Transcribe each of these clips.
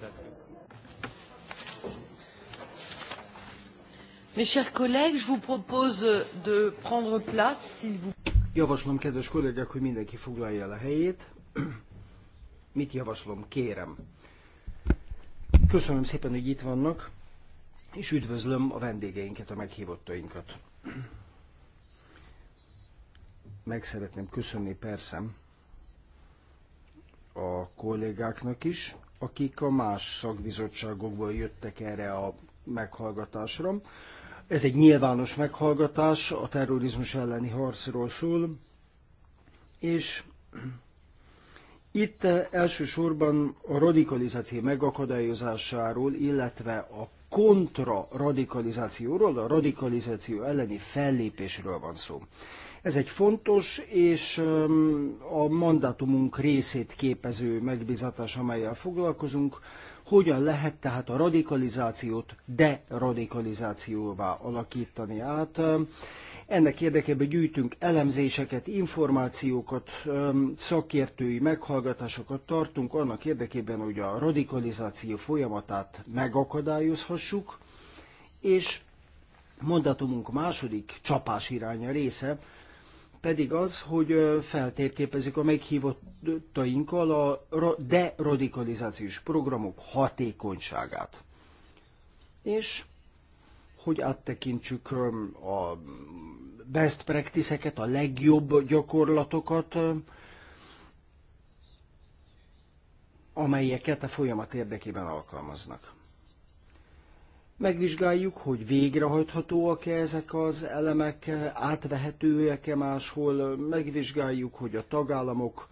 That's Mes chers collègues, je vous propose de prendre place, s'il vous Javaslom, kedves kollégák, hogy mindenki foglalja el a helyét. Mit javaslom? Kérem. Köszönöm szépen, hogy itt vannak, és üdvözlöm a vendégeinket, a meghívottainkat. Meg szeretném köszönni persze a kollégáknak is, akik a más szakbizottságokból jöttek erre a meghallgatásra. Ez egy nyilvános meghallgatás, a terrorizmus elleni harcról szól, és itt elsősorban a radikalizáció megakadályozásáról, illetve a kontra-radikalizációról, a radikalizáció elleni fellépésről van szó. Ez egy fontos és a mandátumunk részét képező megbizatás, amelyel foglalkozunk, hogyan lehet tehát a radikalizációt deradikalizációvá alakítani át. Ennek érdekében gyűjtünk elemzéseket, információkat, szakértői meghallgatásokat tartunk annak érdekében, hogy a radikalizáció folyamatát megakadályozhassuk, és mandátumunk második csapás iránya része, pedig az, hogy feltérképezik a meghívottainkkal a deradikalizációs programok hatékonyságát. És hogy áttekintsük a best practice-eket, a legjobb gyakorlatokat, amelyeket a folyamat érdekében alkalmaznak. Megvizsgáljuk, hogy végrehajthatóak-e ezek az elemek, átvehetőek-e máshol, megvizsgáljuk, hogy a tagállamok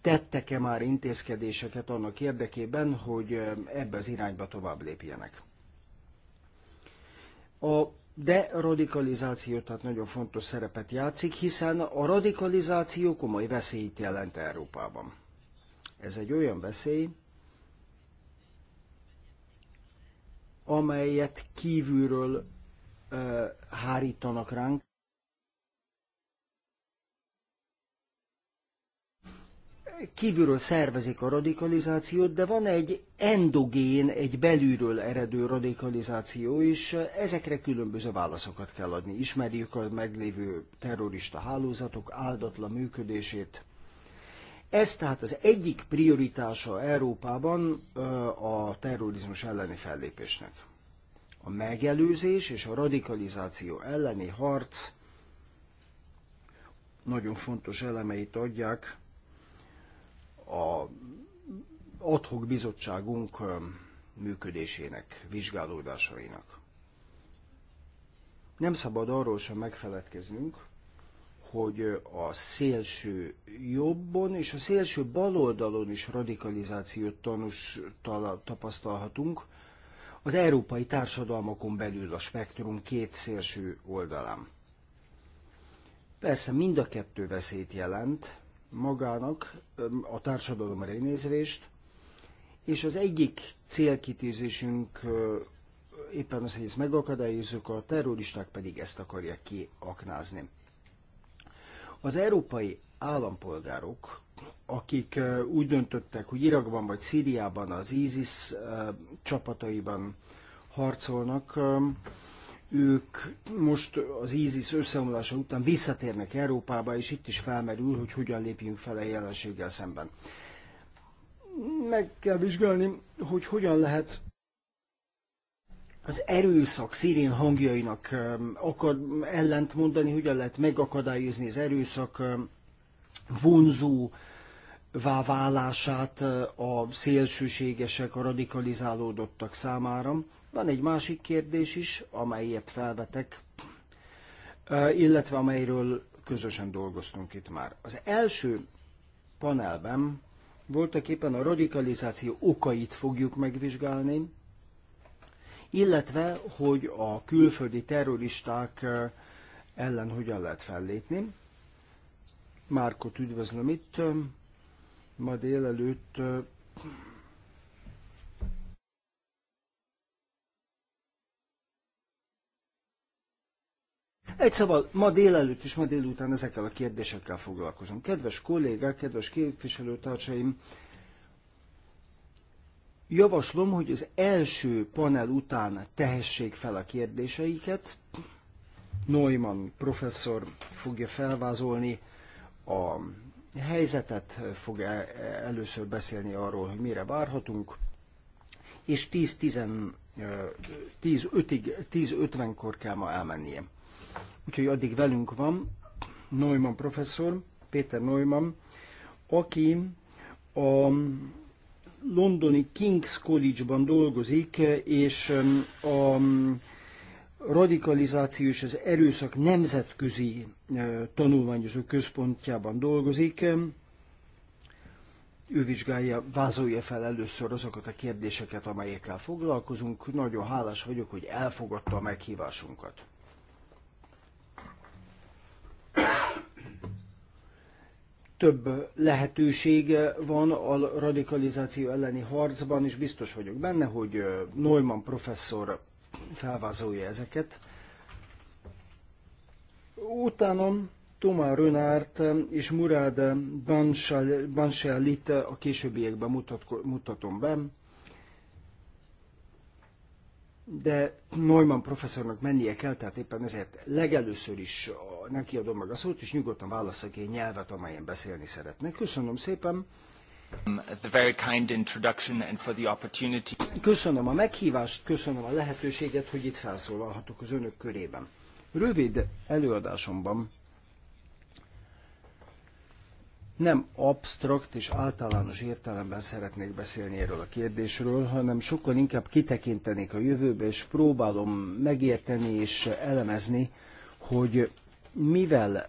tettek-e már intézkedéseket annak érdekében, hogy ebbe az irányba tovább lépjenek. A de radikalizáció, tehát nagyon fontos szerepet játszik, hiszen a radikalizáció komoly veszélyt jelent Európában. Ez egy olyan veszély, amelyet kívülről ö, hárítanak ránk. Kívülről szervezik a radikalizációt, de van egy endogén, egy belülről eredő radikalizáció is, ezekre különböző válaszokat kell adni. Ismerjük a meglévő terrorista hálózatok áldatlan működését, ez tehát az egyik prioritása Európában a terrorizmus elleni fellépésnek. A megelőzés és a radikalizáció elleni harc nagyon fontos elemeit adják a adhok bizottságunk működésének, vizsgálódásainak. Nem szabad arról sem megfeledkeznünk, hogy a szélső jobbon és a szélső baloldalon is radikalizációt tanús tapasztalhatunk, az európai társadalmakon belül a spektrum két szélső oldalán. Persze mind a kettő veszélyt jelent magának, a társadalom nézvést, és az egyik célkitűzésünk éppen az, hogy ezt megakadályozzuk, a terroristák pedig ezt akarják kiaknázni. Az európai állampolgárok, akik úgy döntöttek, hogy Irakban vagy Szíriában az ISIS csapataiban harcolnak, ők most az ISIS összeomlása után visszatérnek Európába, és itt is felmerül, hogy hogyan lépjünk fel a jelenséggel szemben. Meg kell vizsgálni, hogy hogyan lehet az erőszak szirén hangjainak um, akar ellent mondani, hogyan lehet megakadályozni az erőszak um, vonzó válását uh, a szélsőségesek, a radikalizálódottak számára. Van egy másik kérdés is, amelyet felvetek, uh, illetve amelyről közösen dolgoztunk itt már. Az első panelben voltak éppen a radikalizáció okait fogjuk megvizsgálni, illetve hogy a külföldi terroristák ellen hogyan lehet fellépni. Márkot üdvözlöm itt. Ma délelőtt Egy szóval ma délelőtt és ma délután ezekkel a kérdésekkel foglalkozom. Kedves kollégák, kedves képviselőtársaim, Javaslom, hogy az első panel után tehessék fel a kérdéseiket. Neumann professzor fogja felvázolni a helyzetet, fog e- először beszélni arról, hogy mire várhatunk, és 10-50-kor kell ma elmennie. Úgyhogy addig velünk van Neumann professzor, Péter Neumann, aki a londoni King's College-ban dolgozik, és a radikalizáció és az erőszak nemzetközi e, tanulmányozó központjában dolgozik. Ő vizsgálja, vázolja fel először azokat a kérdéseket, amelyekkel foglalkozunk. Nagyon hálás vagyok, hogy elfogadta a meghívásunkat. több lehetőség van a radikalizáció elleni harcban, és biztos vagyok benne, hogy Neumann professzor felvázolja ezeket. Utána Tomá Rönárt és Murad Banshalit a későbbiekben mutatom be, de Neumann professzornak mennie kell, tehát éppen ezért legelőször is neki adom meg a szót, és nyugodtan válaszolj egy nyelvet, amelyen beszélni szeretnék. Köszönöm szépen. Um, the very kind introduction and for the opportunity. Köszönöm a meghívást, köszönöm a lehetőséget, hogy itt felszólalhatok az önök körében. Rövid előadásomban nem absztrakt és általános értelemben szeretnék beszélni erről a kérdésről, hanem sokkal inkább kitekintenék a jövőbe, és próbálom megérteni és elemezni, hogy mivel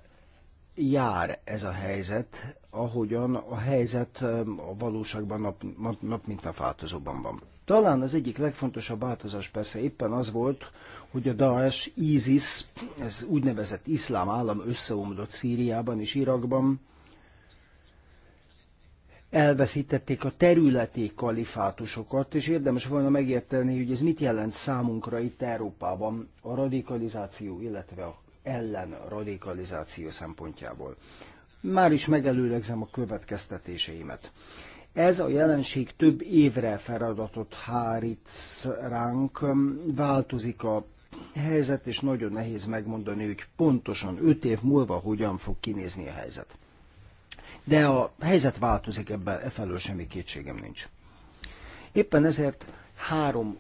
jár ez a helyzet, ahogyan a helyzet a valóságban nap, nap, nap mint nap változóban van. Talán az egyik legfontosabb változás persze éppen az volt, hogy a Daesh, ISIS, ez úgynevezett iszlám állam összeomlott Szíriában és Irakban, elveszítették a területi kalifátusokat, és érdemes volna megérteni, hogy ez mit jelent számunkra itt Európában, a radikalizáció, illetve a ellen radikalizáció szempontjából. Már is megelőlegzem a következtetéseimet. Ez a jelenség több évre feladatot hárít ránk, változik a helyzet, és nagyon nehéz megmondani, hogy pontosan 5 év múlva hogyan fog kinézni a helyzet. De a helyzet változik, ebben e felől semmi kétségem nincs. Éppen ezért három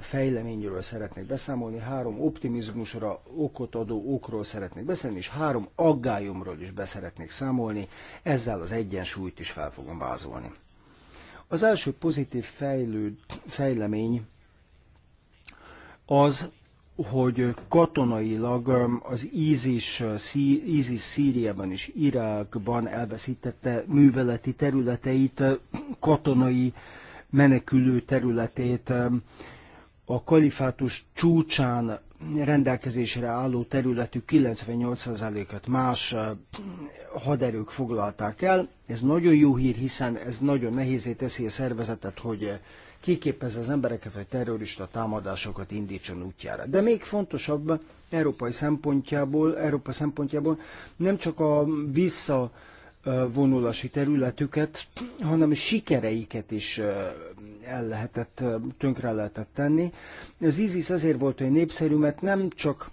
fejleményről szeretnék beszámolni, három optimizmusra okot adó okról szeretnék beszélni, és három aggályomról is beszeretnék számolni, ezzel az egyensúlyt is fel fogom vázolni. Az első pozitív fejlőd, fejlemény az, hogy katonailag az ISIS, ISIS Szíriában és Irákban elveszítette műveleti területeit, katonai menekülő területét a kalifátus csúcsán rendelkezésre álló területük 98 et más haderők foglalták el. Ez nagyon jó hír, hiszen ez nagyon nehézé teszi a szervezetet, hogy kiképezze az embereket, hogy terrorista támadásokat indítson útjára. De még fontosabb európai szempontjából, Európa szempontjából nem csak a visszavonulási területüket, hanem sikereiket is el lehetett, tönkre lehetett tenni. Az ISIS azért volt olyan népszerű, mert nem csak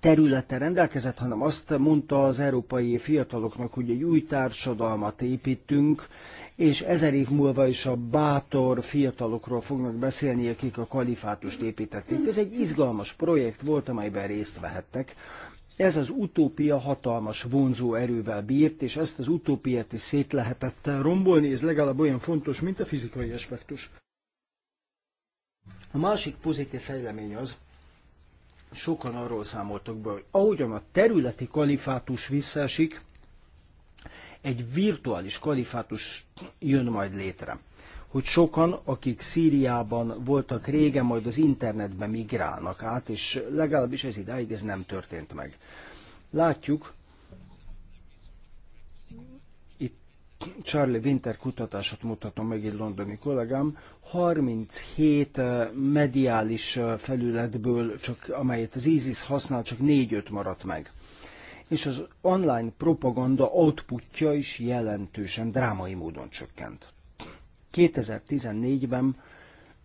területen rendelkezett, hanem azt mondta az európai fiataloknak, hogy egy új társadalmat építünk, és ezer év múlva is a bátor fiatalokról fognak beszélni, akik a kalifátust építették. Ez egy izgalmas projekt volt, amelyben részt vehettek. Ez az utópia hatalmas vonzó erővel bírt, és ezt az utópiát is szét lehetett rombolni, ez legalább olyan fontos, mint a fizikai aspektus. A másik pozitív fejlemény az, sokan arról számoltak be, hogy ahogyan a területi kalifátus visszaesik, egy virtuális kalifátus jön majd létre hogy sokan, akik Szíriában voltak régen, majd az internetbe migrálnak át, és legalábbis ez idáig ez nem történt meg. Látjuk, itt Charlie Winter kutatását mutatom meg egy londoni kollégám, 37 eh, mediális eh, felületből, csak, amelyet az ISIS használ, csak 4-5 maradt meg. És az online propaganda outputja is jelentősen drámai módon csökkent. 2014-ben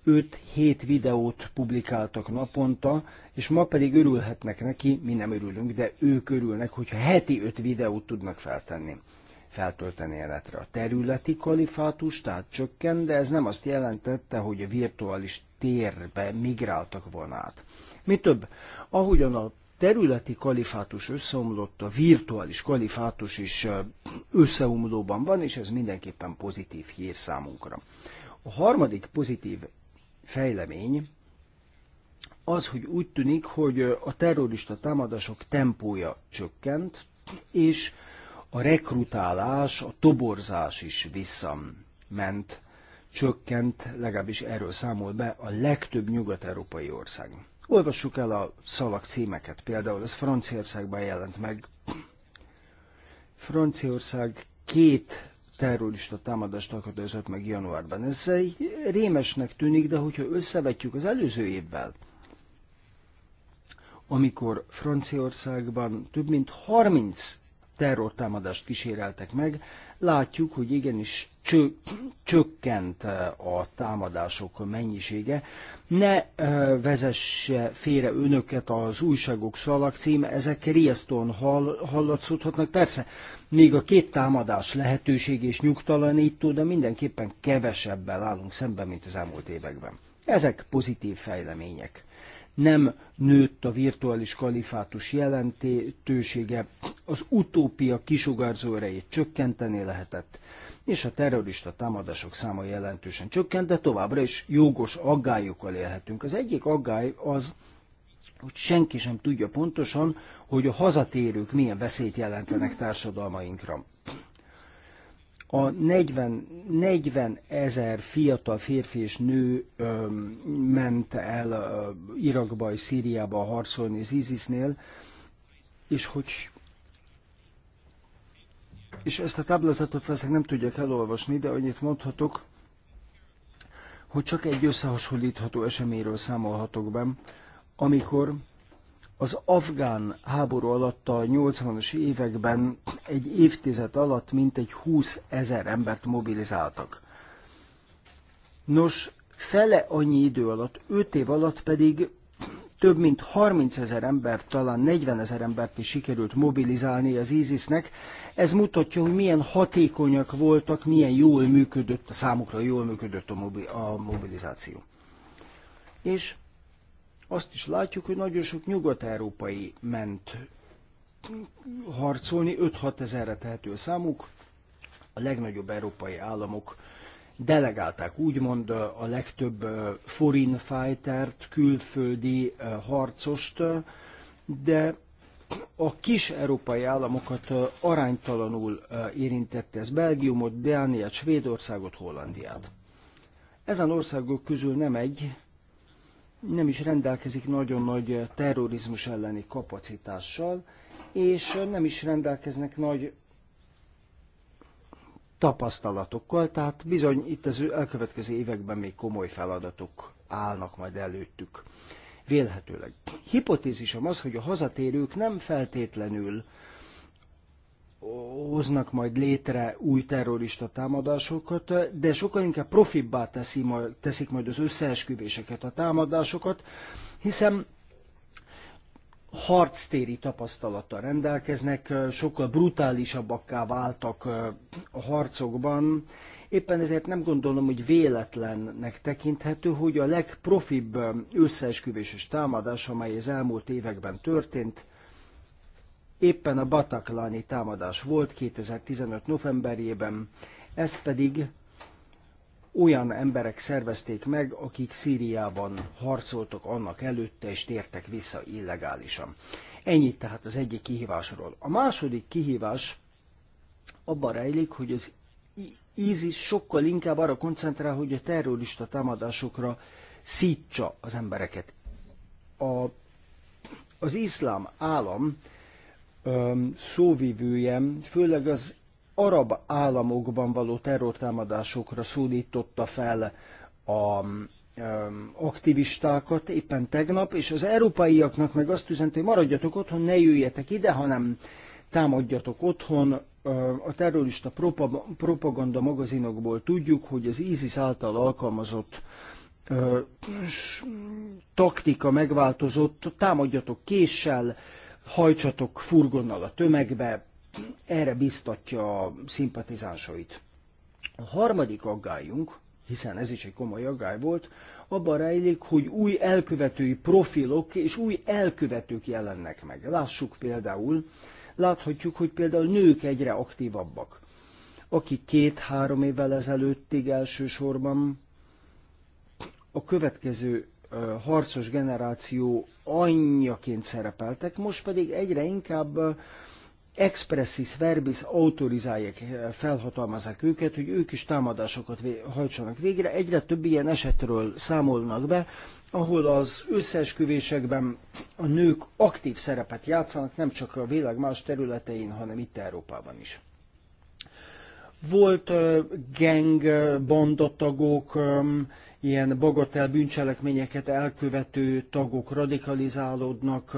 5-7 videót publikáltak naponta, és ma pedig örülhetnek neki, mi nem örülünk, de ők örülnek, hogyha heti 5 videót tudnak feltenni feltölteni életre. A területi kalifátus tehát csökken, de ez nem azt jelentette, hogy a virtuális térbe migráltak volna át. Mi több, ahogyan a területi kalifátus összeomlott, a virtuális kalifátus is összeomlóban van, és ez mindenképpen pozitív hír számunkra. A harmadik pozitív fejlemény az, hogy úgy tűnik, hogy a terrorista támadások tempója csökkent, és a rekrutálás, a toborzás is visszament, csökkent, legalábbis erről számol be a legtöbb nyugat-európai ország. Olvassuk el a szalag címeket, például ez Franciaországban jelent meg. Franciaország két terrorista támadást akadályozott meg januárban. Ez egy rémesnek tűnik, de hogyha összevetjük az előző évvel, amikor Franciaországban több mint 30 terrortámadást kíséreltek meg, látjuk, hogy igenis cső, csökkent a támadások mennyisége. Ne vezesse félre önöket az újságok cím, ezek riasztóan hall, hallatszódhatnak. Persze, még a két támadás lehetőség és nyugtalanító, de mindenképpen kevesebbel állunk szemben, mint az elmúlt években. Ezek pozitív fejlemények nem nőtt a virtuális kalifátus jelentősége, az utópia kisugárzó erejét csökkenteni lehetett, és a terrorista támadások száma jelentősen csökkent, de továbbra is jogos aggályokkal élhetünk. Az egyik aggály az, hogy senki sem tudja pontosan, hogy a hazatérők milyen veszélyt jelentenek társadalmainkra a 40, 40 ezer fiatal férfi és nő ö, ment el ö, Irakba és Szíriába harcolni az ISIS-nél, és hogy és ezt a táblázatot veszek nem tudják elolvasni, de annyit mondhatok, hogy csak egy összehasonlítható eseményről számolhatok be, amikor az afgán háború alatt a 80-as években egy évtized alatt mintegy 20 ezer embert mobilizáltak. Nos, fele annyi idő alatt, 5 év alatt pedig több mint 30 ezer embert, talán 40 ezer embert is sikerült mobilizálni az ISIS-nek. Ez mutatja, hogy milyen hatékonyak voltak, milyen jól működött, a számukra jól működött a, mobilizáció. És azt is látjuk, hogy nagyon sok nyugat-európai ment harcolni, 5-6 ezerre tehető a számuk, a legnagyobb európai államok delegálták úgymond a legtöbb foreign fightert, külföldi harcost, de a kis európai államokat aránytalanul érintette ez Belgiumot, Dániát, Svédországot, Hollandiát. Ezen országok közül nem egy, nem is rendelkezik nagyon nagy terrorizmus elleni kapacitással, és nem is rendelkeznek nagy tapasztalatokkal, tehát bizony itt az elkövetkező években még komoly feladatok állnak majd előttük. Vélhetőleg. Hipotézisem az, hogy a hazatérők nem feltétlenül hoznak majd létre új terrorista támadásokat, de sokkal inkább profibbá teszi majd, teszik majd az összeesküvéseket, a támadásokat, hiszen harctéri tapasztalattal rendelkeznek, sokkal brutálisabbakká váltak a harcokban. Éppen ezért nem gondolom, hogy véletlennek tekinthető, hogy a legprofibb összeesküvéses támadás, amely az elmúlt években történt, éppen a Bataklani támadás volt 2015. novemberében, ezt pedig olyan emberek szervezték meg, akik Szíriában harcoltak annak előtte, és tértek vissza illegálisan. Ennyit tehát az egyik kihívásról. A második kihívás abban rejlik, hogy az ISIS sokkal inkább arra koncentrál, hogy a terrorista támadásokra szítsa az embereket. A, az iszlám állam szóvivője, főleg az arab államokban való terrortámadásokra szólította fel a aktivistákat éppen tegnap, és az európaiaknak meg azt üzent, hogy maradjatok otthon, ne jöjjetek ide, hanem támadjatok otthon. A terrorista propaganda magazinokból tudjuk, hogy az ISIS által alkalmazott taktika megváltozott, támadjatok késsel, hajtsatok furgonnal a tömegbe, erre biztatja a szimpatizánsait. A harmadik aggályunk, hiszen ez is egy komoly aggály volt, abban rejlik, hogy új elkövetői profilok és új elkövetők jelennek meg. Lássuk például, láthatjuk, hogy például nők egyre aktívabbak, akik két-három évvel ezelőttig elsősorban a következő harcos generáció anyjaként szerepeltek, most pedig egyre inkább expressis verbis autorizálják, felhatalmazák őket, hogy ők is támadásokat hajtsanak végre. Egyre több ilyen esetről számolnak be, ahol az összeesküvésekben a nők aktív szerepet játszanak, nem csak a világ más területein, hanem itt Európában is. Volt uh, gang, bandatagok, um, ilyen bagatel bűncselekményeket elkövető tagok radikalizálódnak.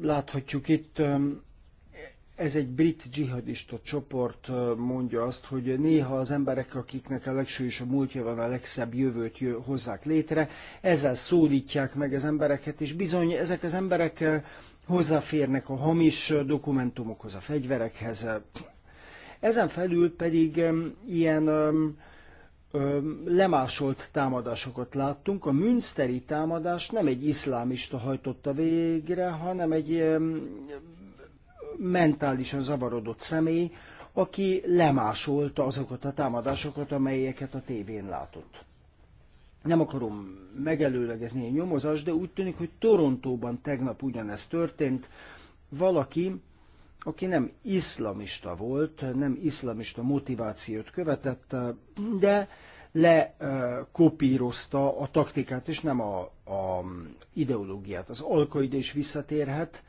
Láthatjuk itt, ez egy brit dzsihadista csoport mondja azt, hogy néha az emberek, akiknek a legsősebb múltja van, a legszebb jövőt hozzák létre, ezzel szólítják meg az embereket, és bizony ezek az emberek hozzáférnek a hamis dokumentumokhoz, a fegyverekhez. Ezen felül pedig ilyen ö, lemásolt támadásokat láttunk. A Münsteri támadás nem egy iszlámista hajtotta végre, hanem egy ö, mentálisan zavarodott személy, aki lemásolta azokat a támadásokat, amelyeket a tévén látott. Nem akarom megelőlegezni a nyomozást, de úgy tűnik, hogy Torontóban tegnap ugyanezt történt. Valaki aki nem iszlamista volt, nem iszlamista motivációt követett, de lekopírozta a taktikát, és nem a, a ideológiát. Az alkaid is visszatérhet,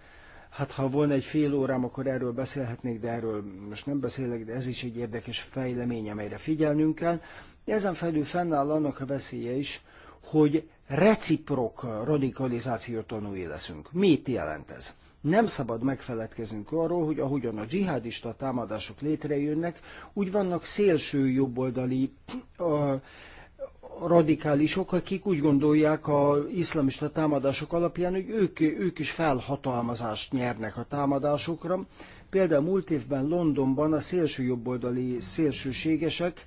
Hát ha volna egy fél órám, akkor erről beszélhetnék, de erről most nem beszélek, de ez is egy érdekes fejlemény, amelyre figyelnünk kell. Ezen felül fennáll annak a veszélye is, hogy reciprok radikalizáció tanúi leszünk. Mit jelent ez? Nem szabad megfeledkeznünk arról, hogy ahogyan a dzsihádista támadások létrejönnek, úgy vannak szélső jobboldali a, radikálisok, akik úgy gondolják az iszlamista támadások alapján, hogy ők, ők is felhatalmazást nyernek a támadásokra. Például múlt évben Londonban a szélső jobboldali szélsőségesek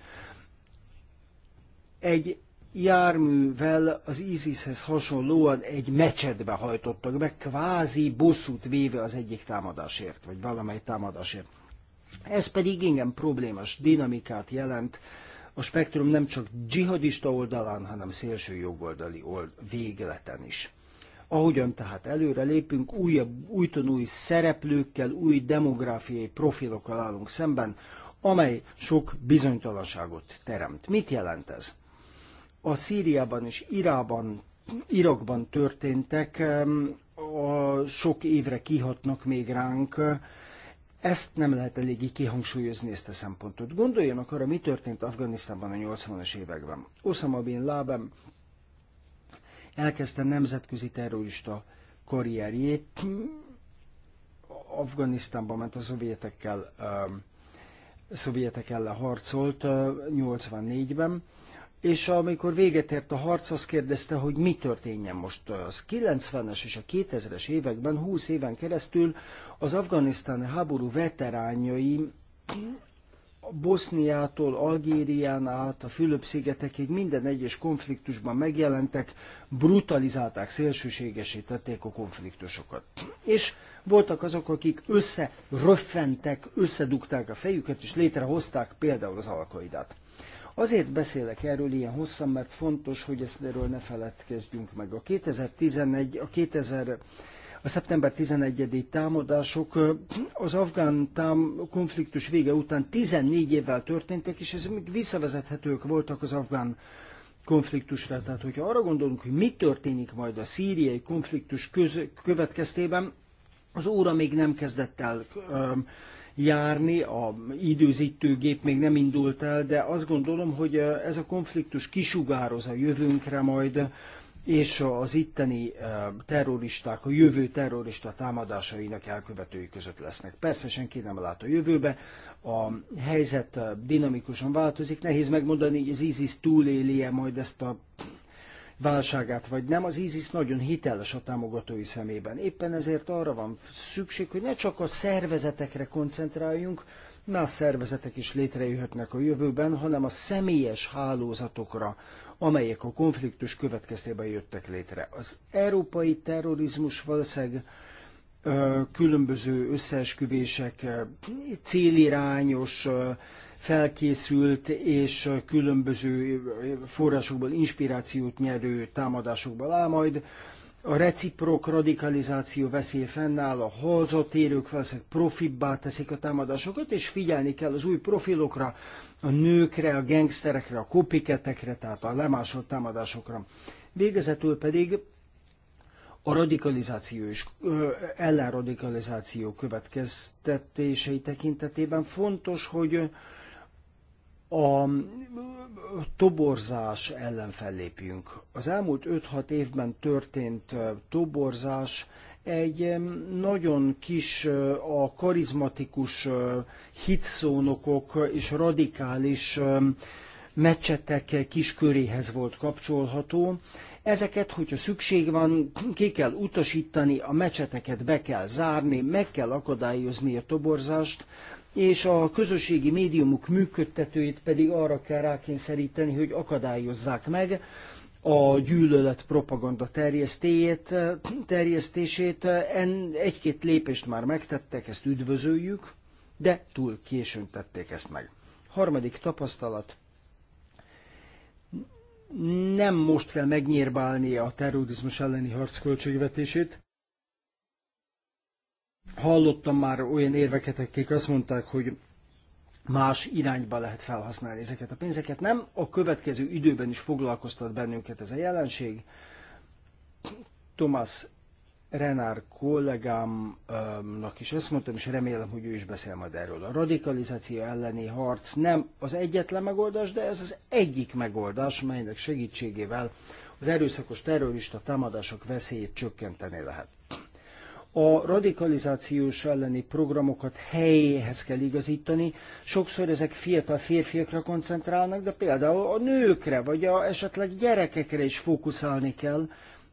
egy járművel az ISIS-hez hasonlóan egy mecsetbe hajtottak be, kvázi bosszút véve az egyik támadásért, vagy valamely támadásért. Ez pedig igen problémás dinamikát jelent, a spektrum nem csak dzsihadista oldalán, hanem szélső jogoldali old végleten is. Ahogyan tehát előre lépünk, újabb, újton új szereplőkkel, új demográfiai profilokkal állunk szemben, amely sok bizonytalanságot teremt. Mit jelent ez? a Szíriában és Irában, Irakban történtek a sok évre kihatnak még ránk. Ezt nem lehet eléggé kihangsúlyozni, ezt a szempontot. Gondoljanak arra, mi történt Afganisztánban a 80-as években. Osama Bin Laden elkezdte nemzetközi terrorista karrierjét, Afganisztánban ment a szovjetekkel, szovjetek ellen harcolt 84-ben, és amikor véget ért a harc, azt kérdezte, hogy mi történjen most. Az 90-es és a 2000-es években, 20 éven keresztül az afganisztáni háború veteránjai Boszniától, Algérián át, a Fülöp-szigetekig minden egyes konfliktusban megjelentek, brutalizálták, szélsőségesítették a konfliktusokat. És voltak azok, akik összeröffentek, összedugták a fejüket, és létrehozták például az alkaidát. Azért beszélek erről ilyen hosszan, mert fontos, hogy ezt erről ne feledkezzünk meg. A 2011, a 2000 a szeptember 11-i támadások az afgán tám konfliktus vége után 14 évvel történtek, és ez még visszavezethetők voltak az afgán konfliktusra. Tehát, hogyha arra gondolunk, hogy mi történik majd a szíriai konfliktus köz- következtében, az óra még nem kezdett el járni, a időzítőgép még nem indult el, de azt gondolom, hogy ez a konfliktus kisugároz a jövőnkre majd, és az itteni terroristák, a jövő terrorista támadásainak elkövetői között lesznek. Persze senki nem lát a jövőbe, a helyzet dinamikusan változik, nehéz megmondani, hogy az ISIS túléli-e majd ezt a válságát vagy nem, az ISIS nagyon hiteles a támogatói szemében. Éppen ezért arra van szükség, hogy ne csak a szervezetekre koncentráljunk, más szervezetek is létrejöhetnek a jövőben, hanem a személyes hálózatokra, amelyek a konfliktus következtében jöttek létre. Az európai terrorizmus valószínűleg különböző összeesküvések célirányos, felkészült és különböző forrásokból inspirációt nyerő támadásokból áll majd. A reciprok radikalizáció veszélye fennáll, a hazatérők valószínűleg profibbá teszik a támadásokat, és figyelni kell az új profilokra, a nőkre, a gengszterekre, a kopiketekre, tehát a lemásolt támadásokra. Végezetül pedig a radikalizáció és ellenradikalizáció következtetései tekintetében fontos, hogy a toborzás ellen fellépjünk. Az elmúlt 5-6 évben történt toborzás egy nagyon kis, a karizmatikus hitszónokok és radikális kis kisköréhez volt kapcsolható, Ezeket, hogyha szükség van, ki kell utasítani, a mecseteket be kell zárni, meg kell akadályozni a toborzást, és a közösségi médiumok működtetőit pedig arra kell rákényszeríteni, hogy akadályozzák meg a gyűlölet propaganda terjesztét, terjesztését. Egy-két lépést már megtettek, ezt üdvözöljük, de túl későn tették ezt meg. Harmadik tapasztalat, nem most kell megnyírbálni a terrorizmus elleni harc költségvetését. Hallottam már olyan érveket, akik azt mondták, hogy más irányba lehet felhasználni ezeket a pénzeket. Nem, a következő időben is foglalkoztat bennünket ez a jelenség. Thomas. Renár kollégámnak is ezt mondtam, és remélem, hogy ő is beszél majd erről. A radikalizáció elleni harc nem az egyetlen megoldás, de ez az egyik megoldás, melynek segítségével az erőszakos terrorista támadások veszélyét csökkenteni lehet. A radikalizációs elleni programokat helyéhez kell igazítani. Sokszor ezek fiatal férfiakra koncentrálnak, de például a nőkre, vagy a esetleg gyerekekre is fókuszálni kell,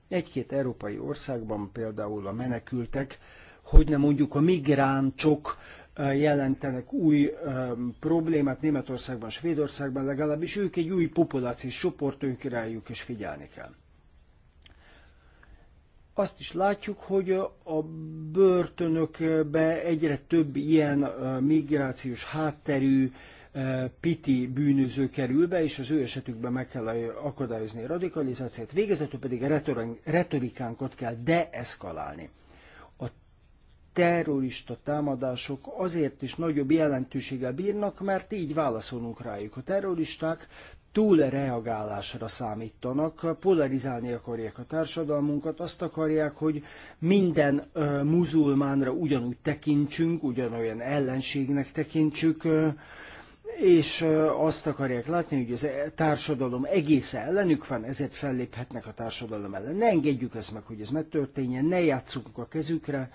egy-két európai országban például a menekültek, hogy nem mondjuk a migráncsok jelentenek új problémát Németországban, Svédországban legalábbis, ők egy új populációs csoport, ők rájuk is figyelni kell. Azt is látjuk, hogy a börtönökbe egyre több ilyen migrációs hátterű E, piti bűnöző kerül be, és az ő esetükben meg kell akadályozni a radikalizációt, végezetül pedig a retorikánkat kell deeszkalálni. A terrorista támadások azért is nagyobb jelentőséggel bírnak, mert így válaszolunk rájuk. A terroristák reagálásra számítanak, polarizálni akarják a társadalmunkat, azt akarják, hogy minden muzulmánra ugyanúgy tekintsünk, ugyanolyan ellenségnek tekintsük, és azt akarják látni, hogy a e, társadalom egész ellenük van, ezért felléphetnek a társadalom ellen. Ne engedjük ezt meg, hogy ez megtörténjen, ne játsszunk a kezükre,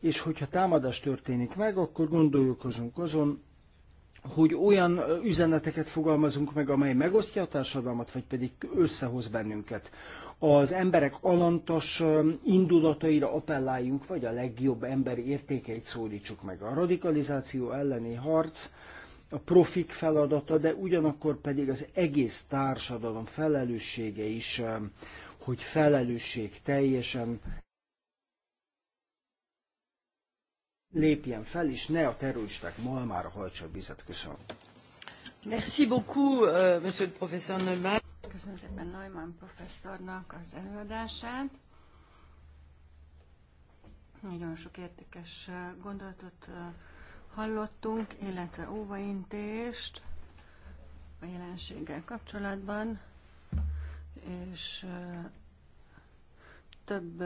és hogyha támadás történik meg, akkor gondolkozunk azon, hogy olyan üzeneteket fogalmazunk meg, amely megosztja a társadalmat, vagy pedig összehoz bennünket. Az emberek alantas indulataira appelláljunk, vagy a legjobb emberi értékeit szólítsuk meg. A radikalizáció elleni harc a profik feladata, de ugyanakkor pedig az egész társadalom felelőssége is, um, hogy felelősség teljesen lépjen fel, és ne a terroristák malmára hajtsa a vizet. Köszönöm. Merci beaucoup, uh, monsieur le professeur Neumann. Köszönöm szépen Neumann professzornak az előadását. Nagyon sok értékes uh, gondolatot uh, hallottunk, illetve óvaintést a jelenséggel kapcsolatban, és több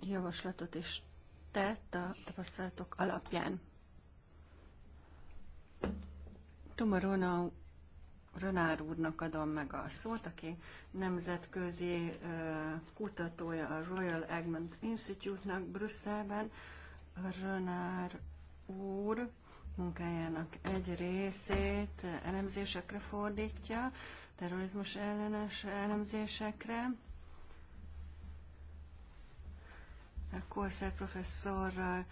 javaslatot is tett a tapasztalatok alapján. Tomarona Rönár úrnak adom meg a szót, aki nemzetközi kutatója a Royal Egmont Institute-nak Brüsszelben. Ronár úr munkájának egy részét elemzésekre fordítja, terrorizmus ellenes elemzésekre. A Korszer professzorral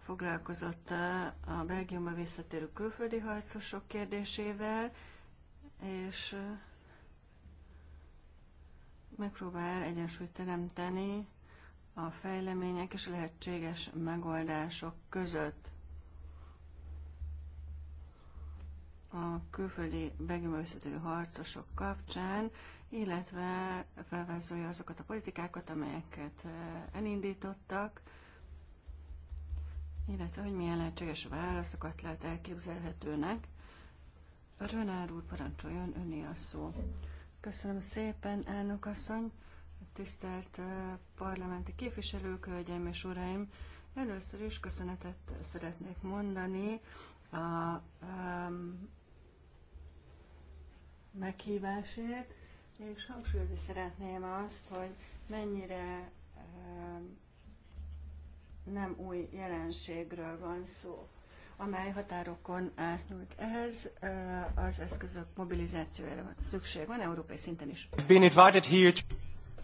foglalkozott a Belgiumba visszatérő külföldi harcosok kérdésével, és megpróbál egyensúlyt teremteni a fejlemények és a lehetséges megoldások között. a külföldi Belgiumba harcosok kapcsán, illetve felvázolja azokat a politikákat, amelyeket e, elindítottak, illetve hogy milyen lehetséges válaszokat lehet elképzelhetőnek. Rönár úr, parancsoljon, öné a szó. Köszönöm szépen, elnök asszony, tisztelt e, parlamenti képviselők, hölgyeim és uraim! Először is köszönetet szeretnék mondani a, a e, meghívásért, és hangsúlyozni szeretném azt, hogy mennyire nem új jelenségről van szó, amely határokon átnyúlt. Ehhez az eszközök mobilizációjára szükség van európai szinten is.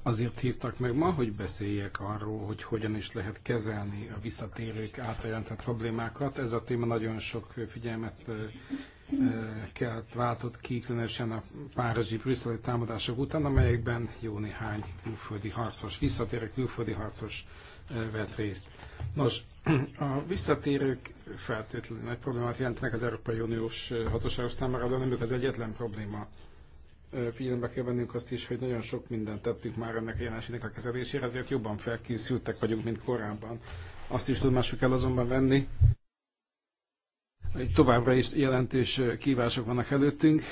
Azért hívtak meg ma, hogy beszéljek arról, hogy hogyan is lehet kezelni a visszatérők átjelentett problémákat. Ez a téma nagyon sok figyelmet kelt, váltott ki, különösen a párizsi brüsszeli támadások után, amelyekben jó néhány külföldi harcos, visszatérő külföldi harcos vett részt. Nos, a visszatérők feltétlenül nagy problémát jelentenek az Európai Uniós hatóságok számára, de nem ők az egyetlen probléma figyelembe kell vennünk azt is, hogy nagyon sok mindent tettünk már ennek a jelenségnek a kezelésére, ezért jobban felkészültek vagyunk, mint korábban. Azt is tudomásuk kell azonban venni, hogy továbbra is jelentős kívások vannak előttünk,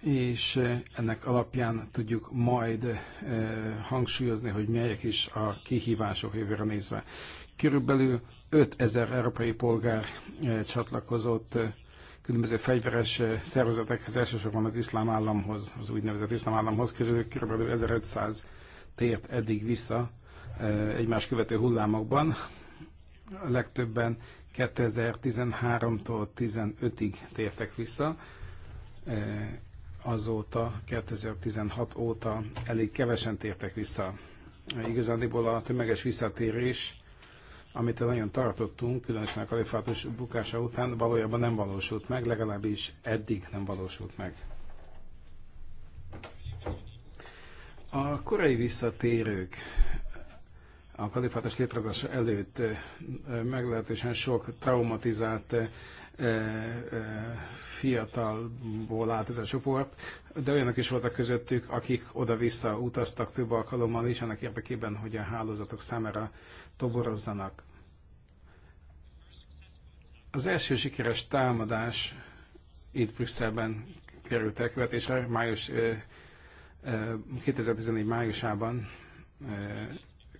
és ennek alapján tudjuk majd hangsúlyozni, hogy melyek is a kihívások jövőre nézve. Körülbelül 5000 európai polgár csatlakozott különböző fegyveres eh, szervezetekhez, elsősorban az iszlám államhoz, az úgynevezett iszlám államhoz közül kb. 1500 tért eddig vissza eh, egymás követő hullámokban. A legtöbben 2013-tól 15-ig tértek vissza. Eh, azóta, 2016 óta elég kevesen tértek vissza. Igazándiból a tömeges visszatérés amit nagyon tartottunk, különösen a kalifátus bukása után valójában nem valósult meg, legalábbis eddig nem valósult meg. A korai visszatérők a kalifátus létrehozása előtt meglehetősen sok traumatizált fiatalból állt ez a csoport, de olyanok is voltak közöttük, akik oda-vissza utaztak több alkalommal is, annak érdekében, hogy a hálózatok számára toborozzanak. Az első sikeres támadás itt Brüsszelben került elkövetésre, május, 2014 májusában,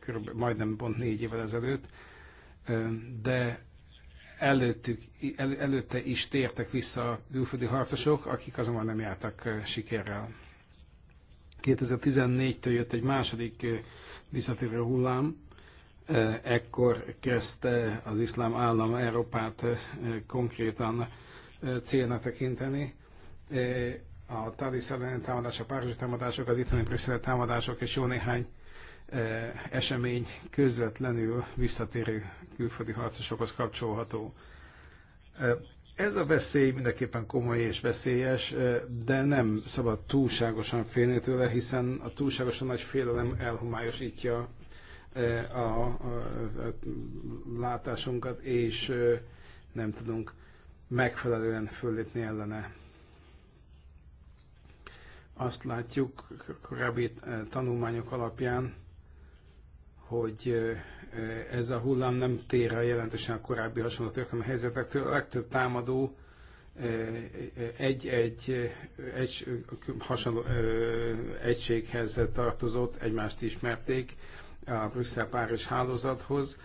körülbelül majdnem pont négy évvel ezelőtt, de előttük, el, előtte is tértek vissza a külföldi harcosok, akik azonban nem jártak sikerrel. 2014-től jött egy második visszatérő hullám, ekkor kezdte az iszlám állam Európát konkrétan célnak tekinteni. A tádi elleni támadások, a párizsi támadások, az itteni brüsszeli támadások és jó néhány esemény közvetlenül visszatérő külföldi harcosokhoz kapcsolható. Ez a veszély mindenképpen komoly és veszélyes, de nem szabad túlságosan félni tőle, hiszen a túlságosan nagy félelem elhomályosítja Eh, a látásunkat, és nem tudunk megfelelően föllépni ellene. Azt látjuk korábbi eh, tanulmányok alapján, hogy eh, ez a hullám nem tér el jelentősen a korábbi hasonló történelmi helyzetektől. A legtöbb támadó egy-egy egy, hasonló egységhez tartozott, egymást ismerték, a Brüsszel-Párizs hálózathoz.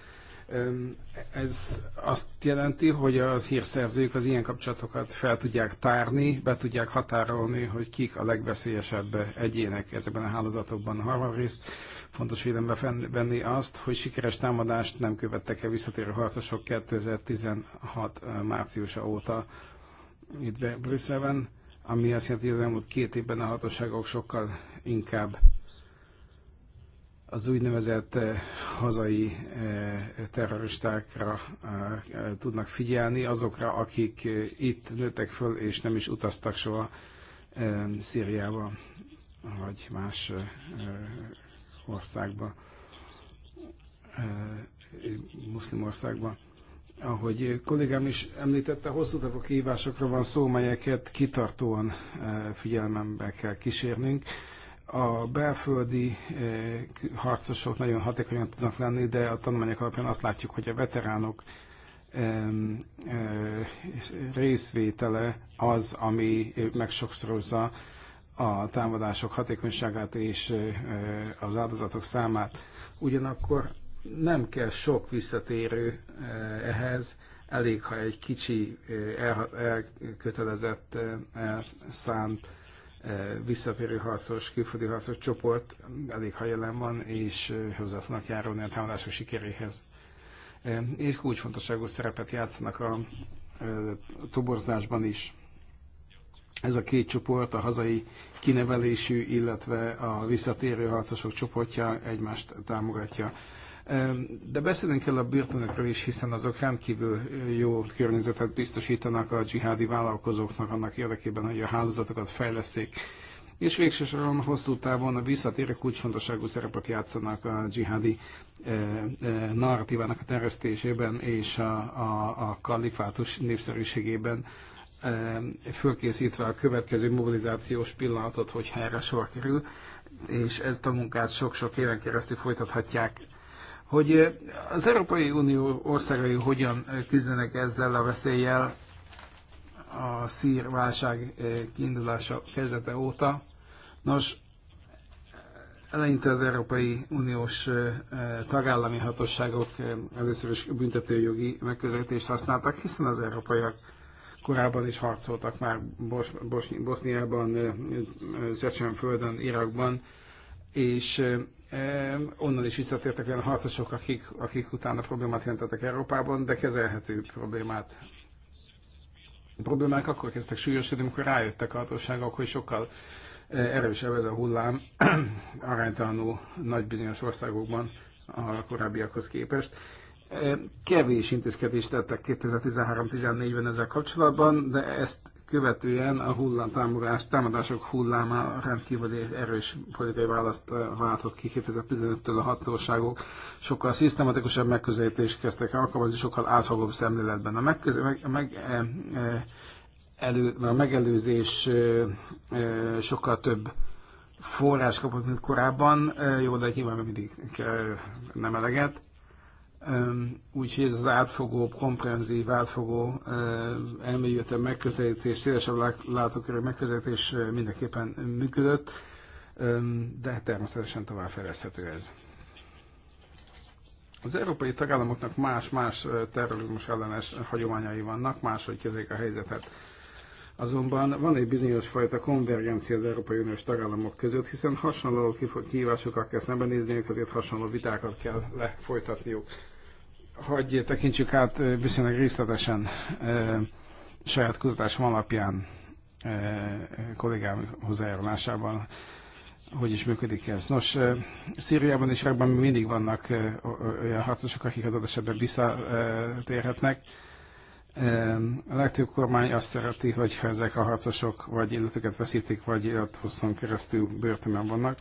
Ez azt jelenti, hogy a hírszerzők az ilyen kapcsolatokat fel tudják tárni, be tudják határolni, hogy kik a legveszélyesebb egyének ezekben a hálózatokban. Harmadrészt fontos védelembe venni azt, hogy sikeres támadást nem követtek el visszatérő harcosok 2016 márciusa óta itt Brüsszelben, ami azt jelenti, hogy az elmúlt két évben a hatóságok sokkal inkább az úgynevezett eh, hazai eh, terroristákra eh, tudnak figyelni, azokra, akik itt nőttek föl és nem is utaztak soha Szíriába vagy más országba, muszlim országba. Ahogy kollégám is említette, hosszú távú kihívásokra van szó, melyeket kitartóan figyelmembe kell kísérnünk a belföldi eh, harcosok nagyon hatékonyan tudnak lenni, de a tanulmányok alapján azt látjuk, hogy a veteránok eh, részvétele az, ami megsokszorozza a támadások hatékonyságát és eh, az áldozatok számát. Ugyanakkor nem kell sok visszatérő ehhez, elég, ha egy kicsi elkötelezett, szánt visszatérő harcos, külföldi harcos csoport elég ha jelen van, és hozzá tudnak járulni a támadások sikeréhez. És kulcsfontosságú szerepet játszanak a toborzásban is. Ez a két csoport, a hazai kinevelésű, illetve a visszatérő harcosok csoportja egymást támogatja. De beszélnünk kell a börtönökről is, hiszen azok rendkívül jó környezetet biztosítanak a dzsihádi vállalkozóknak annak érdekében, hogy a hálózatokat fejleszték. És végsősorban hosszú távon a visszatérő kulcsfontosságú szerepet játszanak a dzsihádi e, e, narratívának a terjesztésében és a, a, a kalifátus népszerűségében, e, fölkészítve a következő mobilizációs pillanatot, hogyha erre sor kerül, és ezt a munkát sok-sok éven keresztül folytathatják hogy az Európai Unió országai hogyan küzdenek ezzel a veszéllyel a szír válság kiindulása kezdete óta. Nos, eleinte az Európai Uniós tagállami hatóságok először is büntetőjogi megközelítést használtak, hiszen az európaiak korábban is harcoltak már Bos- Bos- Boszniában, Zsecsenföldön, Irakban, és Onnan is visszatértek olyan harcosok, akik, akik utána problémát jelentettek Európában, de kezelhető problémát. A problémák akkor kezdtek súlyosodni, amikor rájöttek a hatóságok, hogy sokkal erősebb ez a hullám aránytalanul nagy bizonyos országokban a korábbiakhoz képest. Kevés intézkedést tettek 2013-14-ben ezzel kapcsolatban, de ezt követően a hullámtámogás, támadások hulláma rendkívül erős politikai választ eh, váltott ki 2015-től a hatóságok. Sokkal szisztematikusabb megközelítést kezdtek alkalmazni, sokkal átfogóbb szemléletben. A, megköze- meg, meg, eh, eh elő, a megelőzés eh, eh, sokkal több forrás kapott, mint korábban, jó, de nyilván mindig nem eleget Úgyhogy ez az átfogó, komprehenzív, átfogó elmélyültebb megközelítés, szélesebb látókörű megközelítés mindenképpen működött, de hát természetesen továbbfejleszthető ez. Az európai tagállamoknak más-más terrorizmus ellenes hagyományai vannak, máshogy kezelik a helyzetet. Azonban van egy bizonyos fajta konvergencia az Európai Uniós tagállamok között, hiszen hasonló kihívásokkal kell szembenézniük, azért hasonló vitákat kell lefolytatniuk. Hogy tekintsük át viszonylag részletesen e, saját kutatásom alapján e, kollégám hozzájárulásában hogy is működik ez. Nos, Szíriában és Irakban mindig vannak olyan harcosok, akik adott esetben visszatérhetnek. E, a legtöbb kormány azt szereti, hogyha ezek a harcosok vagy életüket veszítik, vagy élethosszon keresztül börtönben vannak.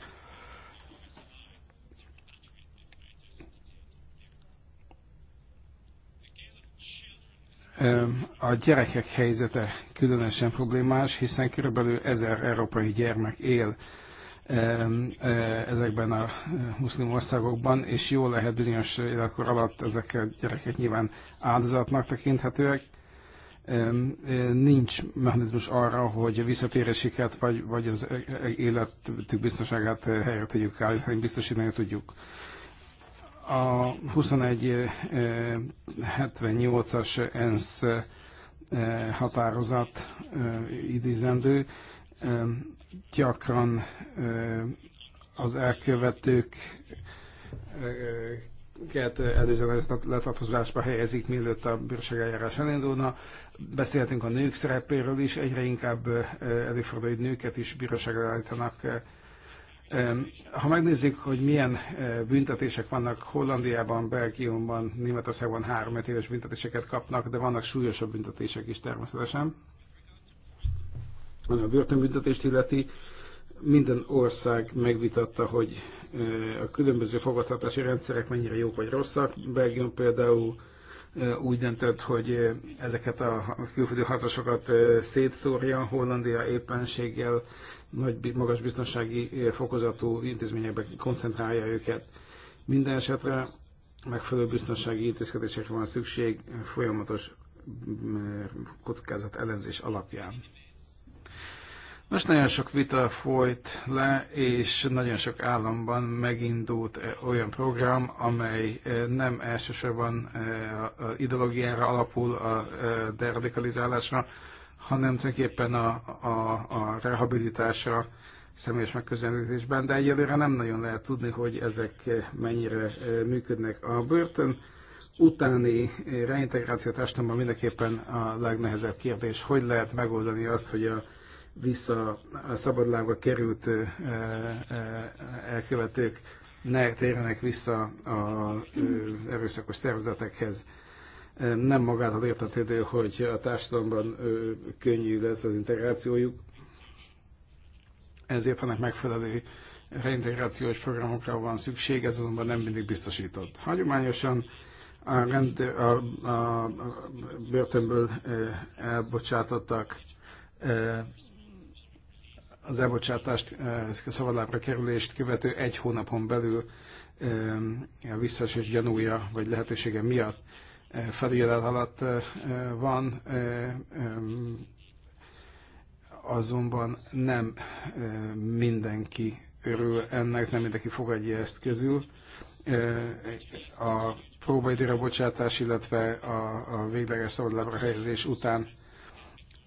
A gyerekek helyzete különösen problémás, hiszen körülbelül ezer európai gyermek él ezekben a muszlim országokban, és jó lehet bizonyos életkor alatt ezek a gyerekek nyilván áldozatnak tekinthetőek. Nincs mechanizmus arra, hogy visszatérésüket vagy, vagy az e, e, életük biztonságát helyre tegyük állítani, biztosítani tudjuk. A 2178-as ENSZ határozat idézendő gyakran az elkövetők előzetes letartozásba helyezik, mielőtt a bírság eljárás elindulna. Beszéltünk a nők szerepéről is, egyre inkább előfordul, hogy nőket is bíróságra állítanak. Ha megnézzük, hogy milyen büntetések vannak Hollandiában, Belgiumban, Németországban három éves büntetéseket kapnak, de vannak súlyosabb büntetések is természetesen ami a börtönbüntetést illeti. Minden ország megvitatta, hogy a különböző fogadhatási rendszerek mennyire jók vagy rosszak. Belgium például úgy döntött, hogy ezeket a külföldi harcosokat szétszórja, Hollandia éppenséggel nagy, magas biztonsági fokozatú intézményekbe koncentrálja őket. Minden esetre megfelelő biztonsági intézkedésekre van szükség folyamatos kockázat elemzés alapján. Most nagyon sok vita folyt le, és nagyon sok államban megindult eh, olyan program, amely eh, nem elsősorban eh, ideológiára alapul a deradikalizálásra, hanem tulajdonképpen a, a, a rehabilitásra személyes megközelítésben, de egyelőre nem nagyon lehet tudni, hogy ezek mennyire működnek. A börtön utáni reintegráció társadalomban mindenképpen a legnehezebb kérdés, hogy lehet megoldani azt, hogy a vissza a szabadlába került elkövetők ne térjenek vissza az erőszakos szervezetekhez. Nem magától értetődő, hogy a társadalomban könnyű lesz az integrációjuk, ezért ennek megfelelő reintegrációs programokra van szükség, ez azonban nem mindig biztosított. Hagyományosan a, rend, a, a, a börtönből elbocsátottak az elbocsátást, szabadlábra kerülést követő egy hónapon belül a visszaesés gyanúja vagy lehetősége miatt felügyelet alatt van, azonban nem mindenki örül ennek, nem mindenki fogadja ezt közül. A próbaidőre bocsátás, illetve a, a végleges szabadlábra helyezés után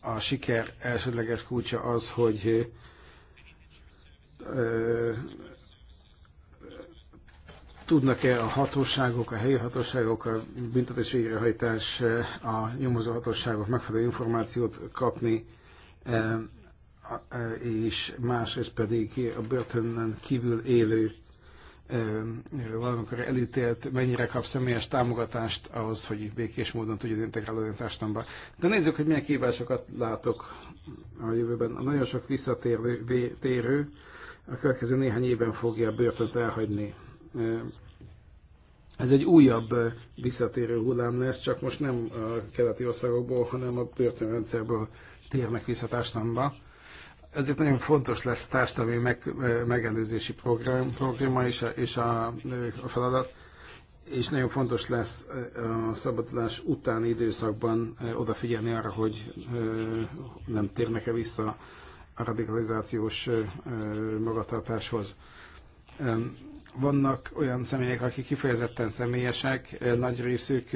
a siker elsődleges kulcsa az, hogy tudnak-e a hatóságok, a helyi hatóságok, a büntetési végrehajtás, a nyomozó hatóságok megfelelő információt kapni, és másrészt pedig a börtönön kívül élő valamikor elítélt, mennyire kap személyes támogatást ahhoz, hogy békés módon tudjon integrálódni a társadalomba. De nézzük, hogy milyen kívásokat látok a jövőben. A nagyon sok visszatérő, térő, a következő néhány évben fogja a börtönt elhagyni. Ez egy újabb visszatérő hullám lesz, csak most nem a keleti országokból, hanem a börtönrendszerből térnek vissza társadalomba. Ezért nagyon fontos lesz a társadalmi meg, megelőzési program, programma és, a, és a, a feladat, és nagyon fontos lesz a szabadulás utáni időszakban odafigyelni arra, hogy nem térnek-e vissza radikalizációs magatartáshoz. Vannak olyan személyek, akik kifejezetten személyesek, nagy részük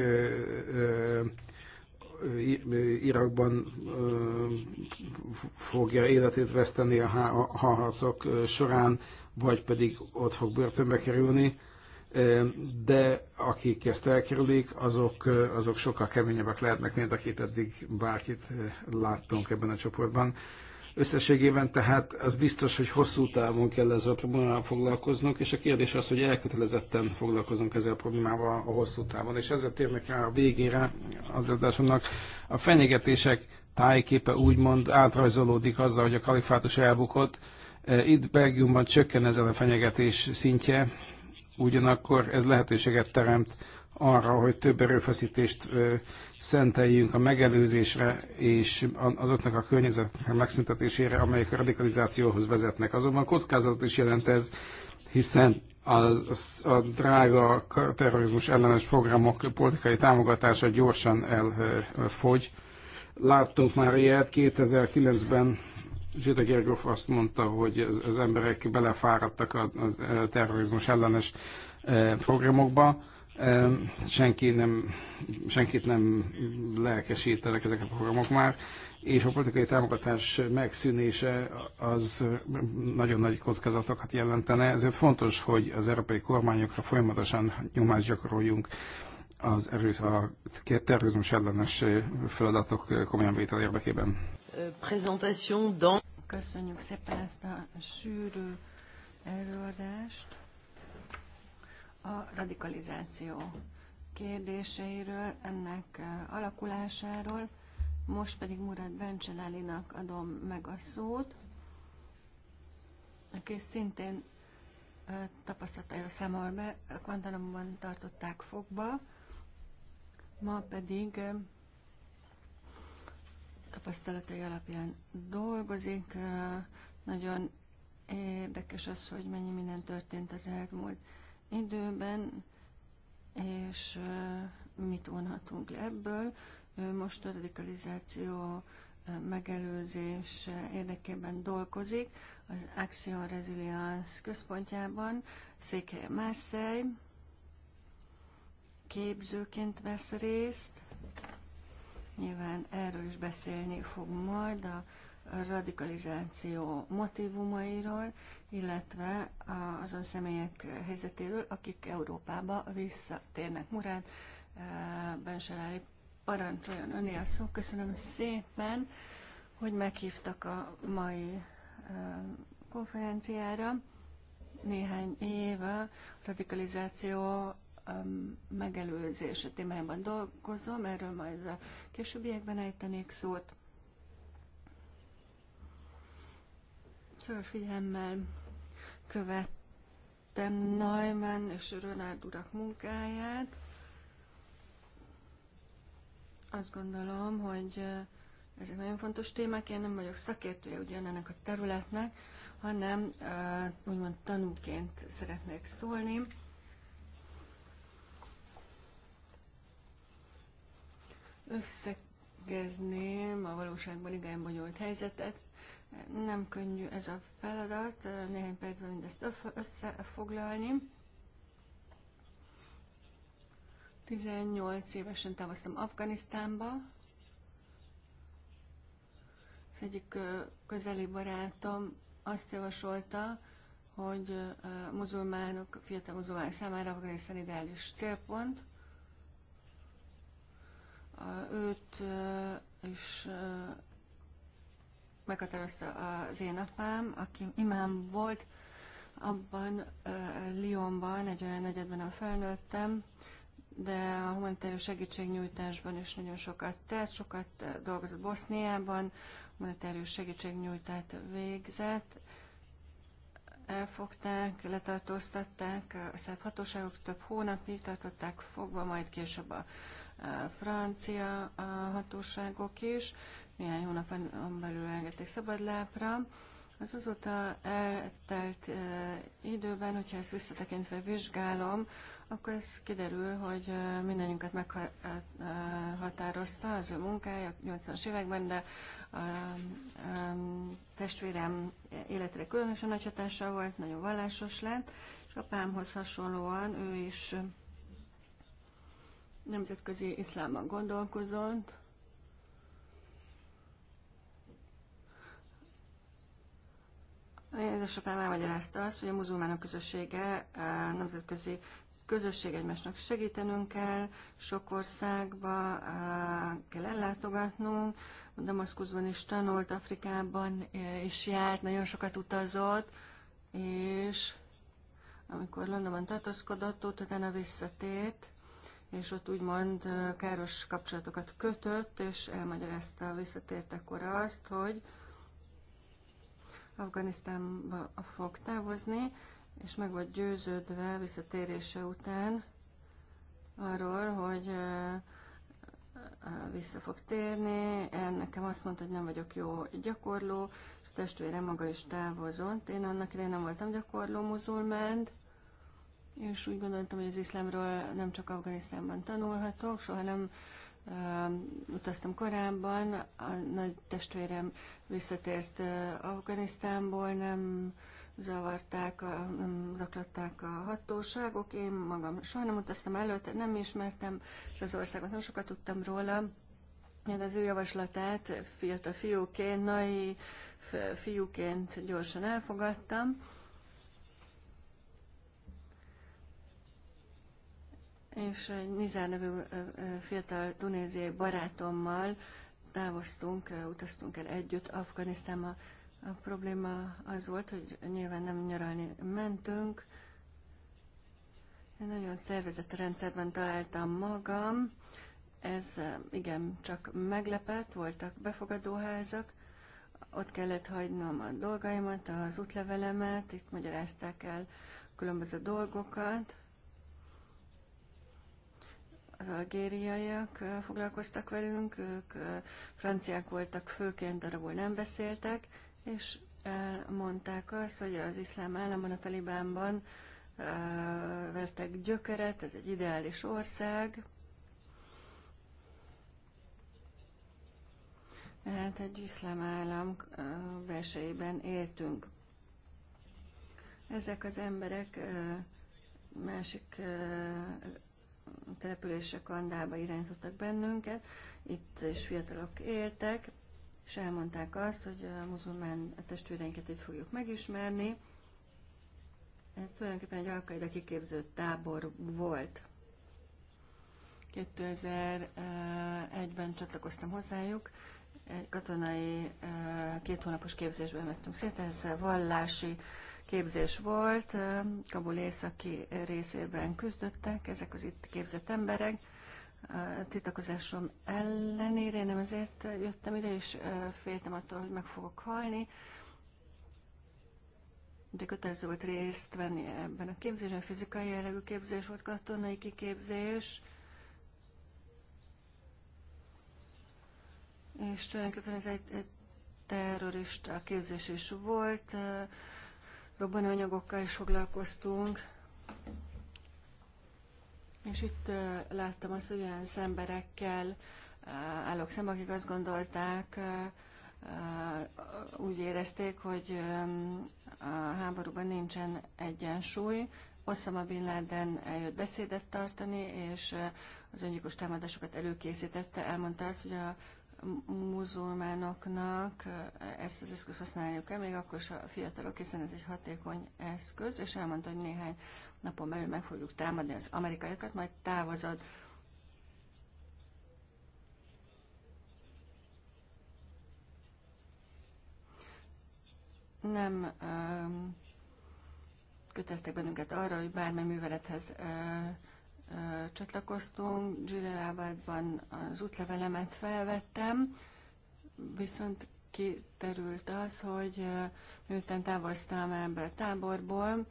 Irakban fogja életét veszteni a harcok során, vagy pedig ott fog börtönbe kerülni, de akik ezt elkerülik, azok, azok sokkal keményebbek lehetnek, mint akit eddig bárkit láttunk ebben a csoportban. Összességében tehát az biztos, hogy hosszú távon kell ezzel a problémával foglalkoznunk, és a kérdés az, hogy elkötelezetten foglalkozunk ezzel a problémával a hosszú távon. És ezzel térnek rá a végére az adásomnak. A fenyegetések tájképe úgymond átrajzolódik azzal, hogy a kalifátus elbukott. E, itt Belgiumban csökken ezzel a fenyegetés szintje, ugyanakkor ez lehetőséget teremt arra, hogy több erőfeszítést szenteljünk a megelőzésre és azoknak a környezetnek a megszüntetésére, amelyek a radikalizációhoz vezetnek. Azonban kockázatot is jelent ez, hiszen a, a drága terrorizmus ellenes programok politikai támogatása gyorsan elfogy. Láttunk már ilyet 2009-ben Zsida Gergóf azt mondta, hogy az, az emberek belefáradtak a, a terrorizmus ellenes programokba senki nem, senkit nem lelkesítenek ezek a programok már, és a politikai támogatás megszűnése az nagyon nagy kockázatokat jelentene, ezért fontos, hogy az európai kormányokra folyamatosan nyomást gyakoroljunk az erős a terrorizmus ellenes feladatok komolyan vétel érdekében. Köszönjük szépen ezt a sűrű előadást a radikalizáció kérdéseiről, ennek eh, alakulásáról. Most pedig Murad Bencselálinak adom meg a szót, aki szintén eh, tapasztalatairól számol be, Guantanamo-ban tartották fogba, ma pedig eh, tapasztalatai alapján dolgozik. Nagyon érdekes az, hogy mennyi minden történt az elmúlt időben, és mit vonhatunk le ebből. Most a radikalizáció megelőzés érdekében dolgozik az Action Resilience központjában, Székely Marseille, képzőként vesz részt, nyilván erről is beszélni fog majd a radikalizáció motivumairól, illetve azon személyek helyzetéről, akik Európába visszatérnek. Murán eh, Benselári parancsoljon öné a szó. Köszönöm szépen, hogy meghívtak a mai eh, konferenciára. Néhány éve a radikalizáció megelőzése témájában dolgozom, erről majd a későbbiekben ejtenék szót. Szoros figyelemmel követtem Neumann és Ronald urak munkáját. Azt gondolom, hogy ezek nagyon fontos témák, én nem vagyok szakértője ugyanennek a területnek, hanem úgymond tanúként szeretnék szólni. Összegezném a valóságban igen bonyolult helyzetet, nem könnyű ez a feladat, néhány percben mindezt összefoglalni. 18 évesen távoztam Afganisztánba. Az egyik közeli barátom azt javasolta, hogy a muzulmánok, fiatal muzulmánok számára Afganisztán ideális célpont. Őt és meghatározta az én apám, aki imám volt, abban uh, Lyonban, egy olyan negyedben, ahol felnőttem, de a humanitárius segítségnyújtásban is nagyon sokat tett, sokat dolgozott Boszniában, humanitárius segítségnyújtát végzett, elfogták, letartóztatták a szerb hatóságok, több hónapig tartották fogva, majd később a francia hatóságok is, néhány hónapon belül engedték szabadlábra. Az azóta eltelt időben, hogyha ezt visszatekintve vizsgálom, akkor ez kiderül, hogy mindannyiunkat meghatározta az ő munkája 80-as években, de a, a, a testvérem életre különösen nagy hatással volt, nagyon vallásos lett, és apámhoz hasonlóan ő is nemzetközi iszlámban gondolkozott, A édesapám elmagyarázta azt, hogy a muzulmánok közössége, a nemzetközi közösség egymásnak segítenünk kell, sok országba kell ellátogatnunk, Damaszkuszban is tanult, Afrikában e, is járt, nagyon sokat utazott, és amikor Londonban tartózkodott, ott utána visszatért, és ott úgymond e, káros kapcsolatokat kötött, és elmagyarázta a visszatértekor azt, hogy Afganisztánba fog távozni, és meg volt győződve visszatérése után arról, hogy vissza fog térni. Én nekem azt mondta, hogy nem vagyok jó gyakorló, és a testvérem maga is távozott. Én annak idején nem voltam gyakorló muzulmánt, és úgy gondoltam, hogy az iszlámról nem csak Afganisztánban tanulhatok, soha nem utaztam korábban, a nagy testvérem visszatért Afganisztánból, nem zavarták, a, nem zaklatták a hatóságok, én magam soha nem utaztam előtte, nem ismertem az országot, nem sokat tudtam róla, de hát az ő javaslatát fiatal fiúként, nai fiúként gyorsan elfogadtam, és egy Nizár nevű fiatal tunéziai barátommal távoztunk, utaztunk el együtt Afganisztánba. A probléma az volt, hogy nyilván nem nyaralni mentünk. Én nagyon szervezett rendszerben találtam magam. Ez igen, csak meglepett, voltak befogadóházak, ott kellett hagynom a dolgaimat, az útlevelemet, itt magyarázták el különböző dolgokat, az algériaiak foglalkoztak velünk, ők franciák voltak, főként arról nem beszéltek, és elmondták azt, hogy az iszlám államban, a Talibánban vertek gyökeret, ez egy ideális ország. hát egy iszlám állam belsejében éltünk. Ezek az emberek másik települések Andába irányítottak bennünket, itt is fiatalok éltek, és elmondták azt, hogy a muzulmán testvéreinket itt fogjuk megismerni. Ez tulajdonképpen egy alkaida kiképző tábor volt. 2001-ben csatlakoztam hozzájuk, egy katonai eh, két hónapos képzésben vettünk szét, a vallási képzés volt, Kabul északi részében küzdöttek ezek az itt képzett emberek. A titakozásom ellenére nem ezért jöttem ide, és féltem attól, hogy meg fogok halni. De kötelező volt részt venni ebben a képzésben, fizikai jellegű képzés volt, katonai kiképzés. És tulajdonképpen ez egy, egy terrorista képzés is volt, robbanóanyagokkal is foglalkoztunk, és itt láttam azt, hogy olyan szemberekkel, állok szembe, akik azt gondolták, úgy érezték, hogy a háborúban nincsen egyensúly. Osama Bin Laden eljött beszédet tartani, és az öngyilkos támadásokat előkészítette, elmondta azt, hogy a muzulmánoknak eh, ezt az eszköz használniuk kell, még akkor is a fiatalok, hiszen ez egy hatékony eszköz, és elmondta, hogy néhány napon belül meg fogjuk támadni az amerikaiakat, majd távozod. Nem um, eh, köteztek bennünket arra, hogy bármely művelethez uh, csatlakoztunk, Zsilelávádban az útlevelemet felvettem, viszont kiterült az, hogy miután távoztam ebből a táborból,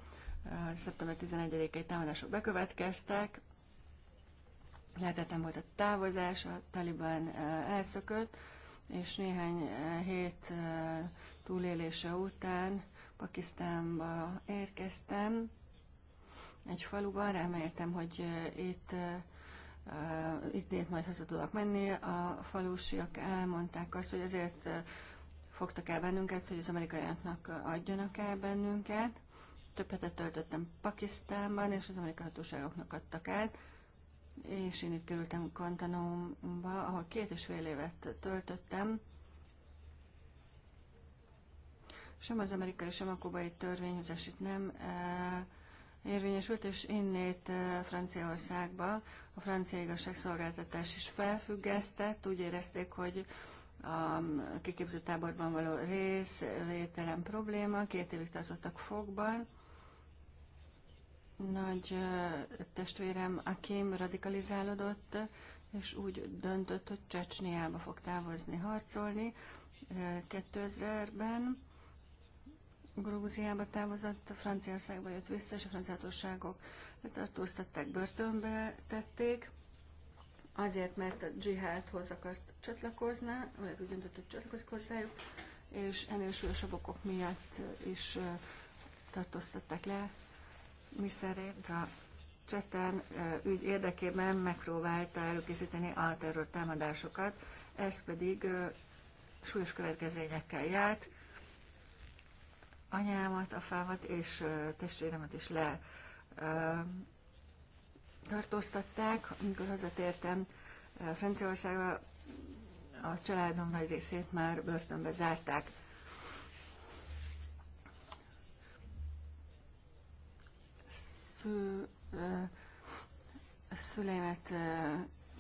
szeptember 11-i támadások bekövetkeztek, lehetetlen volt a távozás, a Taliban elszökött, és néhány hét túlélése után Pakisztánba érkeztem, egy faluban, reméltem, hogy itt itt majd haza tudok menni. A falusiak elmondták azt, hogy azért fogtak el bennünket, hogy az amerikaiaknak adjanak el bennünket. Több hetet töltöttem Pakisztánban, és az amerikai hatóságoknak adtak el. És én itt kerültem Guantanamo-ba, ahol két és fél évet töltöttem. Sem az amerikai, sem a kubai törvényhozás itt nem e, érvényesült, és innét Franciaországba a francia igazságszolgáltatás is felfüggesztett. Úgy érezték, hogy a kiképzőtáborban táborban való részvételem probléma, két évig tartottak fogban. Nagy testvérem Akim radikalizálódott, és úgy döntött, hogy Csecsniába fog távozni, harcolni 2000-ben Grúziába távozott, Franciaországba jött vissza, és a francia hatóságok tartóztatták, börtönbe tették, azért, mert a dzsihádhoz akart csatlakozni, vagy úgy döntött, hogy csatlakozik hozzájuk, és ennél súlyosabb okok miatt is tartóztatták le, Mi szerint a Csetán ügy érdekében megpróbálta előkészíteni a támadásokat. ez pedig súlyos következményekkel járt, anyámat, a fámat és testvéremet is le tartóztatták. Amikor hazatértem Franciaországba, a családom nagy részét már börtönbe zárták. a szüleimet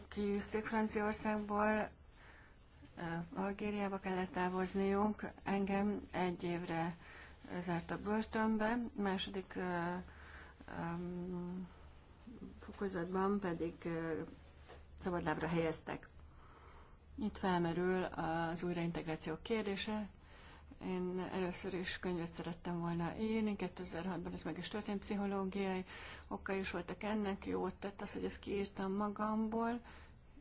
kiűzték Franciaországból, Algériába kellett távozniunk. Engem egy évre a börtönbe, második fokozatban pedig szabadlábra helyeztek. Itt felmerül az újraintegráció kérdése. Én először is könyvet szerettem volna írni, 2006-ban ez meg is történt, pszichológiai okkal is voltak ennek, jó tett az, hogy ezt kiírtam magamból,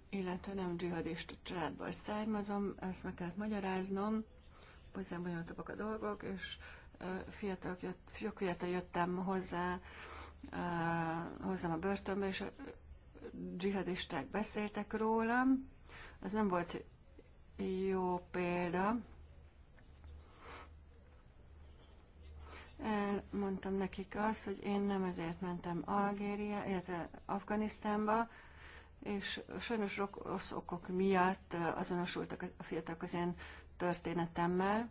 illetve nem a családból származom, ezt meg kellett magyaráznom, hozzám bonyolultabbak a dolgok, és fiatalok jött, sok fiatal jöttem hozzá, hozzám a börtönbe, és a dzsihadisták beszéltek rólam. Ez nem volt jó példa. Elmondtam nekik azt, hogy én nem ezért mentem Algéria, illetve Afganisztánba, és sajnos rossz okok miatt azonosultak a fiatalok az én történetemmel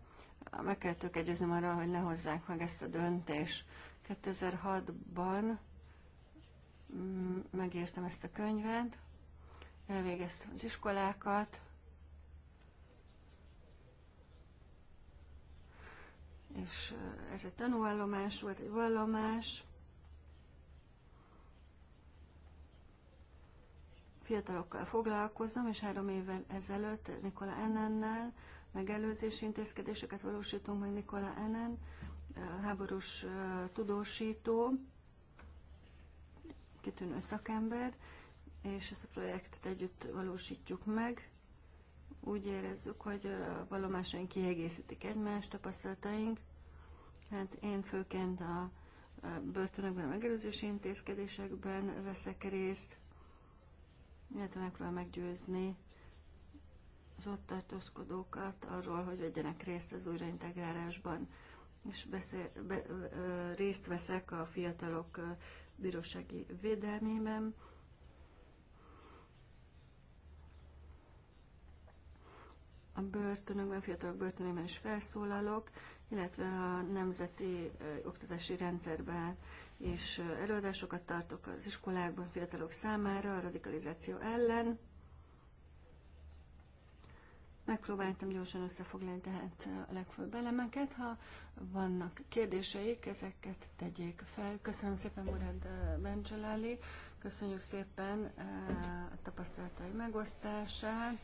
meg kell tők egyeznem arra, hogy ne hozzák meg ezt a döntést. 2006-ban megértem ezt a könyvet, elvégeztem az iskolákat, és eh, ez egy tanúvallomás volt, egy vallomás. Fiatalokkal foglalkozom, és három évvel ezelőtt Nikola Ennennel megelőzési intézkedéseket valósítunk meg Nikola Enen háborús tudósító, kitűnő szakember, és ezt a projektet együtt valósítjuk meg. Úgy érezzük, hogy a vallomásaink kiegészítik egymást, tapasztalataink. Hát én főként a börtönökben, a megelőzési intézkedésekben veszek részt, illetve megpróbál meggyőzni az ott tartózkodókat arról, hogy vegyenek részt az újraintegrálásban, és beszél, be, ö, részt veszek a fiatalok ö, bírósági védelmében. A börtönökben, fiatalok börtönében is felszólalok, illetve a nemzeti ö, oktatási rendszerben és előadásokat tartok az iskolákban fiatalok számára a radikalizáció ellen. Megpróbáltam gyorsan összefoglalni tehát a legfőbb elemeket. Ha vannak kérdéseik, ezeket tegyék fel. Köszönöm szépen Murad Bencsaláli, köszönjük szépen eh, a tapasztalatai megosztását.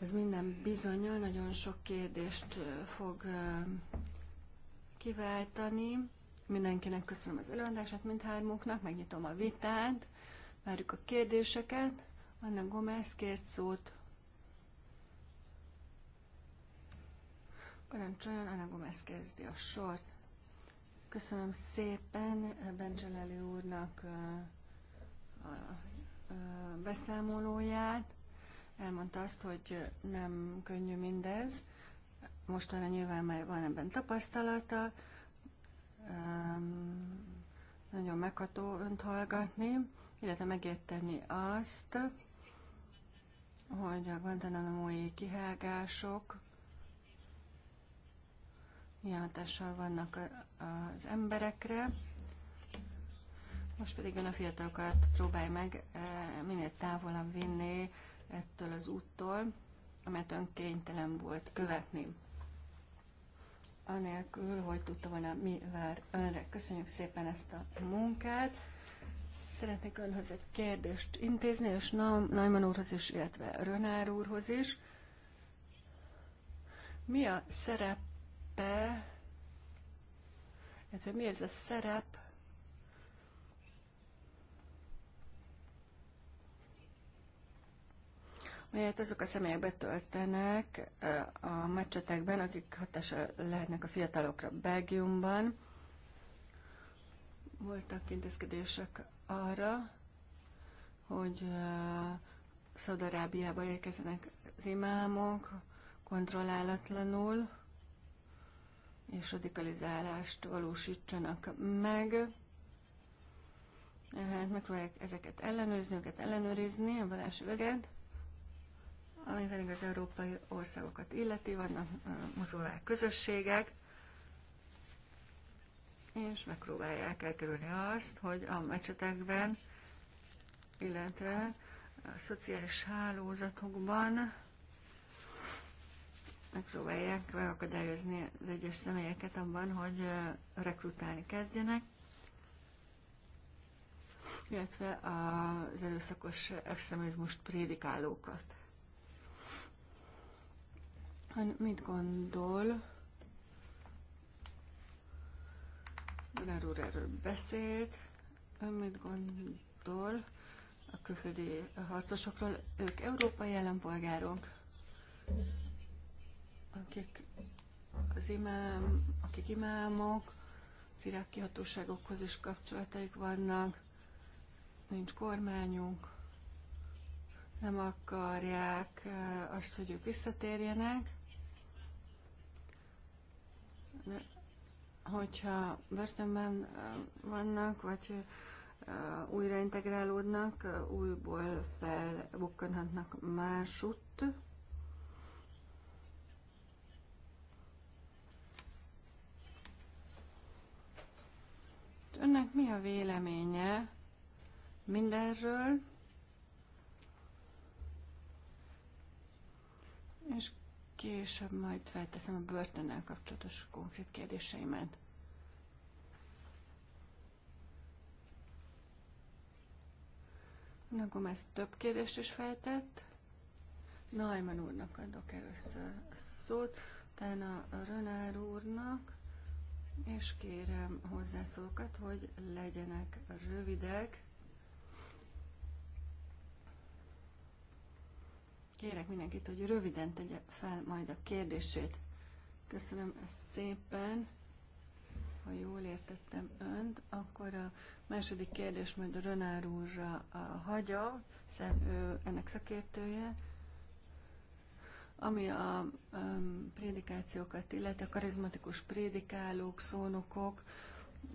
Ez minden bizonyal nagyon sok kérdést eh, fog eh, kiváltani. Mindenkinek köszönöm az előadását, mindhármunknak, megnyitom a vitát, várjuk a kérdéseket. Anna Gomez kért szót. Parancsoljon, Anna Gomez kezdi a sort. Köszönöm szépen Bencseleli úrnak a beszámolóját. Elmondta azt, hogy nem könnyű mindez. Mostanra nyilván már van ebben tapasztalata. Nagyon megható önt hallgatni, illetve megérteni azt, hogy a Guantanamo-i kihágások milyen hatással vannak az emberekre. Most pedig ön a fiatalokat próbálj meg minél távolabb vinni ettől az úttól, amelyet ön kénytelen volt követni. Anélkül, hogy tudta volna, mi vár önre. Köszönjük szépen ezt a munkát. Szeretnék önhöz egy kérdést intézni, és Naiman úrhoz is, illetve Rönár úrhoz is. Mi a szerep szerepe, illetve mi ez a szerep, melyet azok a személyek betöltenek a meccsetekben, akik hatása lehetnek a fiatalokra Belgiumban. Voltak intézkedések arra, hogy Szaudarábiába érkezenek az imámok kontrollálatlanul, és radikalizálást valósítsanak meg. Hát megpróbálják ezeket ellenőrizni, őket ellenőrizni, a vallási vezet, ami pedig az európai országokat illeti, vannak muzulmán közösségek, és megpróbálják elkerülni azt, hogy a mecsetekben, illetve a szociális hálózatokban megpróbálják megakadályozni az egyes személyeket abban, hogy rekrutálni kezdjenek, illetve az erőszakos extremizmust prédikálókat. Ön mit gondol? Dunár úr erről beszélt. Ön mit gondol a külföldi harcosokról? Ők európai állampolgárok akik az imám, akik imámok, az iráki hatóságokhoz is kapcsolataik vannak, nincs kormányunk, nem akarják eh, azt, hogy ők visszatérjenek. De hogyha börtönben eh, vannak, vagy eh, újraintegrálódnak, újból felbukkanhatnak másutt. Önnek mi a véleménye mindenről? És később majd felteszem a börtönnel kapcsolatos konkrét kérdéseimet. Nagom ezt több kérdést is feltett. Najman úrnak adok először a szót, utána a Rönár úrnak, és kérem a hozzászólókat, hogy legyenek rövidek. Kérek mindenkit, hogy röviden tegye fel majd a kérdését. Köszönöm szépen, ha jól értettem önt. Akkor a második kérdés majd a Rönár úrra hagyom, hiszen ő ennek szakértője. Ami a um, prédikációkat illeti, a karizmatikus prédikálók, szónokok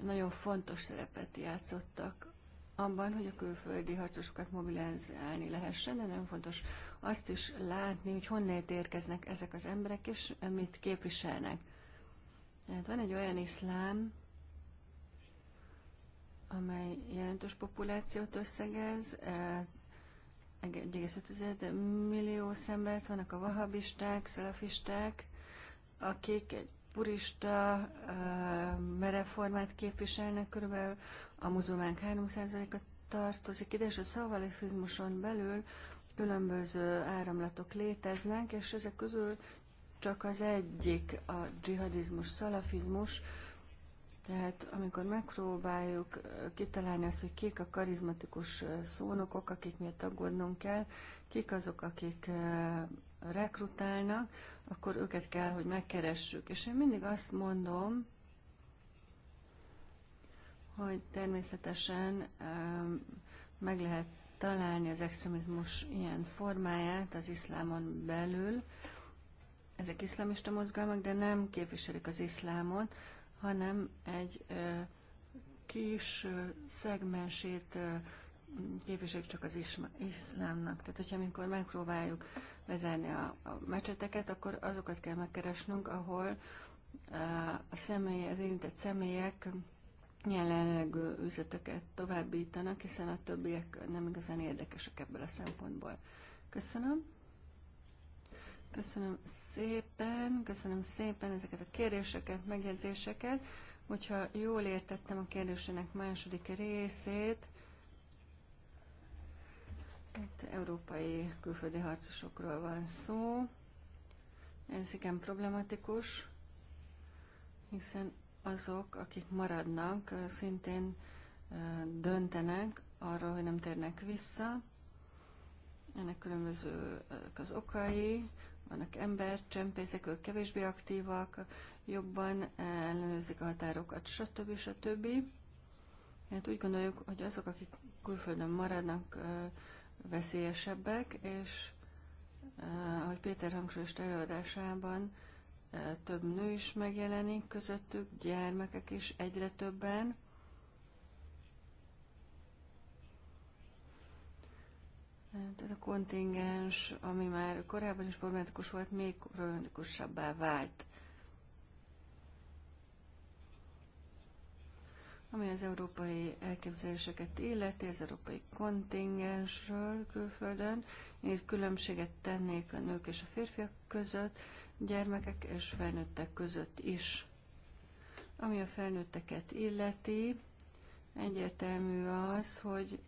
nagyon fontos szerepet játszottak abban, hogy a külföldi harcosokat mobilizálni lehessen, de nagyon fontos azt is látni, hogy honnét érkeznek ezek az emberek, és mit képviselnek. Tehát van egy olyan iszlám, amely jelentős populációt összegez, eh, 1,5 millió szembert, vannak a vahabisták, szalafisták, akik egy purista mereformát képviselnek, körülbelül a muzulmánk 3%-a tartozik ide, és a szavalifizmuson belül különböző áramlatok léteznek, és ezek közül csak az egyik a dzsihadizmus, szalafizmus, tehát amikor megpróbáljuk kitalálni azt, hogy kik a karizmatikus szónokok, akik miatt aggódnunk kell, kik azok, akik rekrutálnak, akkor őket kell, hogy megkeressük. És én mindig azt mondom, hogy természetesen meg lehet találni az extremizmus ilyen formáját az iszlámon belül. Ezek iszlamista mozgalmak, de nem képviselik az iszlámot, hanem egy kis szegmensét képviseljük csak az iszlámnak. Tehát, hogyha amikor megpróbáljuk bezárni a, a mecseteket, akkor azokat kell megkeresnünk, ahol a személy, az érintett személyek jelenleg üzleteket továbbítanak, hiszen a többiek nem igazán érdekesek ebből a szempontból. Köszönöm. Köszönöm szépen, köszönöm szépen ezeket a kérdéseket, megjegyzéseket. Hogyha jól értettem a kérdésének második részét, itt európai külföldi harcosokról van szó. Ez igen problematikus, hiszen azok, akik maradnak, szintén döntenek arról, hogy nem térnek vissza. Ennek különböző az okai, vannak csempészek, ők kevésbé aktívak, jobban ellenőrzik a határokat, stb. stb. Hát úgy gondoljuk, hogy azok, akik külföldön maradnak, veszélyesebbek, és ahogy Péter hangsúlyosta előadásában, több nő is megjelenik közöttük, gyermekek is egyre többen, Tehát a kontingens, ami már korábban is problematikus volt, még problematikusabbá vált. Ami az európai elképzeléseket illeti, az európai kontingensről külföldön, én itt különbséget tennék a nők és a férfiak között, gyermekek és felnőttek között is. Ami a felnőtteket illeti, egyértelmű az, hogy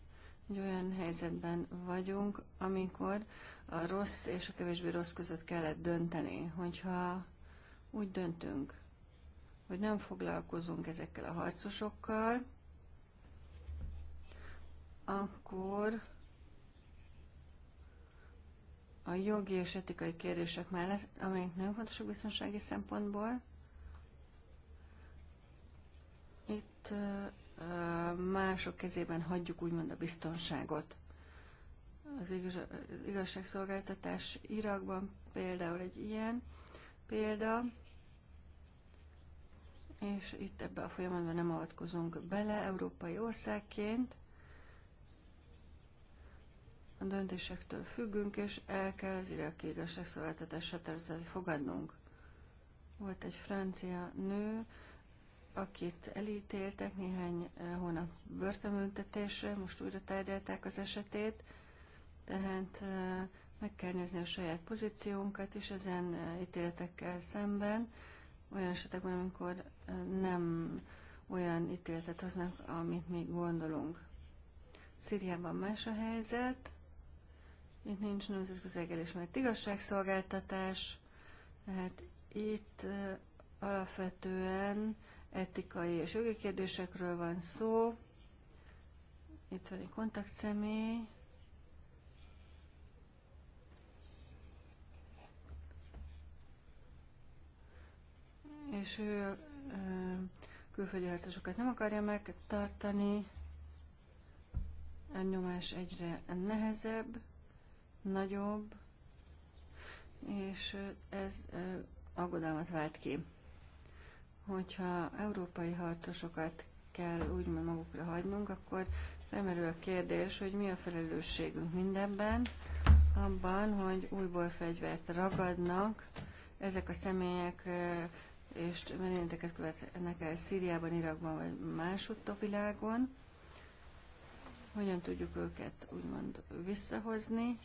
hogy olyan helyzetben vagyunk, amikor a rossz és a kevésbé rossz között kellett dönteni. Hogyha úgy döntünk, hogy nem foglalkozunk ezekkel a harcosokkal, akkor a jogi és etikai kérdések mellett, amelyek nagyon fontosak biztonsági szempontból, itt mások kezében hagyjuk úgymond a biztonságot. Az igazságszolgáltatás Irakban például egy ilyen példa, és itt ebbe a folyamatban nem avatkozunk bele európai országként. A döntésektől függünk, és el kell az iraki igazságszolgáltatás határozatot fogadnunk. Volt egy francia nő, akit elítéltek néhány eh, hónap börtönbüntetésre, most újra tárgyalták az esetét, tehát eh, meg kell nézni a saját pozíciónkat is ezen eh, ítéletekkel szemben, olyan esetekben, amikor nem olyan ítéletet hoznak, amit még gondolunk. Szíriában más a helyzet, itt nincs nemzetközi elismert igazságszolgáltatás, tehát itt alapvetően etikai és jogi kérdésekről van szó. Itt van egy kontaktszemély. És ő külföldi harcosokat nem akarja megtartani. A nyomás egyre nehezebb, nagyobb, és ez aggodalmat vált ki hogyha európai harcosokat kell úgymond magukra hagynunk, akkor felmerül a kérdés, hogy mi a felelősségünk mindebben, abban, hogy újból fegyvert ragadnak, ezek a személyek és merényeket követnek el Szíriában, Irakban vagy másutt a világon, hogyan tudjuk őket úgymond visszahozni,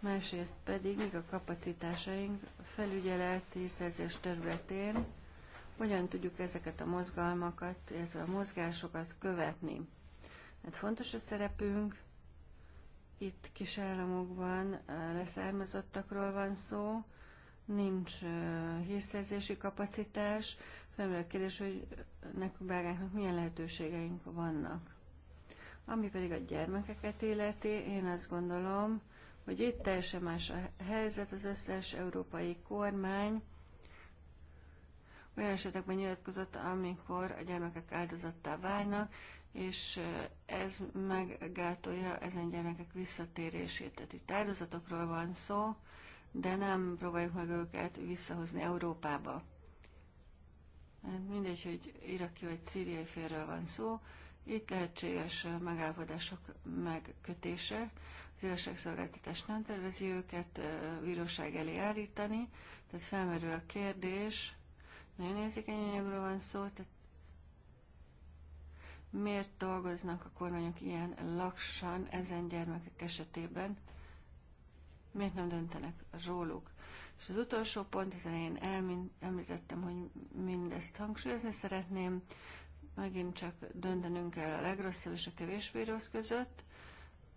másrészt pedig még a kapacitásaink felügyeleti szerzés területén, hogyan tudjuk ezeket a mozgalmakat, illetve a mozgásokat követni. Hát fontos a szerepünk, itt államokban eh, leszármazottakról van szó, nincs eh, hírszerzési kapacitás, felmerül a kérdés, hogy nekünk bárányoknak milyen lehetőségeink vannak. Ami pedig a gyermekeket életi, én azt gondolom, hogy itt teljesen más a helyzet, az összes európai kormány olyan esetekben nyilatkozott, amikor a gyermekek áldozattá válnak, és eh, ez meggátolja ezen gyermekek visszatérését. Tehát itt áldozatokról van szó, de nem próbáljuk meg őket visszahozni Európába. Hát mindegy, hogy iraki vagy szíriai félről van szó, itt lehetséges eh, megállapodások megkötése. Az igazságszolgáltatás nem tervezi őket eh, bíróság elé állítani, tehát felmerül a kérdés, nagyon érzékeny anyagról van szó, tehát miért dolgoznak a kormányok ilyen laksan ezen gyermekek esetében, miért nem döntenek róluk. És az utolsó pont, hiszen én elmin, említettem, hogy mindezt hangsúlyozni szeretném, megint csak döntenünk kell a legrosszabb és a kevésbé rossz között.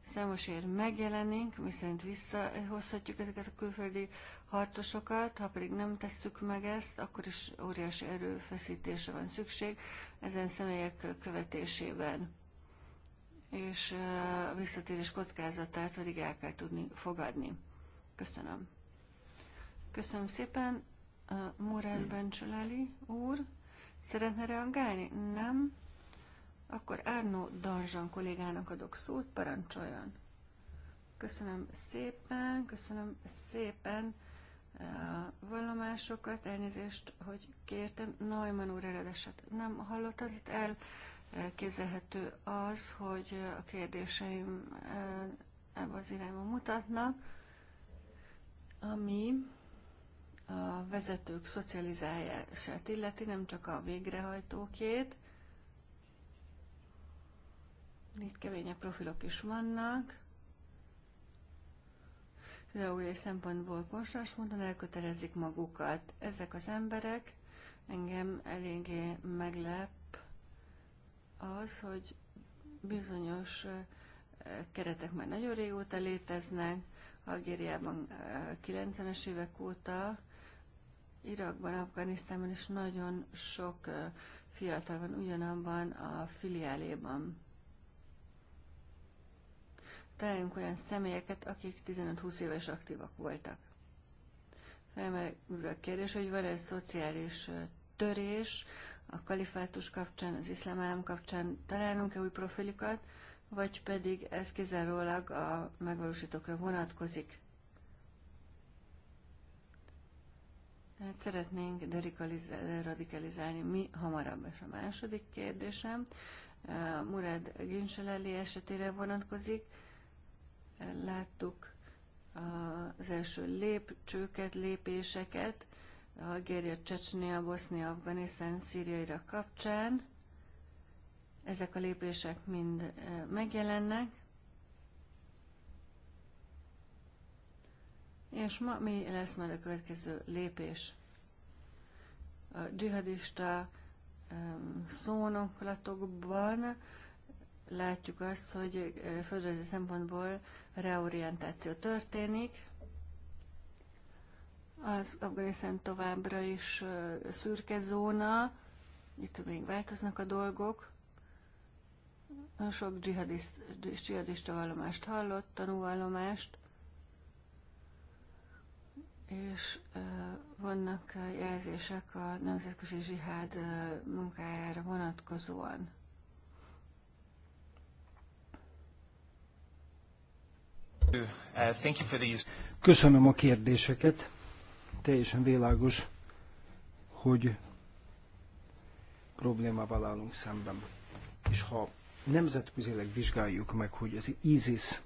Számos ér megjelenik, szerint visszahozhatjuk ezeket a külföldi harcosokat, ha pedig nem tesszük meg ezt, akkor is óriási erőfeszítésre van szükség ezen személyek követésében. És a visszatérés kockázatát pedig el kell tudni fogadni. Köszönöm. Köszönöm szépen. Murán Bencsöleli úr, szeretne reagálni? Nem? Akkor Árnó Darzsan kollégának adok szót, parancsoljon. Köszönöm szépen, köszönöm szépen vallomásokat, elnézést, hogy kértem, Neumann úr eredeset nem hallottad, itt kézelhető az, hogy a kérdéseim ebbe az irányba mutatnak, ami a vezetők szocializálását illeti, nem csak a végrehajtókét. Itt keményebb profilok is vannak, pedagógiai szempontból konstans módon elkötelezik magukat. Ezek az emberek engem eléggé meglep az, hogy bizonyos keretek már nagyon régóta léteznek, Algériában 90-es évek óta, Irakban, Afganisztánban is nagyon sok fiatal van ugyanabban a filiáléban találjunk olyan személyeket, akik 15-20 éves aktívak voltak. Felmerül a kérdés, hogy van-e szociális törés a kalifátus kapcsán, az iszlám állam kapcsán találunk-e új profilikat, vagy pedig ez kizárólag a megvalósítókra vonatkozik. Hát szeretnénk radikalizálni mi hamarabb, és a második kérdésem Murad Ginseleli esetére vonatkozik láttuk az első lépcsőket, lépéseket, Algéria, Csecsnia, Bosznia, Afganisztán, Szíriaira kapcsán. Ezek a lépések mind eh, megjelennek. És ma mi lesz majd a következő lépés? A dzsihadista szónoklatokban látjuk azt, hogy földrajzi szempontból reorientáció történik. Az Afganisztán továbbra is szürke zóna, itt még változnak a dolgok. Sok dzsihadiszt, dzsihadista vallomást hallott, tanúvallomást, és vannak jelzések a nemzetközi zsihád munkájára vonatkozóan. Köszönöm a kérdéseket. Teljesen világos, hogy problémával állunk szemben. És ha nemzetközileg vizsgáljuk meg, hogy az ISIS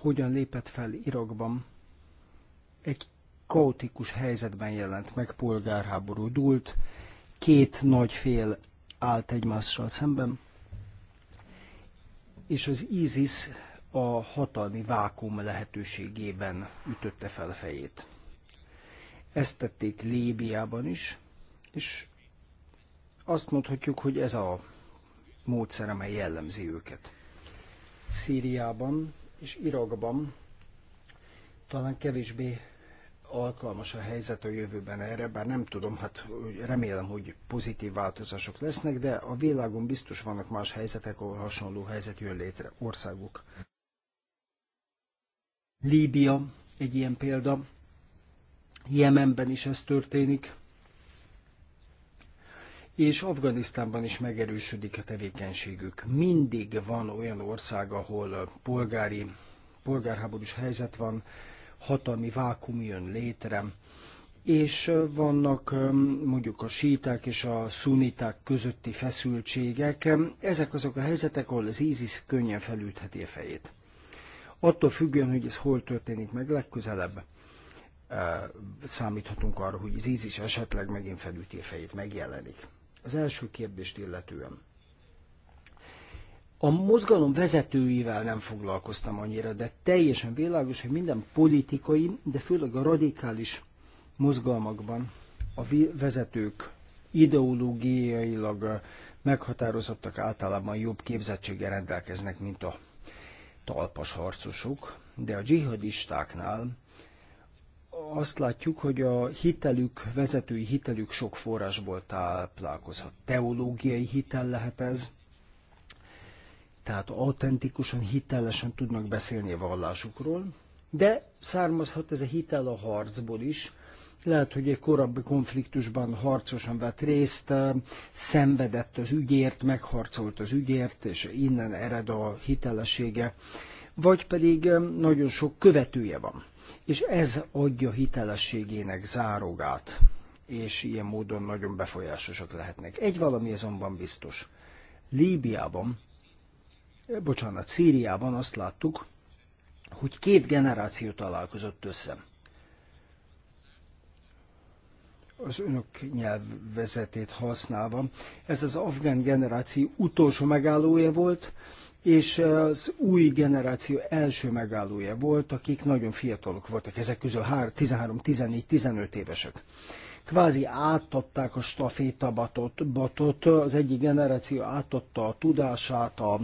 hogyan lépett fel Irakban, egy kaotikus helyzetben jelent meg, polgárháború dúlt, két nagy fél állt egymással szemben, és az ISIS a hatalmi vákum lehetőségében ütötte fel fejét. Ezt tették Líbiában is, és azt mondhatjuk, hogy ez a módszer, amely jellemzi őket. Szíriában és Irakban talán kevésbé alkalmas a helyzet a jövőben erre, bár nem tudom, hát remélem, hogy pozitív változások lesznek, de a világon biztos vannak más helyzetek, ahol hasonló helyzet jön létre, országuk. Líbia egy ilyen példa, Jemenben is ez történik, és Afganisztánban is megerősödik a tevékenységük. Mindig van olyan ország, ahol polgári, polgárháborús helyzet van, hatalmi vákum jön létre, és vannak um, mondjuk a síták és a szuniták közötti feszültségek. Ezek azok a helyzetek, ahol az ISIS könnyen felütheti a fejét attól függően, hogy ez hol történik meg legközelebb, eh, számíthatunk arra, hogy az ISIS esetleg megint felüti fejét, megjelenik. Az első kérdést illetően. A mozgalom vezetőivel nem foglalkoztam annyira, de teljesen világos, hogy minden politikai, de főleg a radikális mozgalmakban a vezetők ideológiailag meghatározottak általában jobb képzettséggel rendelkeznek, mint a talpas harcosok, de a dzsihadistáknál azt látjuk, hogy a hitelük, vezetői hitelük sok forrásból táplálkozhat. Teológiai hitel lehet ez, tehát autentikusan, hitelesen tudnak beszélni a vallásukról, de származhat ez a hitel a harcból is, lehet, hogy egy korábbi konfliktusban harcosan vett részt, eh, szenvedett az ügyért, megharcolt az ügyért, és innen ered a hitelessége, vagy pedig eh, nagyon sok követője van, és ez adja hitelességének zárogát, és ilyen módon nagyon befolyásosak lehetnek. Egy valami azonban biztos. Líbiában, eh, bocsánat, Szíriában azt láttuk, hogy két generáció találkozott össze az önök nyelvvezetét használva. Ez az afgán generáció utolsó megállója volt, és az új generáció első megállója volt, akik nagyon fiatalok voltak, ezek közül 13, 14, 15 évesek. Kvázi átadták a stafétabatot, batot, az egyik generáció átadta a tudását, a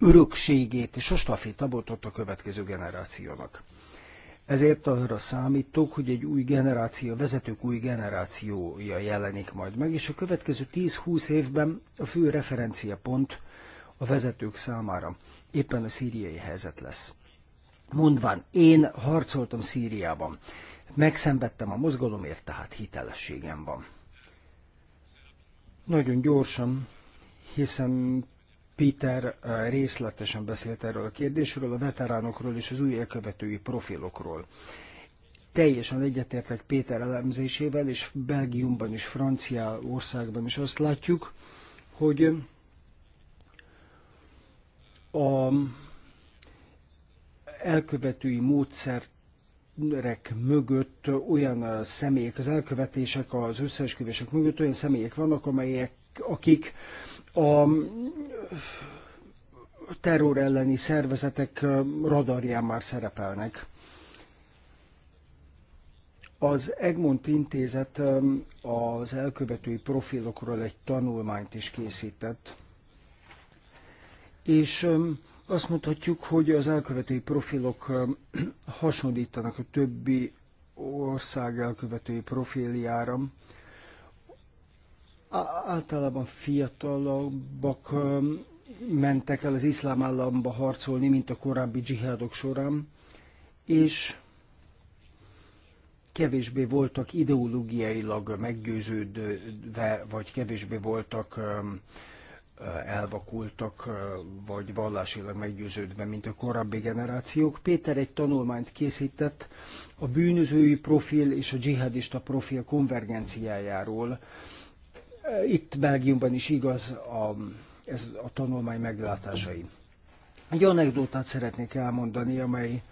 örökségét és a stafétabatot a következő generációnak. Ezért arra számítok, hogy egy új generáció, vezetők új generációja jelenik majd meg, és a következő 10-20 évben a fő referenciapont a vezetők számára éppen a szíriai helyzet lesz. Mondván, én harcoltam Szíriában, megszenvedtem a mozgalomért, tehát hitelességem van. Nagyon gyorsan, hiszen Péter eh, részletesen beszélt erről a kérdésről, a veteránokról és az új elkövetői profilokról. Teljesen egyetértek Péter elemzésével, és Belgiumban és Franciaországban is azt látjuk, hogy a elkövetői módszerek mögött olyan személyek, az elkövetések, az összeesküvések mögött olyan személyek vannak, amelyek akik a terror elleni szervezetek radarján már szerepelnek. Az Egmont Intézet az elkövetői profilokról egy tanulmányt is készített, és azt mondhatjuk, hogy az elkövetői profilok hasonlítanak a többi ország elkövetői profiljára, általában fiatalabbak mentek el az iszlám államba harcolni, mint a korábbi dzsihádok során, és kevésbé voltak ideológiailag meggyőződve, vagy kevésbé voltak elvakultak, vagy vallásilag meggyőződve, mint a korábbi generációk. Péter egy tanulmányt készített a bűnözői profil és a dzsihadista profil konvergenciájáról, itt Belgiumban is igaz a, ez a tanulmány meglátásai. Egy anekdótát szeretnék elmondani, amely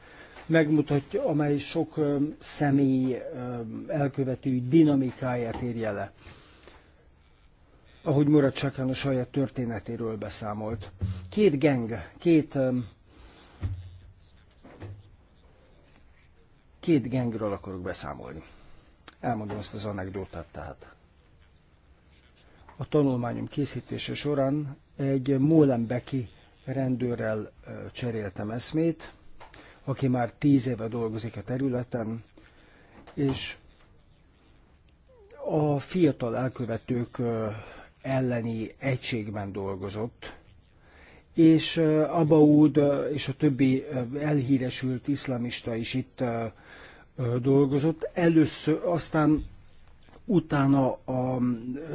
megmutatja, amely sok személy elkövető dinamikáját érje le. Ahogy Murat Sakán a saját történetéről beszámolt. Két geng, két két gengről akarok beszámolni. Elmondom ezt az anekdótát tehát a tanulmányom készítése során egy Molenbeki rendőrrel cseréltem eszmét, aki már tíz éve dolgozik a területen, és a fiatal elkövetők elleni egységben dolgozott, és Abaúd és a többi elhíresült iszlamista is itt dolgozott. Először aztán utána a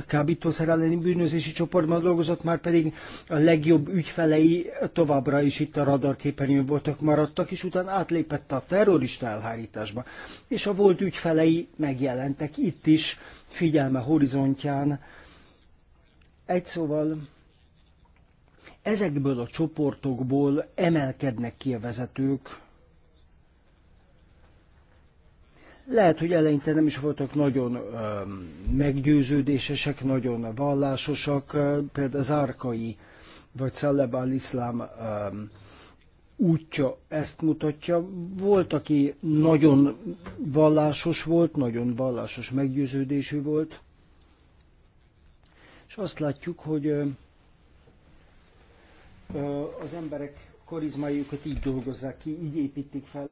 kábítószer elleni bűnözési csoportban dolgozott, már pedig a legjobb ügyfelei továbbra is itt a radarképernyőn voltak, maradtak, és utána átlépett a terrorista elhárításba. És a volt ügyfelei megjelentek itt is, figyelme horizontján. Egy szóval ezekből a csoportokból emelkednek ki a vezetők, Lehet, hogy eleinte nem is voltak nagyon ö, meggyőződésesek, nagyon vallásosak, ö, például az árkai vagy szellebál iszlám ö, útja ezt mutatja. Volt, aki nagyon vallásos volt, nagyon vallásos meggyőződésű volt, és azt látjuk, hogy ö, az emberek karizmájukat így dolgozzák ki, így építik fel.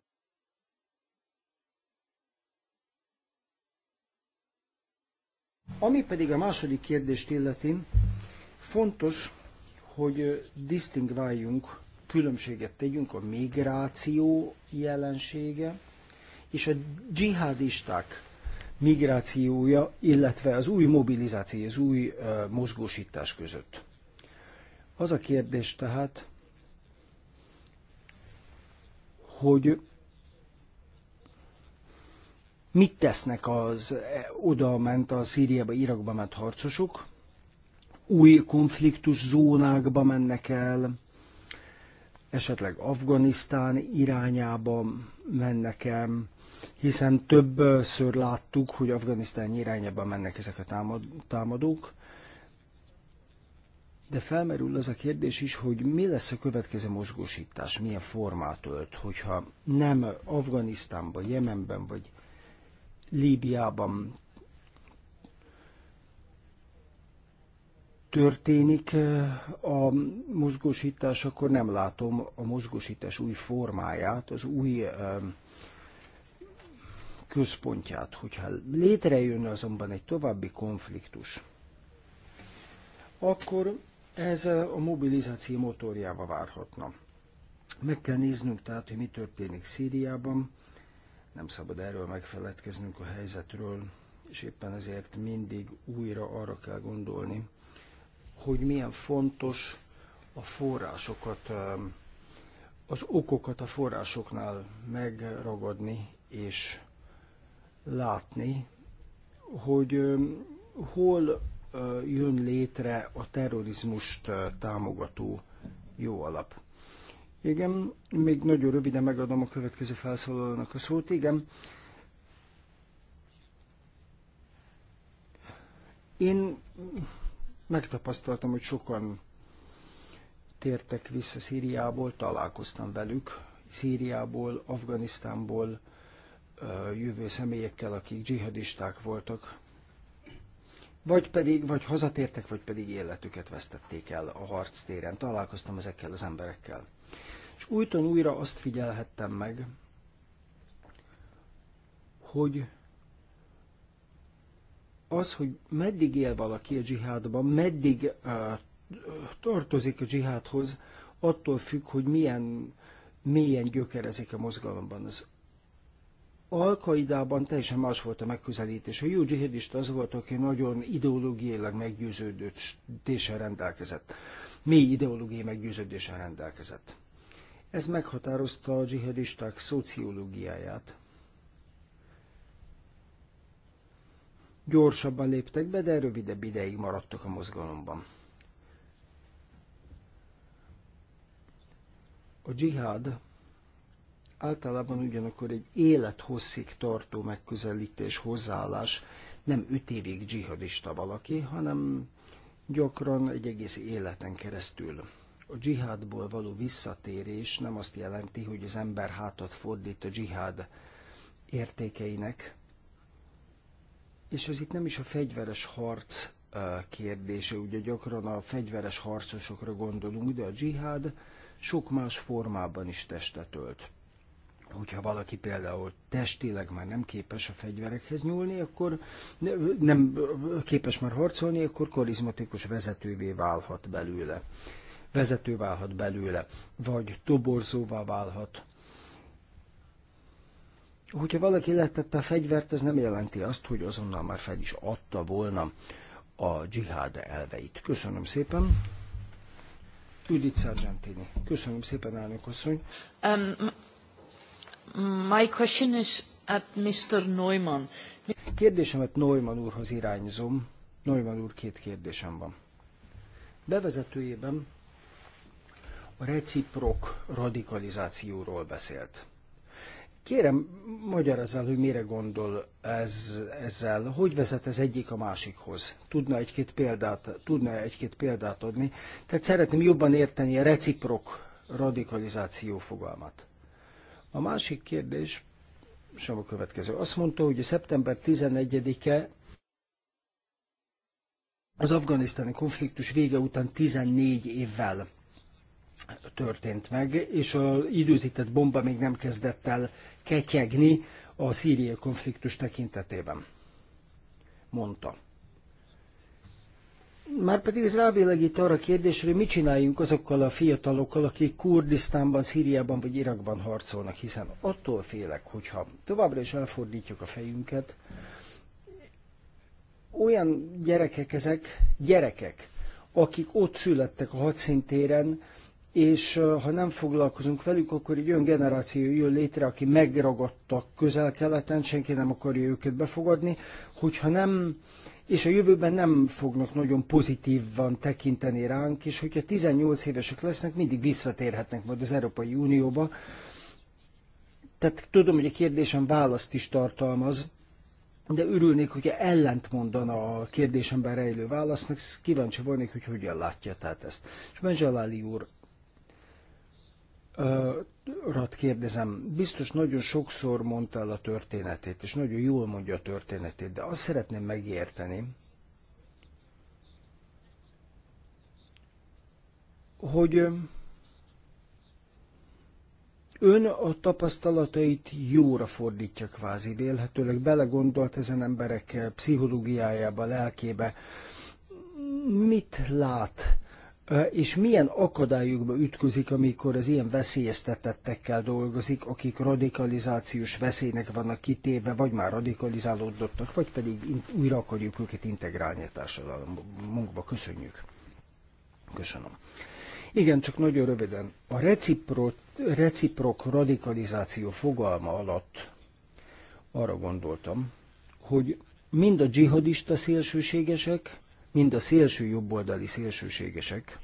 Ami pedig a második kérdést illeti, fontos, hogy disztingváljunk, különbséget tegyünk a migráció jelensége és a dzsihadisták migrációja, illetve az új mobilizáció, az új uh, mozgósítás között. Az a kérdés tehát, hogy mit tesznek az e, oda ment, a Szíriába, Irakba ment harcosok, új konfliktus zónákba mennek el, esetleg Afganisztán irányába mennek el, hiszen többször láttuk, hogy Afganisztán irányába mennek ezek a támadók. De felmerül az a kérdés is, hogy mi lesz a következő mozgósítás, milyen formát ölt, hogyha nem Afganisztánban, Jemenben vagy Líbiában történik a mozgósítás, akkor nem látom a mozgósítás új formáját, az új központját. Hogyha létrejön azonban egy további konfliktus, akkor ez a mobilizáció motorjába várhatna. Meg kell néznünk tehát, hogy mi történik Szíriában, nem szabad erről megfeledkeznünk a helyzetről, és éppen ezért mindig újra arra kell gondolni, hogy milyen fontos a forrásokat, ehm, az okokat a forrásoknál megragadni és látni, hogy ehm, hol ehm, jön létre a terrorizmust támogató jó alap. Igen, még nagyon röviden megadom a következő felszólalónak a szót. Igen. Én megtapasztaltam, hogy sokan tértek vissza Szíriából, találkoztam velük, Szíriából, Afganisztánból jövő személyekkel, akik dzsihadisták voltak, vagy pedig, vagy hazatértek, vagy pedig életüket vesztették el a harctéren. Találkoztam ezekkel az emberekkel. És újton újra azt figyelhettem meg, hogy az, hogy meddig él valaki a dzsihádban, meddig uh, tartozik a dzsihádhoz, attól függ, hogy milyen mélyen gyökerezik a mozgalomban. Az Alkaidában teljesen más volt a megközelítés. A jó dzsihadista az volt, aki nagyon ideológiailag és rendelkezett mély ideológiai meggyőződéssel rendelkezett. Ez meghatározta a dzsihadisták szociológiáját. Gyorsabban léptek be, de rövidebb ideig maradtak a mozgalomban. A dzsihád általában ugyanakkor egy élethosszig tartó megközelítés, hozzáállás, nem öt évig dzsihadista valaki, hanem gyakran egy egész életen keresztül. A dzsihádból való visszatérés nem azt jelenti, hogy az ember hátat fordít a dzsihád értékeinek, és ez itt nem is a fegyveres harc kérdése, ugye gyakran a fegyveres harcosokra gondolunk, de a dzsihád sok más formában is testet ölt hogyha valaki például testileg már nem képes a fegyverekhez nyúlni, akkor nem képes már harcolni, akkor karizmatikus vezetővé válhat belőle. Vezető válhat belőle, vagy toborzóvá válhat. Hogyha valaki letette a fegyvert, ez nem jelenti azt, hogy azonnal már fel is adta volna a dzsihád elveit. Köszönöm szépen! Üdít Sargentini. Köszönöm szépen, elnök asszony. Um, My question is at Mr. Neumann. Kérdésemet Neumann úrhoz irányzom. Neumann úr, két kérdésem van. Bevezetőjében a reciprok radikalizációról beszélt. Kérem, magyarázzál, hogy mire gondol ez, ezzel, hogy vezet ez egyik a másikhoz? Tudna egy-két példát, tudna egy-két példát adni? Tehát szeretném jobban érteni a reciprok radikalizáció fogalmat. A másik kérdés sem a következő. Azt mondta, hogy a szeptember 11-e az afganisztáni konfliktus vége után 14 évvel történt meg, és az időzített bomba még nem kezdett el ketyegni a szíriai konfliktus tekintetében, mondta. Márpedig ez rávilágít arra a kérdésre, hogy mit csináljunk azokkal a fiatalokkal, akik Kurdisztánban, Szíriában vagy Irakban harcolnak, hiszen attól félek, hogyha továbbra is elfordítjuk a fejünket, olyan gyerekek ezek, gyerekek, akik ott születtek a hadszintéren, és ha nem foglalkozunk velük, akkor egy olyan generáció jön létre, aki megragadtak közel-keleten, senki nem akarja őket befogadni, hogyha nem és a jövőben nem fognak nagyon pozitívan tekinteni ránk, és hogyha 18 évesek lesznek, mindig visszatérhetnek majd az Európai Unióba. Tehát tudom, hogy a kérdésem választ is tartalmaz, de örülnék, hogyha ellent mondana a kérdésemben rejlő válasznak, kíváncsi volnék, hogy hogyan látja tehát ezt. És Benzsalali úr, urat kérdezem, biztos nagyon sokszor mondta el a történetét, és nagyon jól mondja a történetét, de azt szeretném megérteni, hogy ön a tapasztalatait jóra fordítja kvázi, vélhetőleg belegondolt ezen emberek pszichológiájába, lelkébe. Mit lát? és milyen akadályokba ütközik, amikor az ilyen veszélyeztetettekkel dolgozik, akik radikalizációs veszélynek vannak kitéve, vagy már radikalizálódottak, vagy pedig újra akarjuk őket integrálni a társadalmunkba. Köszönjük. Köszönöm. Igen, csak nagyon röviden. A reciprok, reciprok radikalizáció fogalma alatt arra gondoltam, hogy mind a dzsihadista szélsőségesek, mind a szélső jobboldali szélsőségesek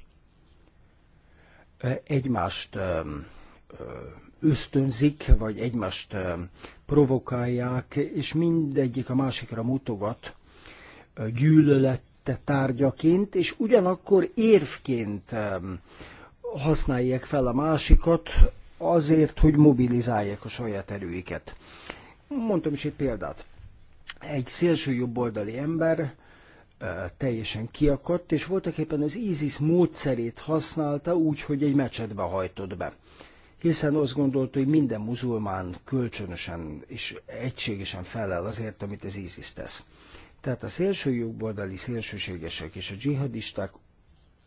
eh, egymást eh, ösztönzik, vagy egymást provokálják, és mindegyik a másikra mutogat eh, gyűlölette tárgyaként, és ugyanakkor érvként használják fel a másikat azért, hogy mobilizálják a saját erőiket. Mondtam is egy példát. Egy szélső jobboldali ember teljesen kiakadt, és voltak éppen az ISIS módszerét használta úgy, hogy egy mecsetbe hajtott be. Hiszen azt gondolta, hogy minden muzulmán kölcsönösen és egységesen felel azért, amit az ISIS tesz. Tehát a szélső jobboldali szélsőségesek és a dzsihadisták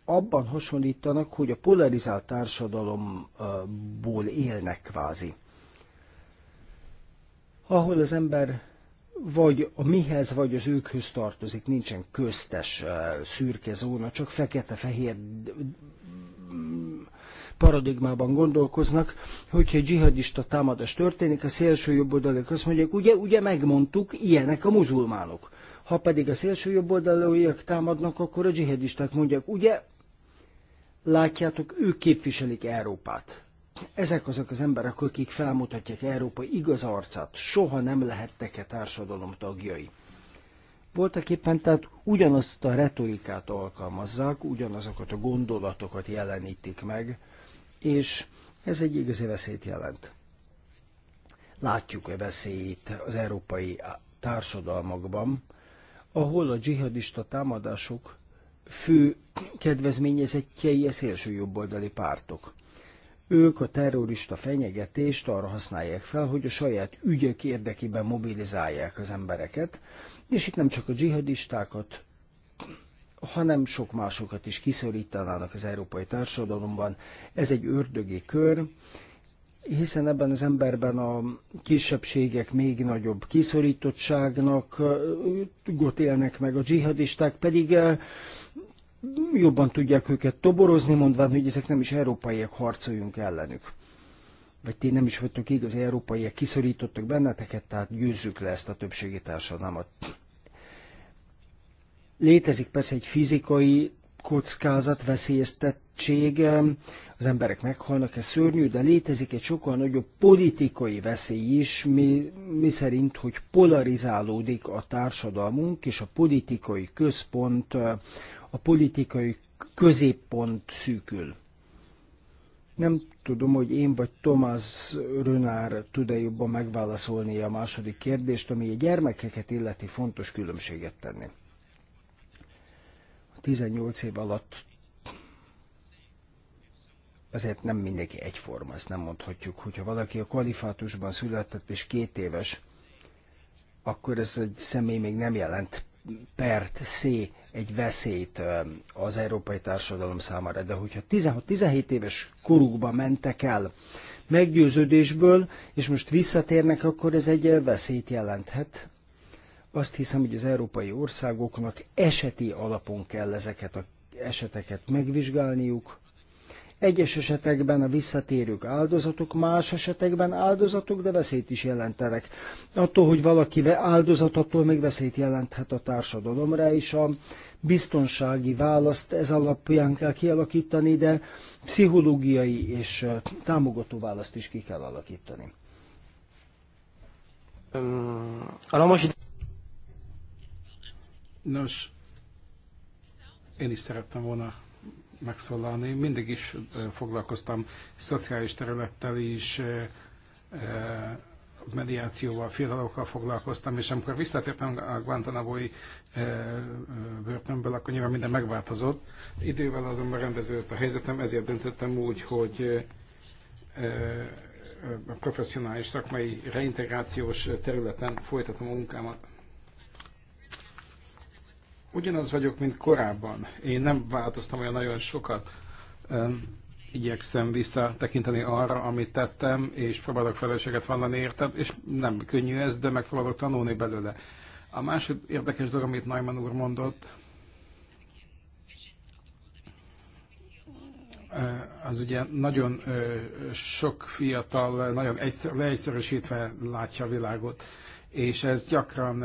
abban hasonlítanak, hogy a polarizált társadalomból élnek kvázi. Ahol az ember vagy a mihez, vagy az őkhöz tartozik, nincsen köztes szürke zóna, csak fekete-fehér mm, paradigmában gondolkoznak, hogyha egy dzsihadista támadás történik, a szélső oldalak azt mondják, ugye, ugye megmondtuk, ilyenek a muzulmánok. Ha pedig a szélső jobboldalúak támadnak, akkor a dzsihadisták mondják, ugye, látjátok, ők képviselik Európát. Ezek azok az emberek, akik felmutatják Európa igaz arcát, soha nem lehettek-e társadalom tagjai. Voltak éppen tehát ugyanazt a retorikát alkalmazzák, ugyanazokat a gondolatokat jelenítik meg, és ez egy igazi veszélyt jelent. Látjuk a veszélyt az európai társadalmakban, ahol a dzsihadista támadások fő kedvezményezettjei a szélső jobboldali pártok. Ők a terrorista fenyegetést arra használják fel, hogy a saját ügyek érdekében mobilizálják az embereket, és itt nem csak a dzsihadistákat, hanem sok másokat is kiszorítanának az európai társadalomban. Ez egy ördögi kör, hiszen ebben az emberben a kisebbségek még nagyobb kiszorítottságnak gotélnek meg, a dzsihadisták pedig jobban tudják őket toborozni, mondván, hogy ezek nem is európaiak, harcoljunk ellenük. Vagy ti nem is vagytok igaz európaiak, kiszorítottak benneteket, tehát győzzük le ezt a többségi társadalmat. Létezik persze egy fizikai kockázat, veszélyeztettség, az emberek meghalnak, ez szörnyű, de létezik egy sokkal nagyobb politikai veszély is, mi, mi szerint, hogy polarizálódik a társadalmunk, és a politikai központ a politikai középpont szűkül. Nem tudom, hogy én vagy Tomás Rönár tud-e jobban megválaszolni a második kérdést, ami a gyermekeket illeti fontos különbséget tenni. A 18 év alatt azért nem mindenki egyforma, ezt nem mondhatjuk. Hogyha valaki a kalifátusban született és két éves, akkor ez egy személy még nem jelent pert, szé egy veszélyt az európai társadalom számára. De hogyha 16-17 éves korukba mentek el meggyőződésből, és most visszatérnek, akkor ez egy veszélyt jelenthet. Azt hiszem, hogy az európai országoknak eseti alapon kell ezeket a eseteket megvizsgálniuk, egyes esetekben a visszatérők áldozatok, más esetekben áldozatok, de veszélyt is jelentenek. Attól, hogy valaki áldozat, attól még veszélyt jelenthet a társadalomra, és a biztonsági választ ez alapján kell kialakítani, de pszichológiai és támogató választ is ki kell alakítani. Nos, én is szerettem volna megszólalni. Mindig is foglalkoztam szociális területtel is, mediációval, fiatalokkal foglalkoztam, és amikor visszatértem a Guantanamo-i börtönből, akkor nyilván minden megváltozott. Idővel azonban rendeződött a helyzetem, ezért döntöttem úgy, hogy a professzionális szakmai reintegrációs területen folytatom a munkámat. Ugyanaz vagyok, mint korábban. Én nem változtam olyan nagyon sokat. Igyekszem visszatekinteni arra, amit tettem, és próbálok felelősséget vallani érted, és nem könnyű ez, de megpróbálok tanulni belőle. A másik érdekes dolog, amit Neumann úr mondott, az ugye nagyon sok fiatal, nagyon egyszer, leegyszerűsítve látja a világot és ez gyakran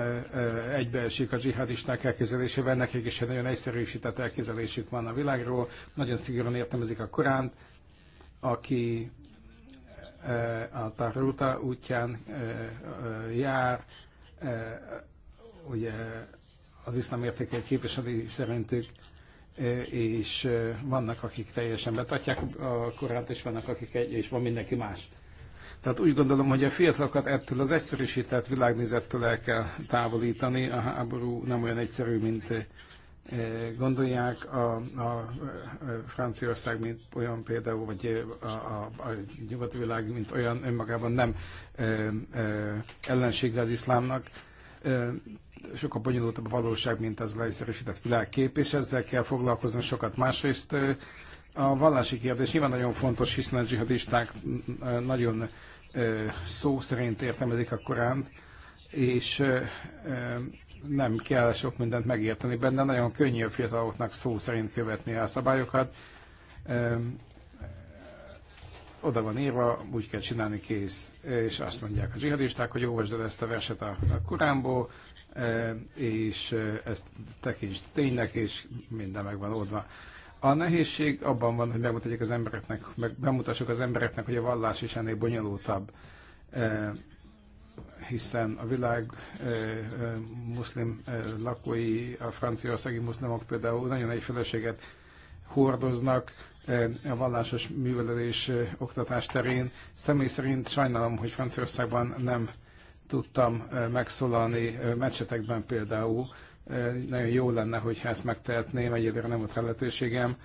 egybeesik a dzsihadisták elképzelésével, nekik is egy nagyon egyszerűsített elképzelésük van a világról, nagyon szigorúan értelmezik a Koránt, aki a Taruta útján jár, ugye az iszlám értékei képviseli szerintük, és vannak, akik teljesen betartják a korát, és vannak, akik egy, és van mindenki más. Tehát úgy gondolom, hogy a fiatalokat ettől az egyszerűsített világnézettől el kell távolítani. A háború nem olyan egyszerű, mint eh, gondolják. A, a Franciaország, mint olyan például, vagy eh, a, a, a nyugati világ, mint olyan önmagában nem e, e, ellensége az iszlámnak. E, sokkal bonyolultabb a valóság, mint az leegyszerűsített világkép, és ezzel kell foglalkozni sokat. Másrészt a vallási kérdés nyilván nagyon fontos, hiszen a zsihadisták mm, nagyon szó szerint értelmezik a Koránt, és nem kell sok mindent megérteni benne, nagyon könnyű a fiataloknak szó szerint követni a szabályokat. Oda van írva, úgy kell csinálni kész, és azt mondják a zsihadisták, hogy olvasd el ezt a verset a Koránból, és ezt tekintsd ténynek, és minden meg van oldva. A nehézség abban van, hogy megmutatjuk az embereknek, meg bemutassuk az embereknek, hogy a vallás is ennél bonyolultabb, e, hiszen a világ e, e, muszlim lakói, a franciaországi muszlimok például nagyon nagy feleséget hordoznak a vallásos művelődés oktatás terén. Személy szerint sajnálom, hogy Franciaországban nem tudtam megszólalni mecsetekben például, nagyon jó lenne, hogyha ezt megtehetném, egyelőre nem volt lehetőségem.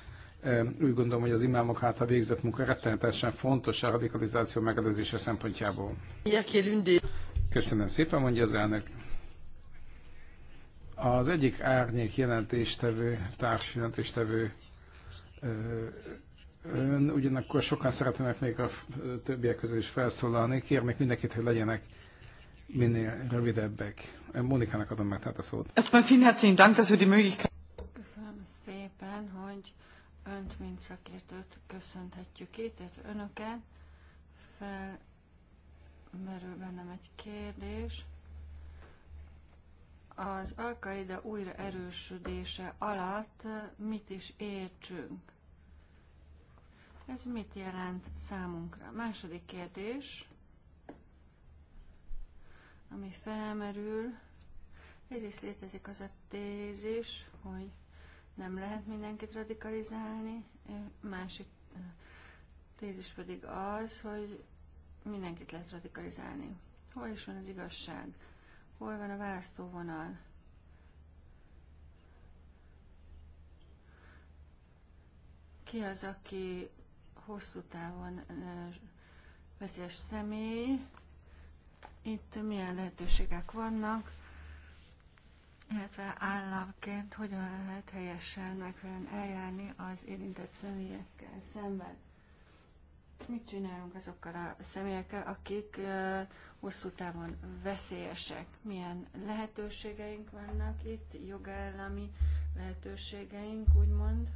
Úgy gondolom, hogy az imámok által végzett munka rettenetesen fontos a radikalizáció megelőzése szempontjából. Köszönöm szépen, mondja az elnök. Az egyik árnyék jelentéstevő, jelentéstevő ön, ugyanakkor sokan szeretnének még a többiek közül is felszólalni. Kérnék mindenkit, hogy legyenek minél rövidebbek. Monikának adom meg tehát a szót. Erstmal vielen herzlichen Dank, Köszönöm szépen, hogy önt, mint szakértőt köszönhetjük itt, és önöket. Felmerül bennem egy kérdés. Az alkaida újra erősödése alatt mit is értsünk? Ez mit jelent számunkra? Második kérdés ami felmerül. Egyrészt létezik az a tézis, hogy nem lehet mindenkit radikalizálni, másik tézis pedig az, hogy mindenkit lehet radikalizálni. Hol is van az igazság? Hol van a választóvonal? Ki az, aki hosszú távon veszélyes személy, itt milyen lehetőségek vannak, illetve államként hogyan lehet helyesen megfelelően eljárni az érintett személyekkel szemben. Mit csinálunk azokkal a személyekkel, akik hosszú távon veszélyesek? Milyen lehetőségeink vannak itt, jogállami lehetőségeink, úgymond?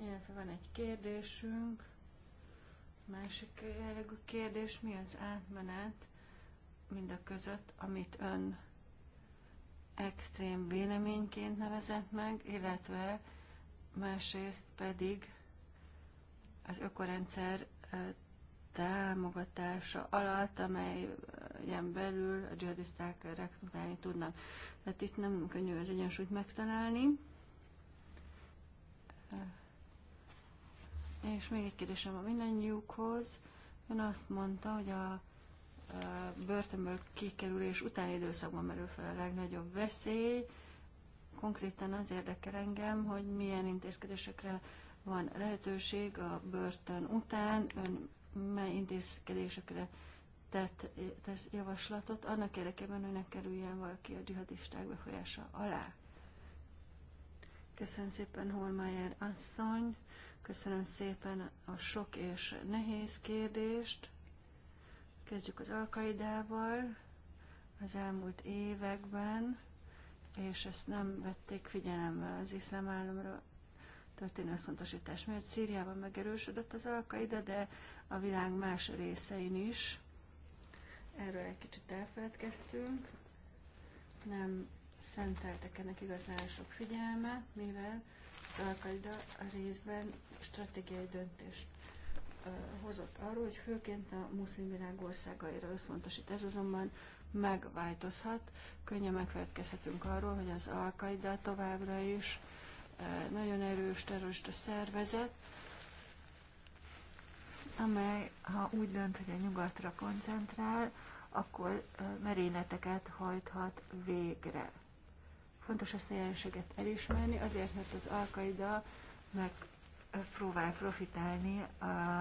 Illetve van egy kérdésünk Másik jellegű kérdés, mi az átmenet mind a között, amit ön extrém véleményként nevezett meg, illetve másrészt pedig az ökorendszer támogatása alatt, amelyen belül a dzsihadiszták rekrutálni tudnak. Tehát itt nem könnyű az egyensúlyt megtalálni. És még egy kérdésem a mindannyiukhoz. Ön azt mondta, hogy a börtönből kikerülés utáni időszakban merül fel a legnagyobb veszély. Konkrétan az érdekel engem, hogy milyen intézkedésekre van lehetőség a börtön után, ön mely intézkedésekre tett, tett javaslatot, annak érdekében, hogy ne kerüljen valaki a dzsihadisták befolyása alá. Köszönöm szépen, Holmeyer asszony. Köszönöm szépen a sok és nehéz kérdést. Kezdjük az alkaidával. Az elmúlt években, és ezt nem vették figyelembe az iszlám államra történő összpontosítás, miatt Szíriában megerősödött az alkaida, de a világ más részein is. Erről egy kicsit elfeledkeztünk. Nem szenteltek ennek igazán sok figyelmet, mivel Al-Qaeda részben stratégiai döntést hozott arról, hogy főként a muszlim világ országaira összpontosít. Ez azonban megváltozhat. Könnyen megfelelkezhetünk arról, hogy az al továbbra is nagyon erős terrorista szervezet, amely, ha úgy dönt, hogy a nyugatra koncentrál, akkor merényleteket hajthat végre. Fontos ezt a jelenséget elismerni, azért, mert az Alkaida megpróbál profitálni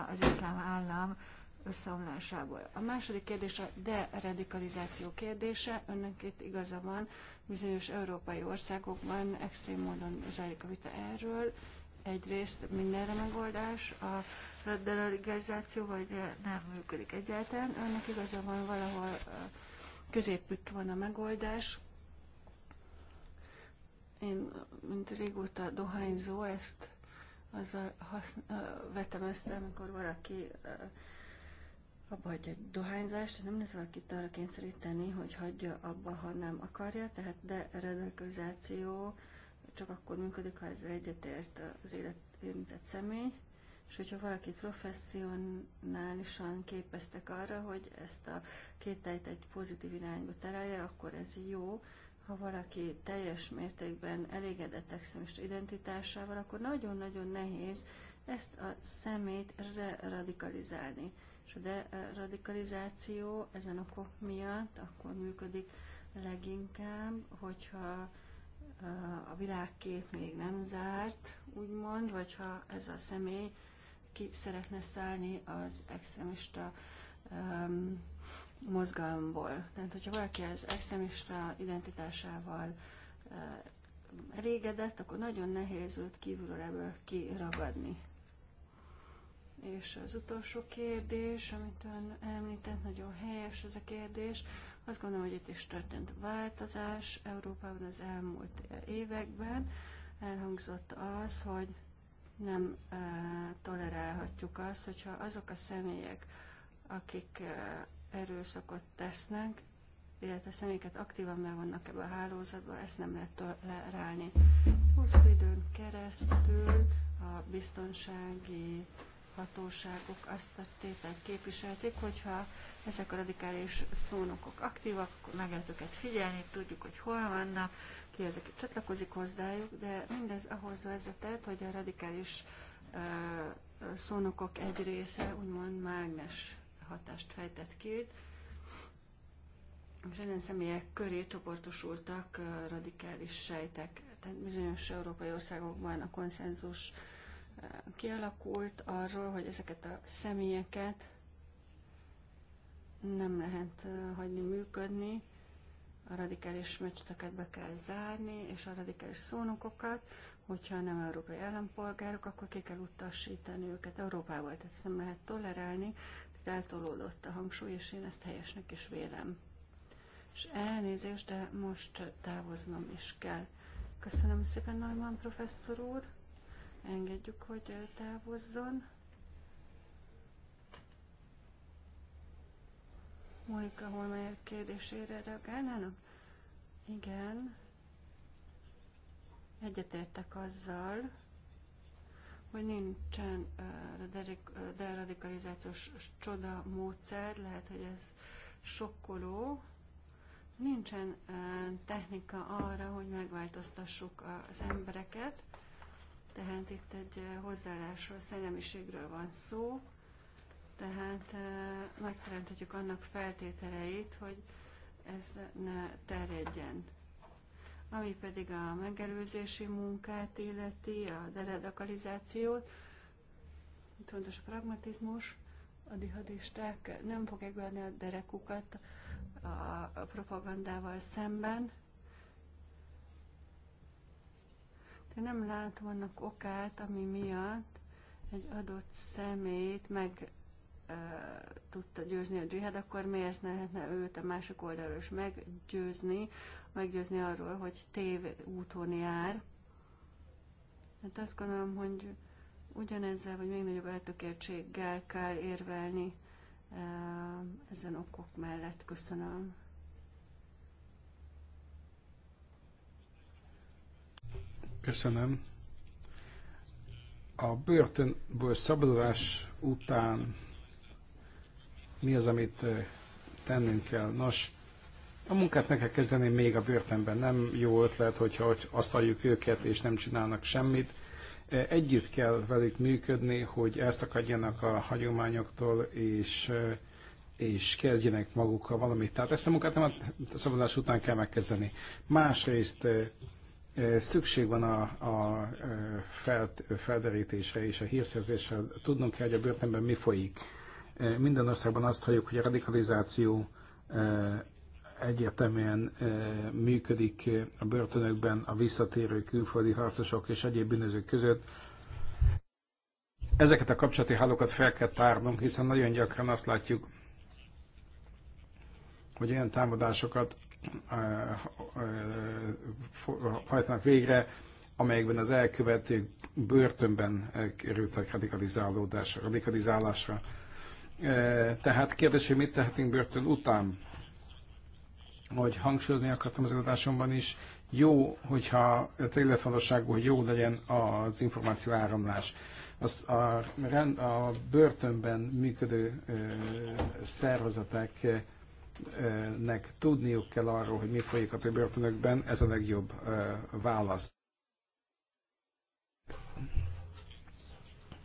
az iszlám állam összeomlásából. A második kérdés a deradikalizáció kérdése. Önnek itt igaza van, bizonyos európai országokban extrém módon zajlik a vita erről. Egyrészt mindenre megoldás, a deradikalizáció vagy nem működik egyáltalán. Önnek igaza van, valahol középütt van a megoldás. Én, mint régóta dohányzó, ezt a haszn- vetem össze, amikor valaki abba hagyja a dohányzást, nem lehet valakit arra kényszeríteni, hogy hagyja abba, ha nem akarja, tehát de deradikalizáció csak akkor működik, ha ezzel egyetért az élet érintett személy, és hogyha valaki professzionálisan képeztek arra, hogy ezt a kételyt egy pozitív irányba terelje, akkor ez jó, ha valaki teljes mértékben elégedett extremista identitásával, akkor nagyon-nagyon nehéz ezt a szemét radikalizálni. És a radikalizáció ezen okok miatt akkor működik leginkább, hogyha a világkép még nem zárt, úgymond, vagy ha ez a személy ki szeretne szállni az extremista um, mozgalomból. Tehát, hogyha valaki az extremista identitásával e, elégedett, akkor nagyon nehéz őt kívülről ebből kiragadni. És az utolsó kérdés, amit ön említett, nagyon helyes ez a kérdés. Azt gondolom, hogy itt is történt változás Európában az elmúlt években. Elhangzott az, hogy nem e, tolerálhatjuk azt, hogyha azok a személyek, akik e, erőszakot tesznek, illetve személyeket aktívan be vannak ebbe a hálózatba, ezt nem lehet tolerálni. Hosszú időn keresztül a biztonsági hatóságok azt a tételt képviselték, hogyha ezek a radikális szónokok aktívak, akkor meg lehet őket figyelni, tudjuk, hogy hol vannak, ki ezek csatlakozik hozzájuk, de mindez ahhoz vezetett, hogy a radikális uh, szónokok egy része úgymond mágnes hatást fejtett ki, és ezen személyek köré csoportosultak radikális sejtek. Tehát bizonyos európai országokban a konszenzus kialakult arról, hogy ezeket a személyeket nem lehet hagyni működni, a radikális mecseteket be kell zárni, és a radikális szónokokat, hogyha nem európai állampolgárok, akkor ki kell utasítani őket Európából, tehát ezt nem lehet tolerálni, itt eltolódott a hangsúly, és én ezt helyesnek is vélem. És elnézést, de most távoznom is kell. Köszönöm szépen, Norman professzor úr. Engedjük, hogy távozzon. Monika Holmeyer kérdésére reagálnának? Igen. Egyetértek azzal, hogy nincsen deradikalizációs csoda módszer, lehet, hogy ez sokkoló, nincsen technika arra, hogy megváltoztassuk az embereket, tehát itt egy hozzáállásról, szellemiségről van szó, tehát megteremthetjük annak feltételeit, hogy ez ne terjedjen. Ami pedig a megelőzési munkát illeti, a deradikalizációt, itt fontos a pragmatizmus, a dihadisták nem fogják venni a derekukat a propagandával szemben. De nem látom annak okát, ami miatt egy adott szemét meg e, tudta győzni a dzsihad, akkor miért ne lehetne őt a másik oldalról is meggyőzni meggyőzni arról, hogy tév úton jár. Hát azt gondolom, hogy ugyanezzel, vagy még nagyobb eltökértséggel kell érvelni eh, ezen okok mellett. Köszönöm. Köszönöm. A börtönből szabadulás után mi az, amit eh, tennünk kell? Nos, a munkát meg kell kezdeni még a börtönben. Nem jó ötlet, hogyha asztaljuk őket és nem csinálnak semmit. E, együtt kell velük működni, hogy elszakadjanak a hagyományoktól, és, e, és kezdjenek magukkal valamit. Tehát ezt a munkát nem a szabadulás után kell megkezdeni. Másrészt e, szükség van a, a felt, felderítésre és a hírszerzésre. Tudnunk kell, hogy a börtönben mi folyik. Minden országban azt halljuk, hogy a radikalizáció egyértelműen működik a börtönökben a visszatérő külföldi harcosok és egyéb bűnözők között. Ezeket a kapcsolati hálókat fel kell tárnunk, hiszen nagyon gyakran azt látjuk, hogy olyan támadásokat hajtanak végre, amelyekben az elkövetők börtönben kerültek radikalizálódásra, radikalizálásra. Tehát kérdés, hogy mit tehetünk börtön után? hogy hangsúlyozni akartam az előadásomban is, jó, hogyha területfontosságú, hogy jó legyen az információ áramlás. Az a, rend, a börtönben működő ö, szervezeteknek tudniuk kell arról, hogy mi folyik a többi börtönökben, ez a legjobb ö, válasz.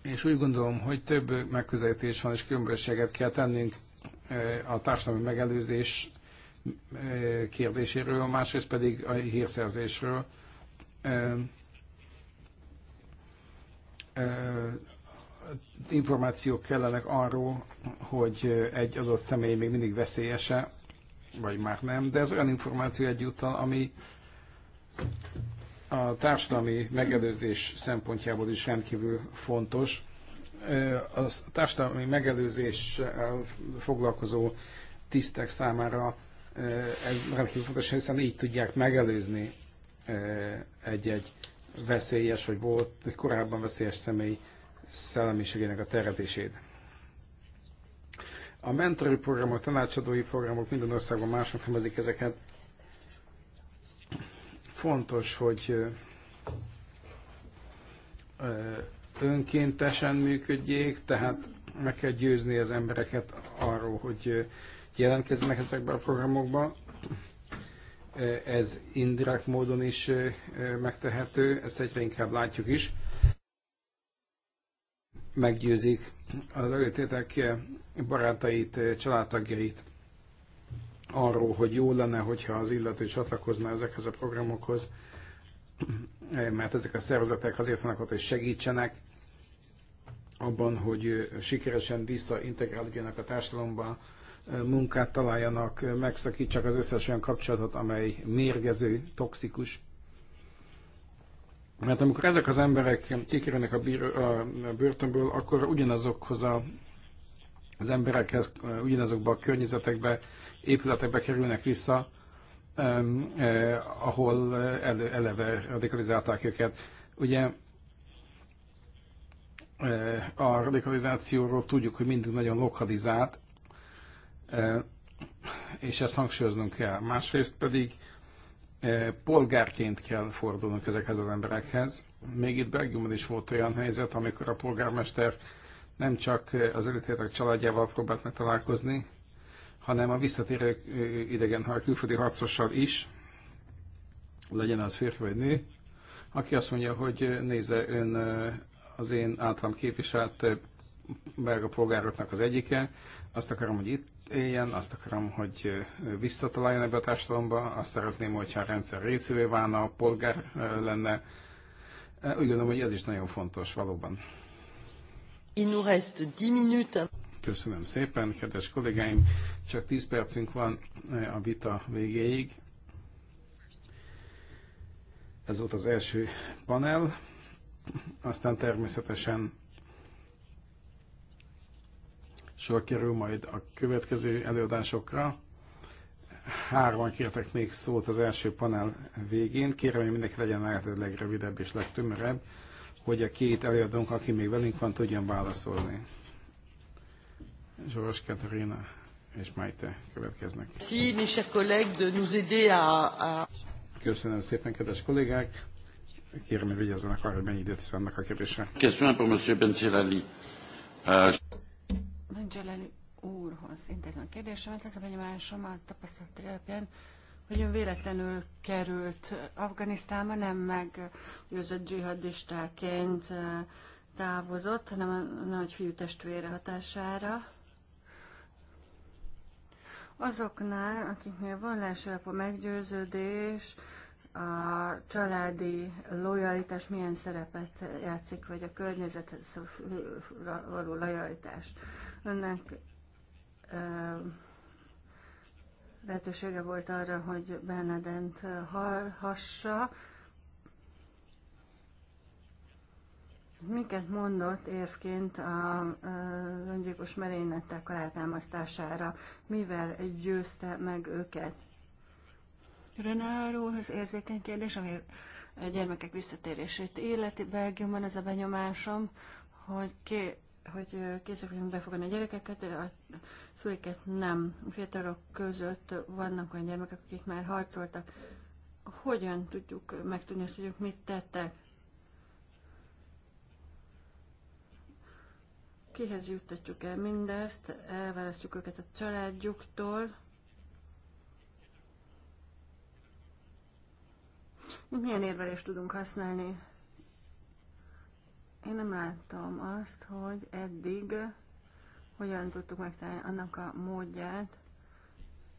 És úgy gondolom, hogy több megközelítés van, és különbséget kell tennünk a társadalmi megelőzés kérdéséről, másrészt pedig a hírszerzésről. Információk kellenek arról, hogy egy adott személy még mindig veszélyese, vagy már nem, de ez olyan információ egyúttal, ami a társadalmi megelőzés szempontjából is rendkívül fontos. A társadalmi megelőzéssel foglalkozó tisztek számára ez rendkívül fontos, hiszen így tudják megelőzni egy-egy veszélyes, vagy volt korábban veszélyes személy szellemiségének a terjedését. A mentori programok, tanácsadói programok minden országban másnak nevezik ezeket. Fontos, hogy önkéntesen működjék, tehát meg kell győzni az embereket arról, hogy jelentkeznek ezekbe a programokba. Ez indirekt módon is megtehető, ezt egyre inkább látjuk is. Meggyőzik az előtétek barátait, családtagjait arról, hogy jó lenne, hogyha az illető csatlakozna ezekhez a programokhoz, mert ezek a szervezetek azért vannak ott, hogy segítsenek abban, hogy sikeresen visszaintegrálódjanak a társadalomban, munkát találjanak, megszakítsák az összes olyan kapcsolatot, amely mérgező, toxikus. Mert amikor ezek az emberek kikerülnek a, bír, a börtönből, akkor ugyanazokhoz a, az emberekhez, ugyanazokba a környezetekbe, épületekbe kerülnek vissza, eh, ahol elő, eleve radikalizálták őket. Ugye e, a radikalizációról tudjuk, hogy mindig nagyon lokalizált, és ezt hangsúlyoznunk kell. Másrészt pedig polgárként kell fordulnunk ezekhez az emberekhez. Még itt Belgiumban is volt olyan helyzet, amikor a polgármester nem csak az elítéltek családjával próbált meg találkozni, hanem a visszatérő idegen, ha a külföldi harcossal is, legyen az férfi vagy nő, aki azt mondja, hogy nézze, ön az én általam képviselt belga polgároknak az egyike, azt akarom, hogy itt éljen, azt akarom, hogy visszataláljon ebbe a társadalomba, azt szeretném, hogyha a rendszer részévé válna, a polgár lenne. Úgy gondolom, hogy ez is nagyon fontos valóban. Il nous reste minutes. Köszönöm szépen, kedves kollégáim, csak 10 percünk van a vita végéig. Ez volt az első panel, aztán természetesen sor kerül majd a következő előadásokra. Hárman kértek még szót az első panel végén. Kérem, hogy mindenki legyen lehetőleg legrövidebb és legtömörebb, hogy a két előadónk, aki még velünk van, tudjon válaszolni. Zsoros Katarina és Majte következnek. Si, de Köszönöm szépen, kedves kollégák! Kérem, hogy vigyázzanak arra, hogy mennyi időt szánnak a kérdésre. Köszönöm, Monsieur Bencelali. Euh, Angeleli úrhoz intézem a kérdésemet. Ez a benyomásom a tapasztalat alapján, hogy ön véletlenül került Afganisztánba, nem meg győzött dzsihadistáként eh, távozott, hanem a nagy fiú testvére hatására. Azoknál, akiknél van vallás a meggyőződés, a családi lojalitás milyen szerepet játszik, vagy a környezethez való lojalitás. Önnek lehetősége volt arra, hogy Bernadent hallhassa. Miket mondott érvként a öngyilkos merénylettek alátámasztására? Mivel győzte meg őket? Renár az érzékeny kérdés, ami a gyermekek visszatérését életi Belgiumban, ez a benyomásom, hogy ki hogy készek vagyunk befogadni a gyerekeket, a szüleiket nem. A fiatalok között vannak olyan gyermekek, akik már harcoltak. Hogyan tudjuk megtudni azt, hogy ők mit tettek? Kihez juttatjuk el mindezt, elválasztjuk őket a családjuktól. Milyen érvelést tudunk használni én nem láttam azt, hogy eddig hogyan tudtuk megtalálni annak a módját,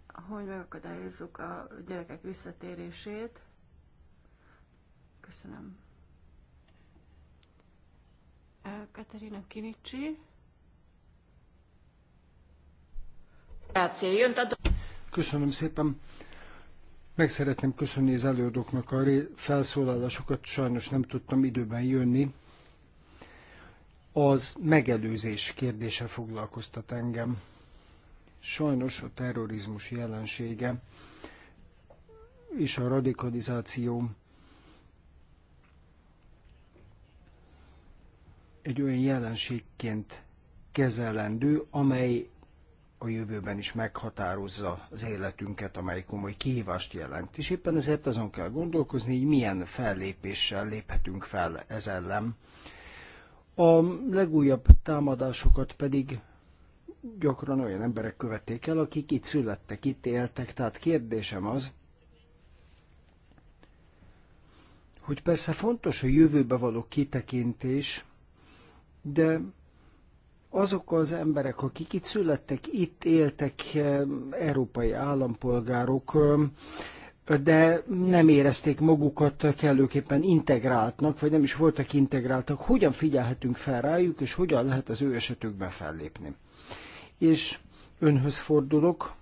hogy megakadályozzuk a gyerekek visszatérését. Köszönöm. Katerina Kinicsi. Köszönöm szépen. Meg szeretném köszönni az előadóknak a felszólalásokat, sajnos nem tudtam időben jönni, az megelőzés kérdése foglalkoztat engem. Sajnos a terrorizmus jelensége és a radikalizáció egy olyan jelenségként kezelendő, amely a jövőben is meghatározza az életünket, amely komoly kihívást jelent. És éppen ezért azon kell gondolkozni, hogy milyen fellépéssel léphetünk fel ez ellen a legújabb támadásokat pedig gyakran olyan emberek követték el, akik itt születtek, itt éltek. Tehát kérdésem az, hogy persze fontos a jövőbe való kitekintés, de azok az emberek, akik itt születtek, itt éltek, eh, európai állampolgárok, eh, de nem érezték magukat kellőképpen integráltnak, vagy nem is voltak integráltak. Hogyan figyelhetünk fel rájuk, és hogyan lehet az ő esetükben fellépni? És önhöz fordulok,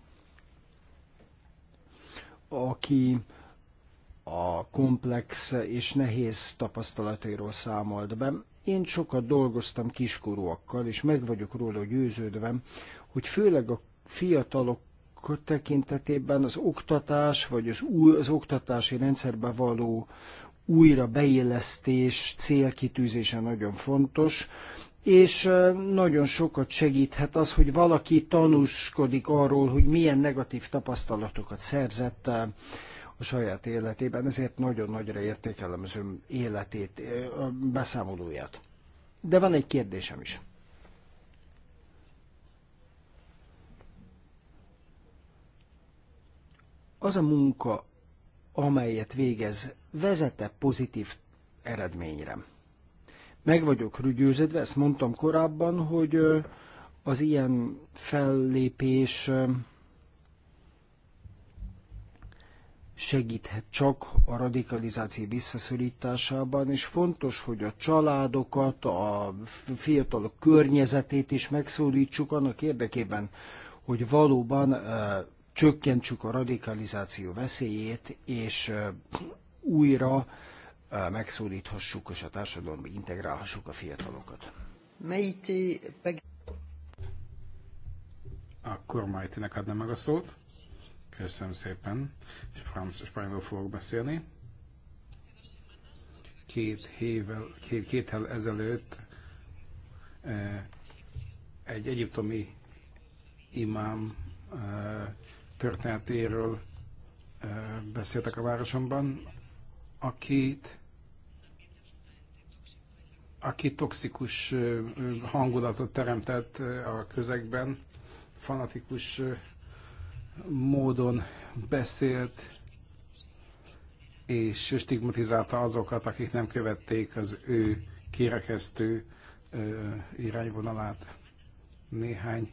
aki a komplex és nehéz tapasztalatairól számolt be. Én sokat dolgoztam kiskorúakkal, és meg vagyok róla győződve, hogy főleg a fiatalok tekintetében az oktatás, vagy az, új, az oktatási rendszerbe való újra beillesztés célkitűzése nagyon fontos, és nagyon sokat segíthet az, hogy valaki tanúskodik arról, hogy milyen negatív tapasztalatokat szerzett a saját életében, ezért nagyon nagyra értékelem az ön életét, a beszámolóját. De van egy kérdésem is. az a munka, amelyet végez, vezete pozitív eredményre. Meg vagyok rügyőződve, ezt mondtam korábban, hogy az ilyen fellépés segíthet csak a radikalizáció visszaszorításában, és fontos, hogy a családokat, a fiatalok környezetét is megszólítsuk annak érdekében, hogy valóban csökkentsük a radikalizáció veszélyét, és újra megszólíthassuk és a társadalomba integrálhassuk a fiatalokat. Akkor Majtinek adnám meg a szót. Köszönöm szépen. Franc spanyolul fogok beszélni. Két, hével, két, két hel ezelőtt egy egyiptomi imám történetéről eh, beszéltek a városomban, akit aki toxikus eh, hangulatot teremtett eh, a közegben, fanatikus módon beszélt és stigmatizálta azokat, akik nem követték az ő kirekesztő irányvonalát. Néhány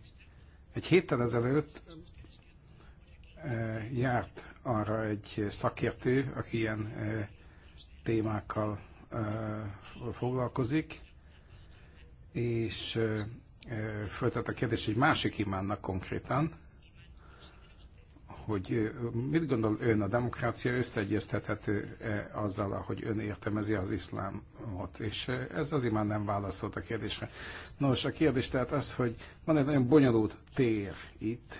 egy héttel ezelőtt járt arra egy szakértő, aki ilyen témákkal foglalkozik, és föltett a kérdés egy másik imánnak konkrétan, hogy mit gondol ön, a demokrácia összeegyeztethető -e azzal, ahogy ön értelmezi az iszlámot? És ez az imán nem válaszolt a kérdésre. Nos, a kérdés tehát az, hogy van egy nagyon bonyolult tér itt,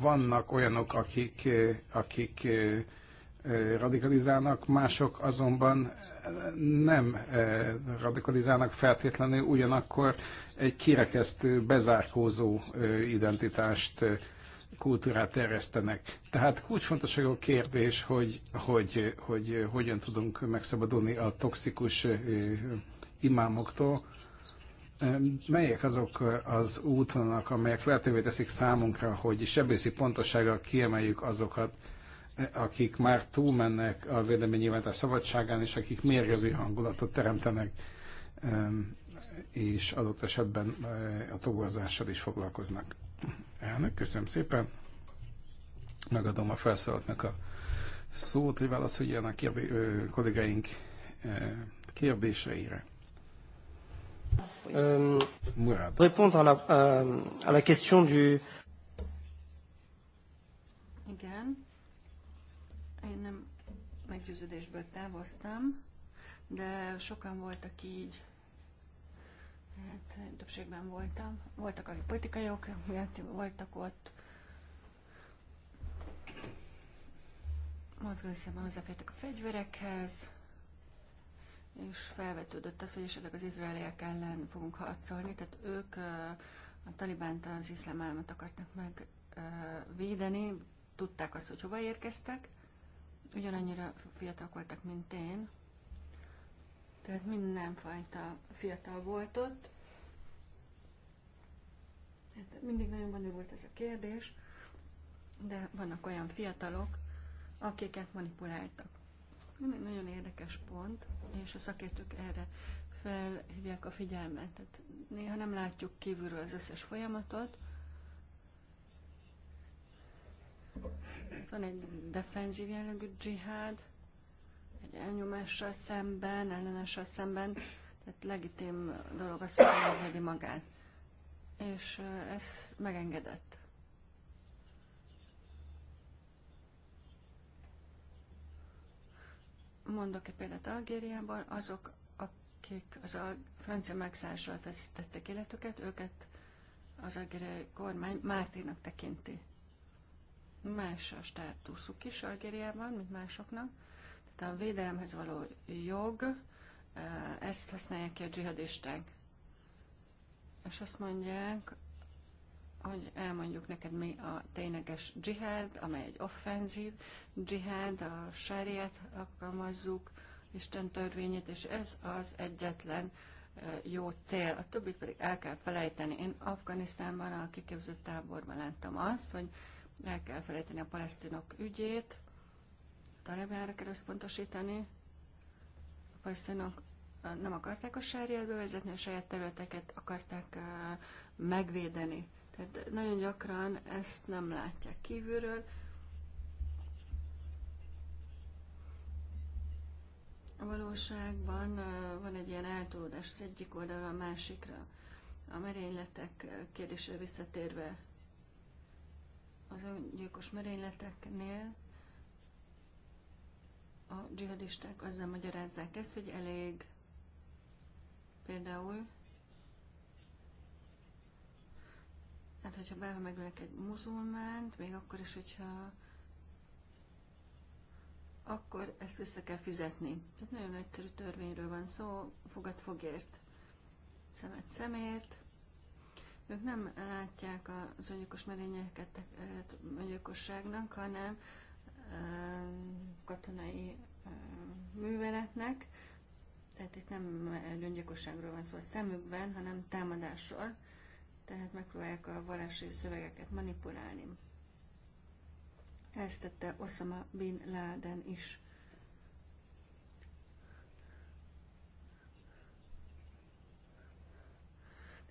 vannak olyanok, akik, akik radikalizálnak, mások azonban nem radikalizálnak feltétlenül, ugyanakkor egy kirekesztő, bezárkózó identitást, kultúrát terjesztenek. Tehát kulcsfontosságú kérdés, hogy, hogy, hogy hogyan tudunk megszabadulni a toxikus imámoktól, Melyek azok az útvonalak, amelyek lehetővé teszik számunkra, hogy sebészi pontossággal kiemeljük azokat, e, akik már túlmennek a véleménynyilvántás szabadságán, és akik mérgező hangulatot teremtenek, és adott esetben e, a toborzással is foglalkoznak. Elnök, köszönöm szépen. Megadom a felszólaltnak a szót, hogy válaszoljanak kollégáink e, kérdéseire. Um, répondre à la, euh, à la question du... Igen. Én nem meggyőződésből távoztam, de sokan voltak így, hát többségben voltam. Voltak, akik politikai ok miatt voltak ott, Mozgó mozgószában hozzáfértek a fegyverekhez, és felvetődött az, hogy esetleg az izraeliek ellen fogunk harcolni, tehát ők a talibánt, az iszlám államot akartak megvédeni, tudták azt, hogy hova érkeztek, ugyanannyira fiatalok voltak, mint én, tehát mindenfajta fiatal volt ott. Hát mindig nagyon volt ez a kérdés, de vannak olyan fiatalok, akiket manipuláltak. Nem egy nagyon érdekes pont, és a szakértők erre felhívják a figyelmet. Tehát néha nem látjuk kívülről az összes folyamatot. Van egy defenzív jellegű dzsihád, egy elnyomással szemben, ellenessel szemben, tehát legitim dolog az, hogy megvédi magát. És ez megengedett. Mondok-e példát Algériában, azok, akik az a francia megszállással tették életüket, őket az algériai kormány mártírnak tekinti. Más a státuszuk is Algériában, mint másoknak. Tehát a védelemhez való jog, eh, ezt használják ki a dzsihadisták. És azt mondják, hogy elmondjuk neked mi a tényleges dzsihád, amely egy offenzív dzsihád, a sáriát alkalmazzuk, Isten törvényét, és ez az egyetlen jó cél. A többit pedig el kell felejteni. Én Afganisztánban a kiképző táborban láttam azt, hogy el kell felejteni a palesztinok ügyét, talibára kell összpontosítani. A palesztinok nem akarták a sárját bevezetni, a saját területeket akarták megvédeni. Tehát nagyon gyakran ezt nem látják kívülről. A valóságban van egy ilyen eltolódás az egyik oldalra a másikra. A merényletek kérdésre visszatérve az öngyilkos merényleteknél a dzsihadisták azzal magyarázzák ezt, hogy elég például Tehát, hogyha bárha megölnek egy muzulmánt, még akkor is, hogyha akkor ezt vissza kell fizetni. Tehát nagyon egyszerű törvényről van szó, fogad fogért, szemet szemért. Ők nem látják az öngyilkos merényeket eh, öngyilkosságnak, hanem eh, katonai eh, műveletnek. Tehát itt nem öngyilkosságról van szó a szemükben, hanem támadásról tehát megpróbálják a vallási szövegeket manipulálni. Ezt tette Osama Bin Laden is.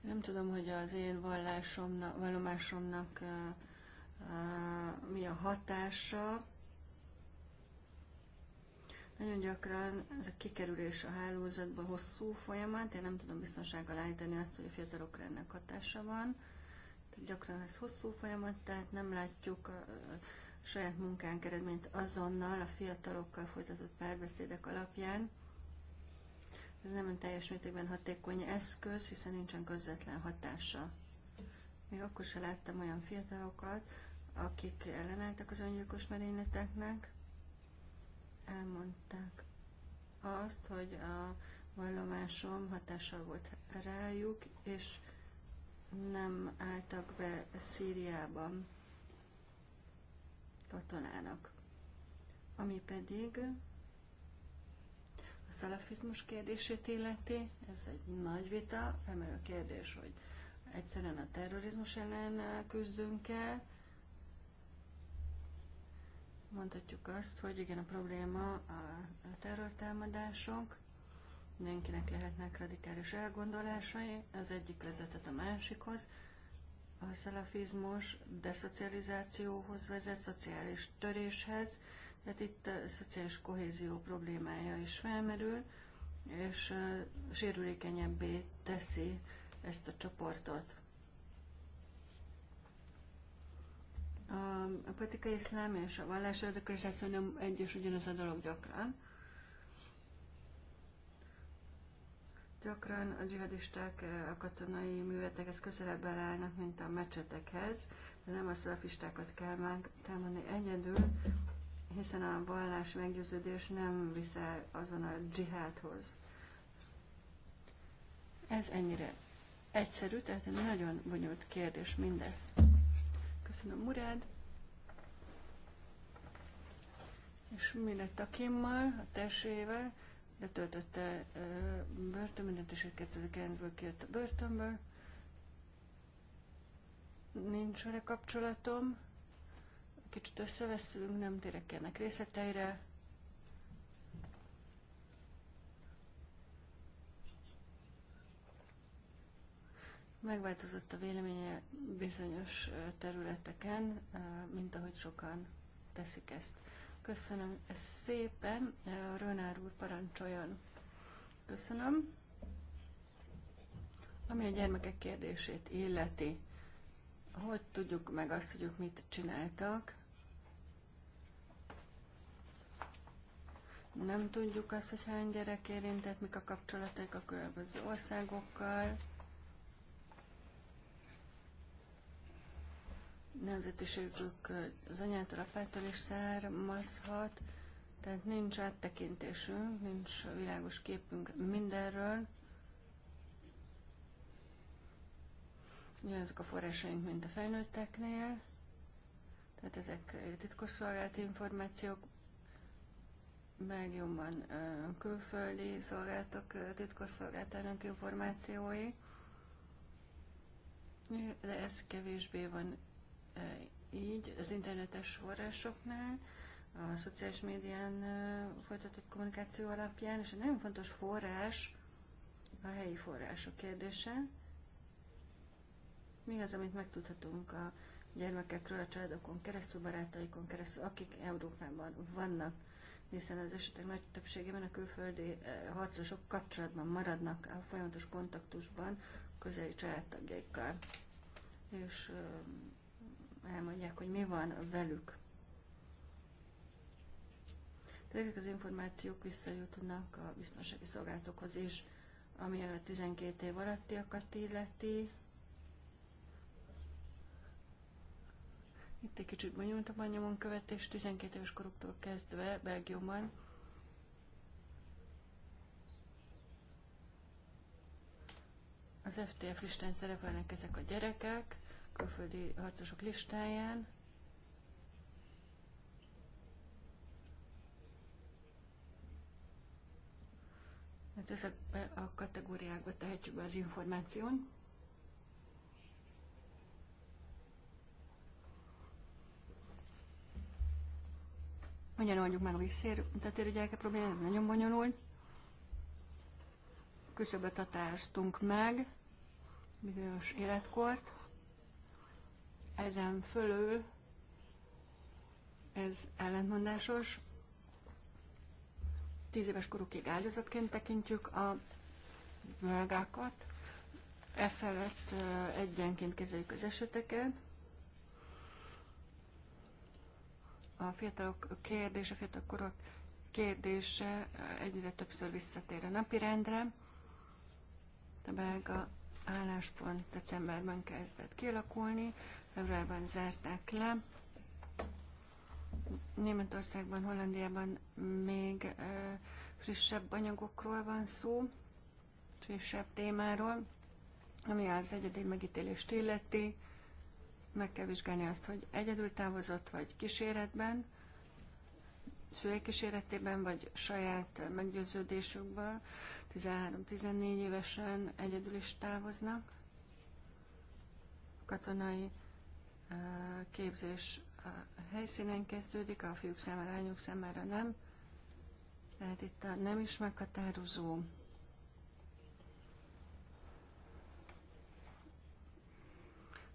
Nem tudom, hogy az én vallásomnak, vallomásomnak uh, uh, mi a hatása, nagyon gyakran ez a kikerülés a hálózatban hosszú folyamat, én nem tudom biztonsággal állítani azt, hogy a fiatalokra ennek hatása van. Tehát gyakran ez hosszú folyamat, tehát nem látjuk a, a saját munkánk eredményt azonnal a fiatalokkal folytatott párbeszédek alapján. Ez nem teljes mértékben hatékony eszköz, hiszen nincsen közvetlen hatása. Még akkor sem láttam olyan fiatalokat, akik ellenálltak az öngyilkos merényleteknek, elmondták azt, hogy a vallomásom hatással volt rájuk, és nem álltak be Szíriában katonának. Ami pedig a szalafizmus kérdését illeti, ez egy nagy vita, felmerül a kérdés, hogy egyszerűen a terrorizmus ellen küzdünk el, mondhatjuk azt, hogy igen, a probléma a terrortámadások, mindenkinek lehetnek radikális elgondolásai, az egyik vezetett a másikhoz, a szalafizmus deszocializációhoz vezet, szociális töréshez, tehát itt a szociális kohézió problémája is felmerül, és sérülékenyebbé teszi ezt a csoportot. A, a politikai iszlám és a vallási radikalizáció nem egy és ugyanaz a dolog gyakran. Gyakran a dzsihadisták e, a katonai művetekhez közelebb állnak, mint a mecsetekhez, de nem a szalafistákat kell támadni egyedül, hiszen a vallás meggyőződés nem viszel azon a dzsihádhoz. Ez ennyire egyszerű, tehát egy nagyon bonyolult kérdés mindez. Köszönöm, Murád. És mi lett a Kimmal, a testével? Letöltötte börtön, és egy 2009-ből kijött a börtönből. Nincs vele kapcsolatom. Kicsit összeveszünk, nem térek ennek részleteire. Megváltozott a véleménye bizonyos területeken, mint ahogy sokan teszik ezt. Köszönöm ezt szépen. Rönár úr parancsoljon. Köszönöm. Ami a gyermekek kérdését illeti, hogy tudjuk meg azt, hogy ők mit csináltak? Nem tudjuk azt, hogy hány gyerek érintett, mik a kapcsolataik a különböző országokkal. nemzetiségük az anyától, apától is származhat, tehát nincs áttekintésünk, nincs világos képünk mindenről. Ugyanazok a forrásaink, mint a felnőtteknél, tehát ezek titkosszolgálati információk, Belgiumban külföldi szolgáltak, titkosszolgáltának információi, de ez kevésbé van így az internetes forrásoknál, a szociális médián folytatott kommunikáció alapján, és egy nagyon fontos forrás a helyi források kérdése. Mi az, amit megtudhatunk a gyermekekről, a családokon keresztül, barátaikon keresztül, akik Európában vannak, hiszen az esetek nagy többségében a külföldi harcosok kapcsolatban maradnak a folyamatos kontaktusban közeli családtagjaikkal. És elmondják, hogy mi van velük. Tehát ezek az információk visszajutnak a biztonsági szolgálatokhoz is, ami a 12 év alattiakat illeti. Itt egy kicsit bonyolultabb a nyomon követés, 12 éves koruktól kezdve Belgiumban. Az FTF listán szerepelnek ezek a gyerekek, külföldi harcosok listáján. Mert hát ezekbe a kategóriákba tehetjük be az információn. Hogyan oldjuk meg a visszértetérügyelke problémát, ez nagyon bonyolult. Küszöbet határoztunk meg, bizonyos életkort. Ezen fölül ez ellentmondásos. Tíz éves korukig áldozatként tekintjük a bölgákat, e felett egyenként kezeljük az eseteket. A fiatalok kérdése, a fiatalok korok kérdése egyre többször visszatér a napirendre. A belga álláspont decemberben kezdett kialakulni, februárban zárták le. Németországban, Hollandiában még frissebb anyagokról van szó, frissebb témáról, ami az egyedi megítélést illeti. Meg kell vizsgálni azt, hogy egyedül távozott, vagy kíséretben, szülei kíséretében, vagy saját meggyőződésükből 13-14 évesen egyedül is távoznak. Katonai képzés a helyszínen kezdődik, a fiúk számára, a lányok számára nem. Tehát itt a nem is meghatározó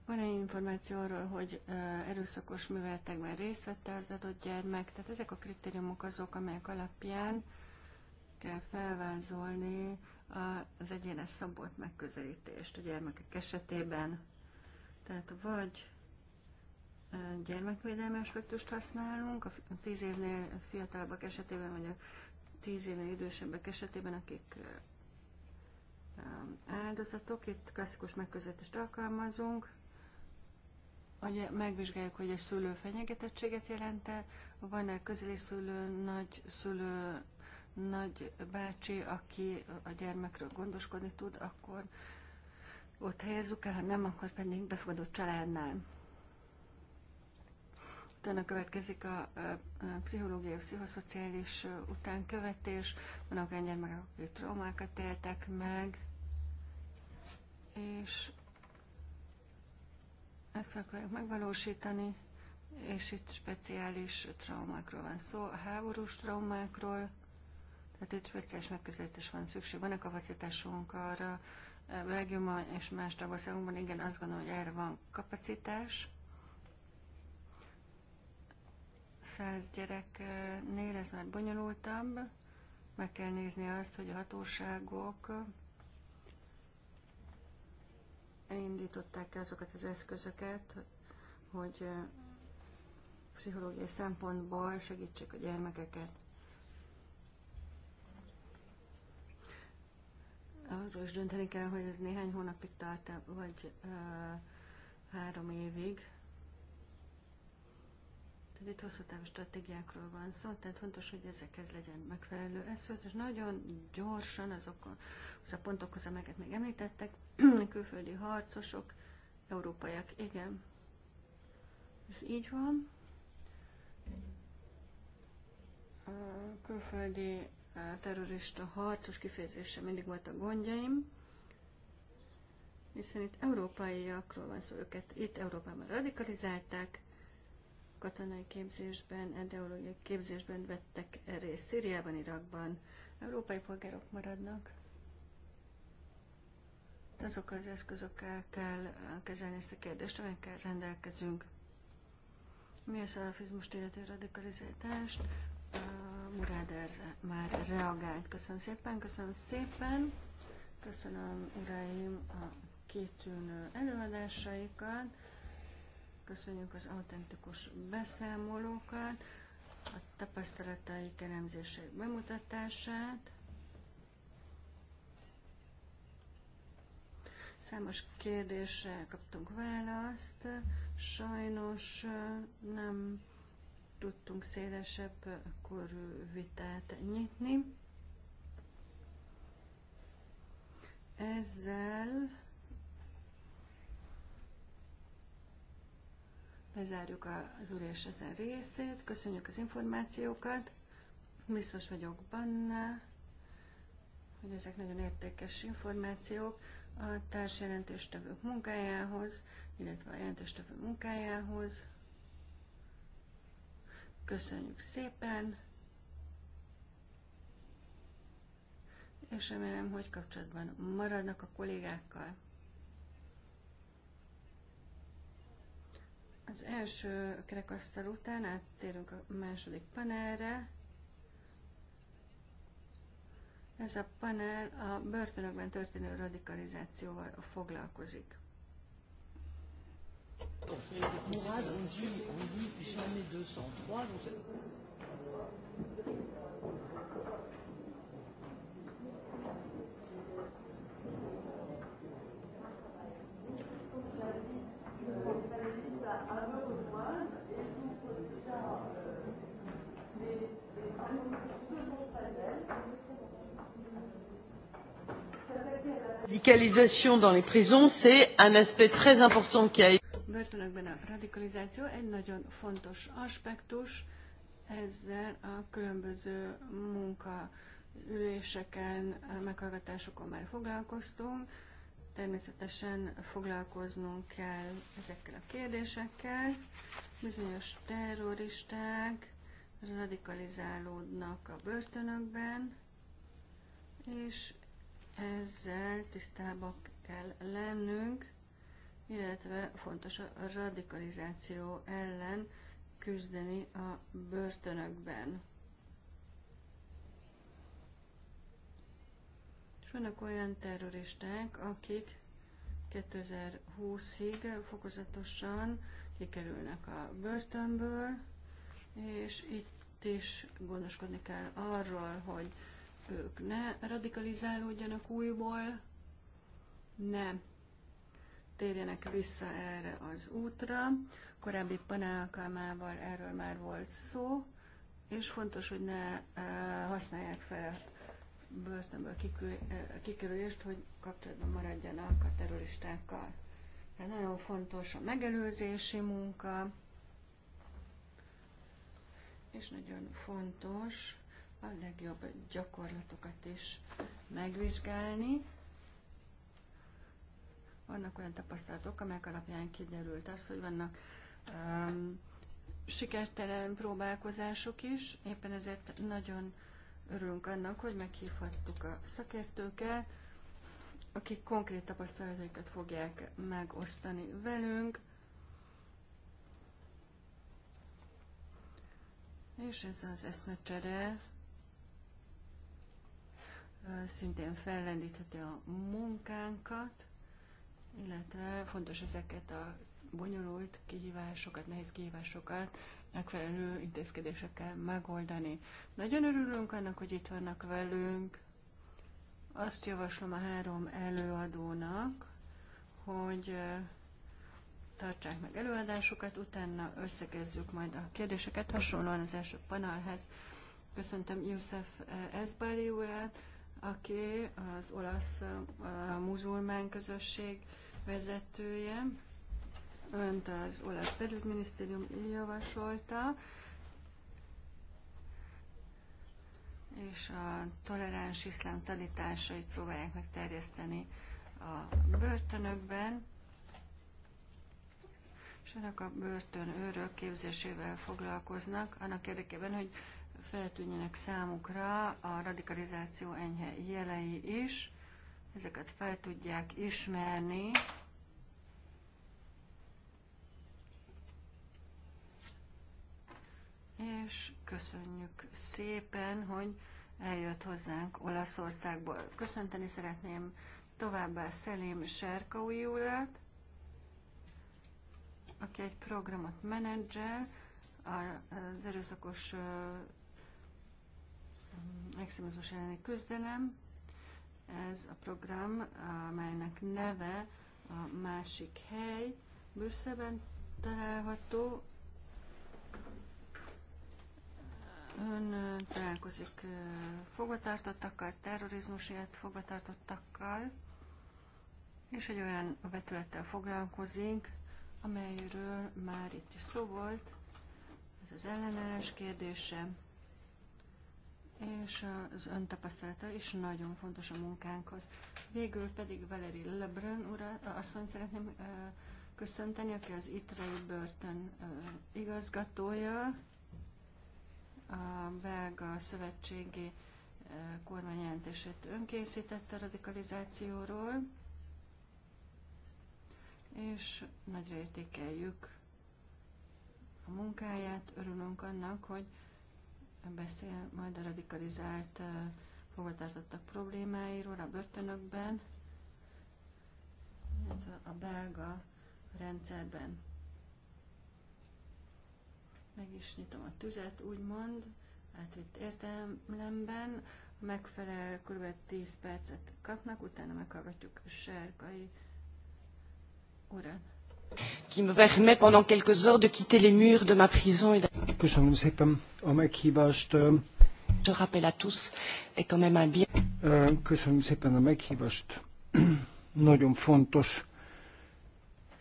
Van-e információ arról, hogy erőszakos műveletekben részt vette az adott gyermek? Tehát ezek a kritériumok azok, amelyek alapján kell felvázolni az egyéne szabott megközelítést a gyermekek esetében. Tehát vagy gyermekvédelmi aspektust használunk, a 10 évnél fiatalabbak esetében, vagy a 10 évnél idősebbek esetében, akik um, áldozatok, itt klasszikus megközelítést alkalmazunk, hogy megvizsgáljuk, hogy a szülő fenyegetettséget jelente, van-e közeli szülő, nagy szülő, nagy bácsi, aki a gyermekről gondoskodni tud, akkor ott helyezzük el, ha nem, akkor pedig befogadott családnál. Utána következik a, a, a pszichológiai, pszichoszociális utánkövetés, vannak a meg a traumákat éltek meg, és ezt akarják megvalósítani, és itt speciális traumákról van szó, a háborús traumákról, tehát itt speciális megközelítés van szükség. van a kapacitásunk arra, Belgiumban és más tagországokban, igen, azt gondolom, hogy erre van kapacitás, száz gyereknél ez már bonyolultabb. Meg kell nézni azt, hogy a hatóságok indították azokat az eszközöket, hogy eh, pszichológiai szempontból segítsék a gyermekeket. Arról is dönteni kell, hogy ez néhány hónapig tart, vagy uh, három évig. Tehát itt hosszú távú stratégiákról van szó, tehát fontos, hogy ezekhez legyen megfelelő eszköz, és nagyon gyorsan azokhoz a pontokhoz, amelyeket még említettek, külföldi harcosok, európaiak, igen. És így van. A külföldi terrorista harcos kifejezése mindig volt a gondjaim, hiszen itt európaiakról van szó, őket itt Európában radikalizálták, katonai képzésben, ideológiai képzésben vettek részt Szíriában, Irakban. Európai polgárok maradnak. Azok az eszközökkel kell kezelni ezt a kérdést, amelyekkel rendelkezünk. Mi a szalafizmust illeti radikalizálást? Murád már reagált. Köszönöm szépen, köszönöm szépen. Köszönöm, uraim, a kitűnő előadásaikat. Köszönjük az autentikus beszámolókat, a tapasztalataik elemzéseik bemutatását. Számos kérdésre kaptunk választ, sajnos nem tudtunk szélesebb korú vitát nyitni. Ezzel Lezárjuk az ülés ezen részét. Köszönjük az információkat. Biztos vagyok benne, hogy ezek nagyon értékes információk a társjelentéstevők munkájához, illetve a jelentéstevő munkájához. Köszönjük szépen! és remélem, hogy kapcsolatban maradnak a kollégákkal. Az első kerekasztal után áttérünk a második panelre. Ez a panel a börtönökben történő radikalizációval foglalkozik. Morale, on dit, on dit jamais 203, donc radikalizáció dans les prisons, c'est un aspect très important qui a börtönökben a radikalizáció egy nagyon fontos aspektus, ezzel a különböző munkaüléseken, meghallgatásokon már foglalkoztunk. Természetesen foglalkoznunk kell ezekkel a kérdésekkel. Bizonyos terroristák radikalizálódnak a börtönökben, és ezzel tisztában kell lennünk, illetve fontos a radikalizáció ellen küzdeni a börtönökben. És vannak olyan terroristák, akik 2020-ig fokozatosan kikerülnek a börtönből, és itt is gondoskodni kell arról, hogy ők ne radikalizálódjanak újból, ne térjenek vissza erre az útra. Korábbi panel alkalmával erről már volt szó, és fontos, hogy ne eh, használják fel a börtönből eh, kikerülést, hogy kapcsolatban maradjanak a terroristákkal. Tehát nagyon fontos a megelőzési munka, és nagyon fontos a legjobb gyakorlatokat is megvizsgálni. Vannak olyan tapasztalatok, amelyek alapján kiderült az, hogy vannak um, sikertelen próbálkozások is, éppen ezért nagyon örülünk annak, hogy meghívhattuk a szakértőket, akik konkrét tapasztalataikat fogják megosztani velünk. És ez az eszmecsere szintén fellendítheti a munkánkat, illetve fontos ezeket a bonyolult kihívásokat, nehéz kihívásokat megfelelő intézkedésekkel megoldani. Nagyon örülünk annak, hogy itt vannak velünk. Azt javaslom a három előadónak, hogy tartsák meg előadásukat, utána összegezzük majd a kérdéseket, hasonlóan az első panelhez. Köszöntöm József Ezbali urát, aki az olasz muzulmán közösség vezetője. Önt az olasz belügyminisztérium javasolta, és a toleráns iszlám tanításait próbálják megterjeszteni a börtönökben, és ennek a őrök képzésével foglalkoznak, annak érdekében, hogy feltűnjenek számukra a radikalizáció enyhe jelei is, ezeket fel tudják ismerni, és köszönjük szépen, hogy eljött hozzánk Olaszországból. Köszönteni szeretném továbbá Szelim Serkaui urat, aki egy programot menedzsel, az erőszakos extrémizmus elleni küzdelem. Ez a program, amelynek neve a másik hely Brüsszelben található. Ön találkozik fogvatartottakkal, terrorizmusért fogvatartottakkal, és egy olyan vetülettel foglalkozik, amelyről már itt is szó volt, ez az ellenállás kérdése, és az ön tapasztalata is nagyon fontos a munkánkhoz. Végül pedig Valeri Lebrun ura, asszonyt szeretném köszönteni, aki az Itrei Börtön igazgatója, a belga szövetségi kormányjelentését önkészítette a radikalizációról, és nagyra értékeljük a munkáját, örülünk annak, hogy beszél majd a radikalizált fogvatartottak problémáiról a börtönökben, a belga rendszerben. Meg is nyitom a tüzet, úgymond, átvitt értelemben, megfelel kb. 10 percet kapnak, utána meghallgatjuk Sárkai urat qui me permet pendant quelques heures de quitter les murs de ma prison. Et Köszönöm szépen a meghívást. Je rappelle à tous, est quand même un bien. Köszönöm szépen a meghívást. Nagyon fontos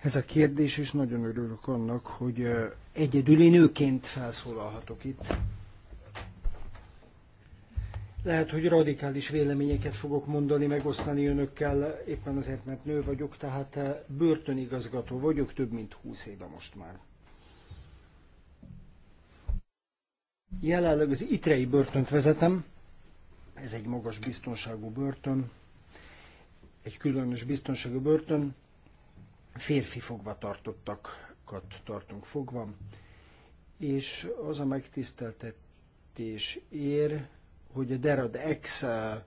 ez a kérdés, és nagyon örülök annak, hogy egyedüli nőként felszólalhatok itt. Lehet, hogy radikális véleményeket fogok mondani, megosztani önökkel, éppen azért, mert nő vagyok, tehát eh, börtönigazgató vagyok több mint 20 éve most már. Jelenleg az itrei börtönt vezetem, ez egy magas biztonságú börtön, egy különös biztonságú börtön, férfi fogva tartottakat tartunk fogva, és az a megtiszteltetés ér, hogy a Derad X eh,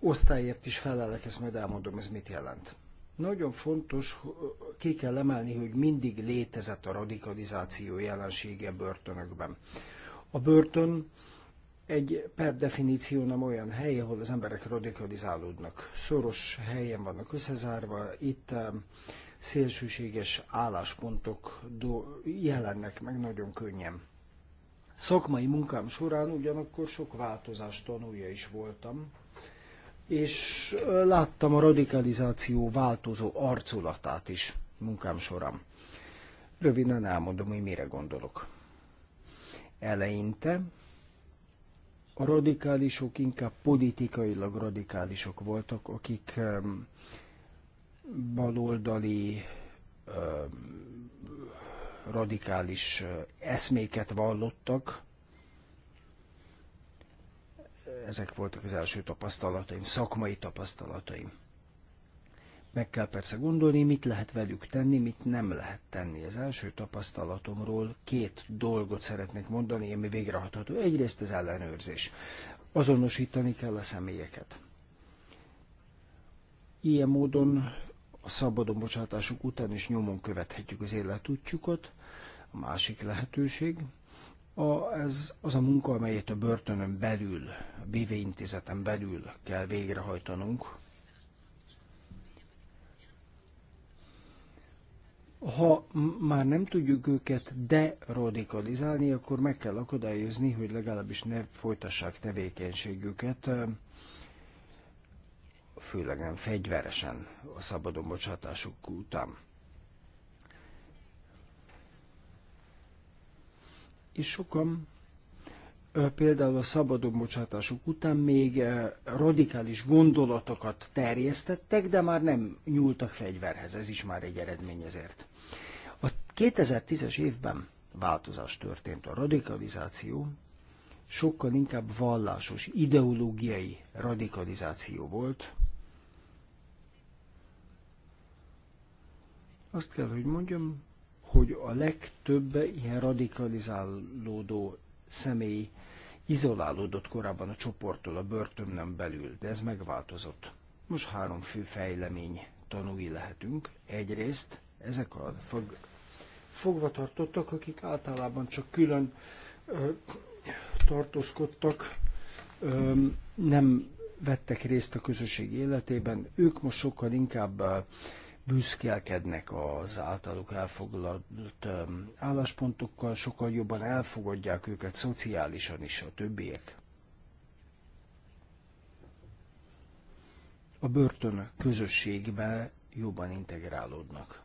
osztályért is felelek, ezt majd elmondom, ez mit jelent. Nagyon fontos, ki kell emelni, hogy mindig létezett a radikalizáció jelensége börtönökben. A börtön egy per definíció nem olyan hely, ahol az emberek radikalizálódnak. Szoros helyen vannak összezárva, itt eh, szélsőséges álláspontok jelennek meg nagyon könnyen. Szakmai munkám során ugyanakkor sok változás tanulja is voltam, és láttam a radikalizáció változó arculatát is munkám során. Röviden elmondom, hogy mire gondolok. Eleinte a radikálisok inkább politikailag radikálisok voltak, akik baloldali radikális eszméket vallottak. Ezek voltak az első tapasztalataim, szakmai tapasztalataim. Meg kell persze gondolni, mit lehet velük tenni, mit nem lehet tenni. Az első tapasztalatomról két dolgot szeretnék mondani, ami végrehatható. Egyrészt az ellenőrzés. Azonosítani kell a személyeket. Ilyen módon a szabadon bocsátásuk után is nyomon követhetjük az életútjukat. A másik lehetőség, a, ez az a munka, amelyet a börtönön belül, a BV intézeten belül kell végrehajtanunk. Ha már nem tudjuk őket deradikalizálni, akkor meg kell akadályozni, hogy legalábbis ne folytassák tevékenységüket főleg nem fegyveresen a szabadon bocsátásuk után. És sokan például a szabadon bocsátásuk után még radikális gondolatokat terjesztettek, de már nem nyúltak fegyverhez, ez is már egy eredmény ezért. A 2010-es évben változás történt. A radikalizáció sokkal inkább vallásos, ideológiai radikalizáció volt, Azt kell, hogy mondjam, hogy a legtöbb ilyen radikalizálódó személy izolálódott korábban a csoporttól a börtönön belül, de ez megváltozott. Most három fő fejlemény tanúi lehetünk. Egyrészt ezek a fog, fogvatartottak, akik általában csak külön ö, tartózkodtak, ö, nem vettek részt a közösség életében, ők most sokkal inkább büszkélkednek az általuk elfoglalt álláspontokkal, sokkal jobban elfogadják őket szociálisan is a többiek. A börtön közösségbe jobban integrálódnak.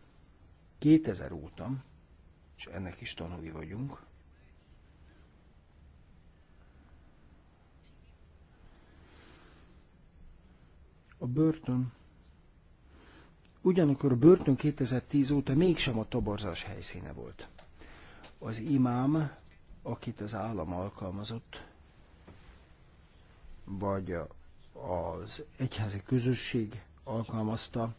2000 óta, és ennek is tanulni vagyunk, a börtön Ugyanakkor a börtön 2010 óta mégsem a toborzás helyszíne volt. Az imám, akit az állam alkalmazott, vagy az egyházi közösség alkalmazta,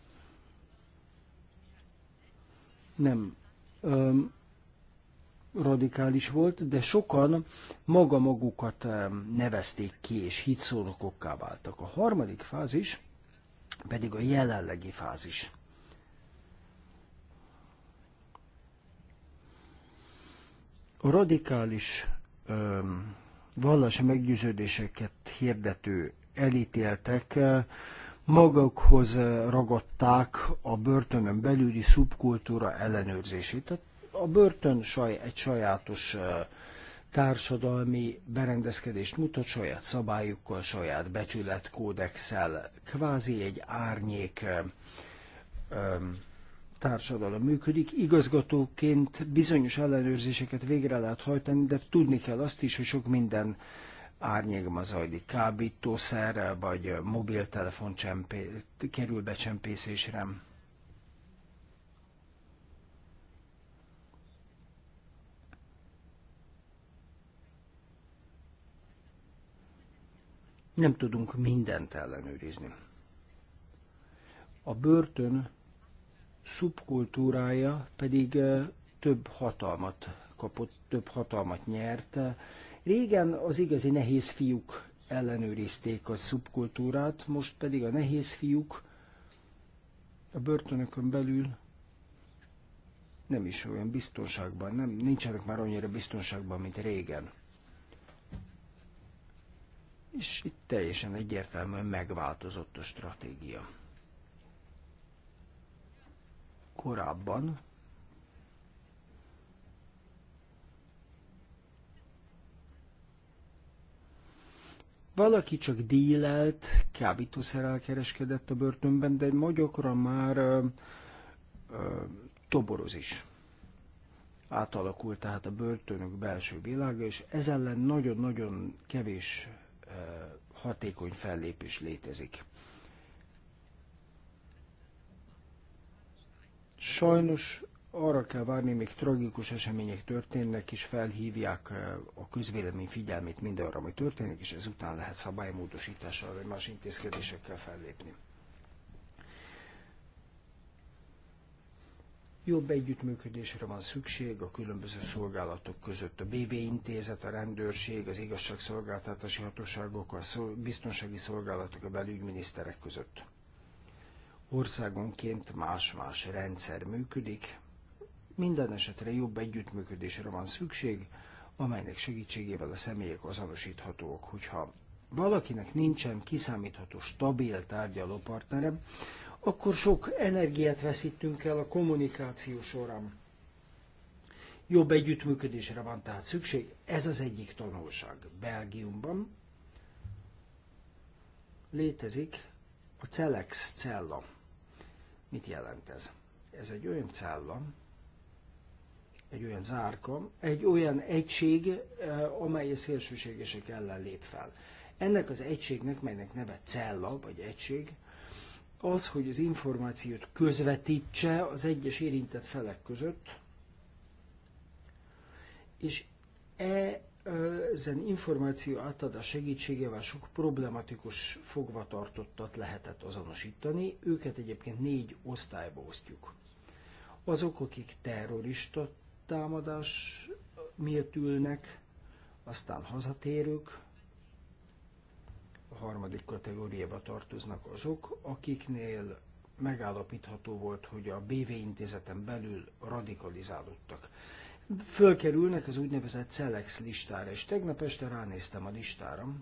nem öm, radikális volt, de sokan maga magukat öm, nevezték ki, és hitszónokokká váltak. A harmadik fázis pedig a jelenlegi fázis. A radikális um, vallási meggyőződéseket hirdető elítéltek magukhoz ragadták a börtönön belüli szubkultúra ellenőrzését. Tehát a börtön saj, egy sajátos társadalmi berendezkedést mutat, saját szabályukkal, saját becsületkódexel, kvázi egy árnyék társadalom működik. Igazgatóként bizonyos ellenőrzéseket végre lehet hajtani, de tudni kell azt is, hogy sok minden árnyékban zajlik. Kábítószer vagy mobiltelefon csempé, kerül becsempészésre. Nem tudunk mindent ellenőrizni. A börtön szubkultúrája pedig több hatalmat kapott, több hatalmat nyert. Régen az igazi nehéz fiúk ellenőrizték a szubkultúrát, most pedig a nehéz fiúk a börtönökön belül nem is olyan biztonságban, nem, nincsenek már annyira biztonságban, mint régen. És itt teljesen egyértelműen megváltozott a stratégia korábban, Valaki csak délelt, kábítószerrel kereskedett a börtönben, de magyokra már ö, ö, toboroz is. Átalakult tehát a börtönök belső világa, és ez ellen nagyon-nagyon kevés ö, hatékony fellépés létezik. Sajnos arra kell várni, még tragikus események történnek, és felhívják eh, a közvélemény figyelmét mindenre, ami történik, és ezután lehet szabálymódosítással vagy más intézkedésekkel fellépni. Jobb együttműködésre van szükség a különböző szolgálatok között. A BV intézet, a rendőrség, az igazságszolgáltatási hatóságok, a biztonsági szolgálatok, a belügyminiszterek között országonként más-más rendszer működik. Minden esetre jobb együttműködésre van szükség, amelynek segítségével a személyek azonosíthatók, hogyha valakinek nincsen kiszámítható, stabil tárgyaló partnerem, akkor sok energiát veszítünk el a kommunikáció során. Jobb együttműködésre van tehát szükség, ez az egyik tanulság. Belgiumban létezik a Celex cella Mit jelent ez? Ez egy olyan cella, egy olyan zárka, egy olyan egység, eh, amely a szélsőségesek ellen lép fel. Ennek az egységnek, melynek neve cella, vagy egység, az, hogy az információt közvetítse az egyes érintett felek között, és e ezen információ átadás segítségével sok problematikus fogvatartottat lehetett azonosítani, őket egyébként négy osztályba osztjuk. Azok, akik terrorista támadás miért ülnek, aztán hazatérők, a harmadik kategóriába tartoznak azok, akiknél megállapítható volt, hogy a BV intézeten belül radikalizálódtak fölkerülnek az úgynevezett Celex listára, és tegnap este ránéztem a listára.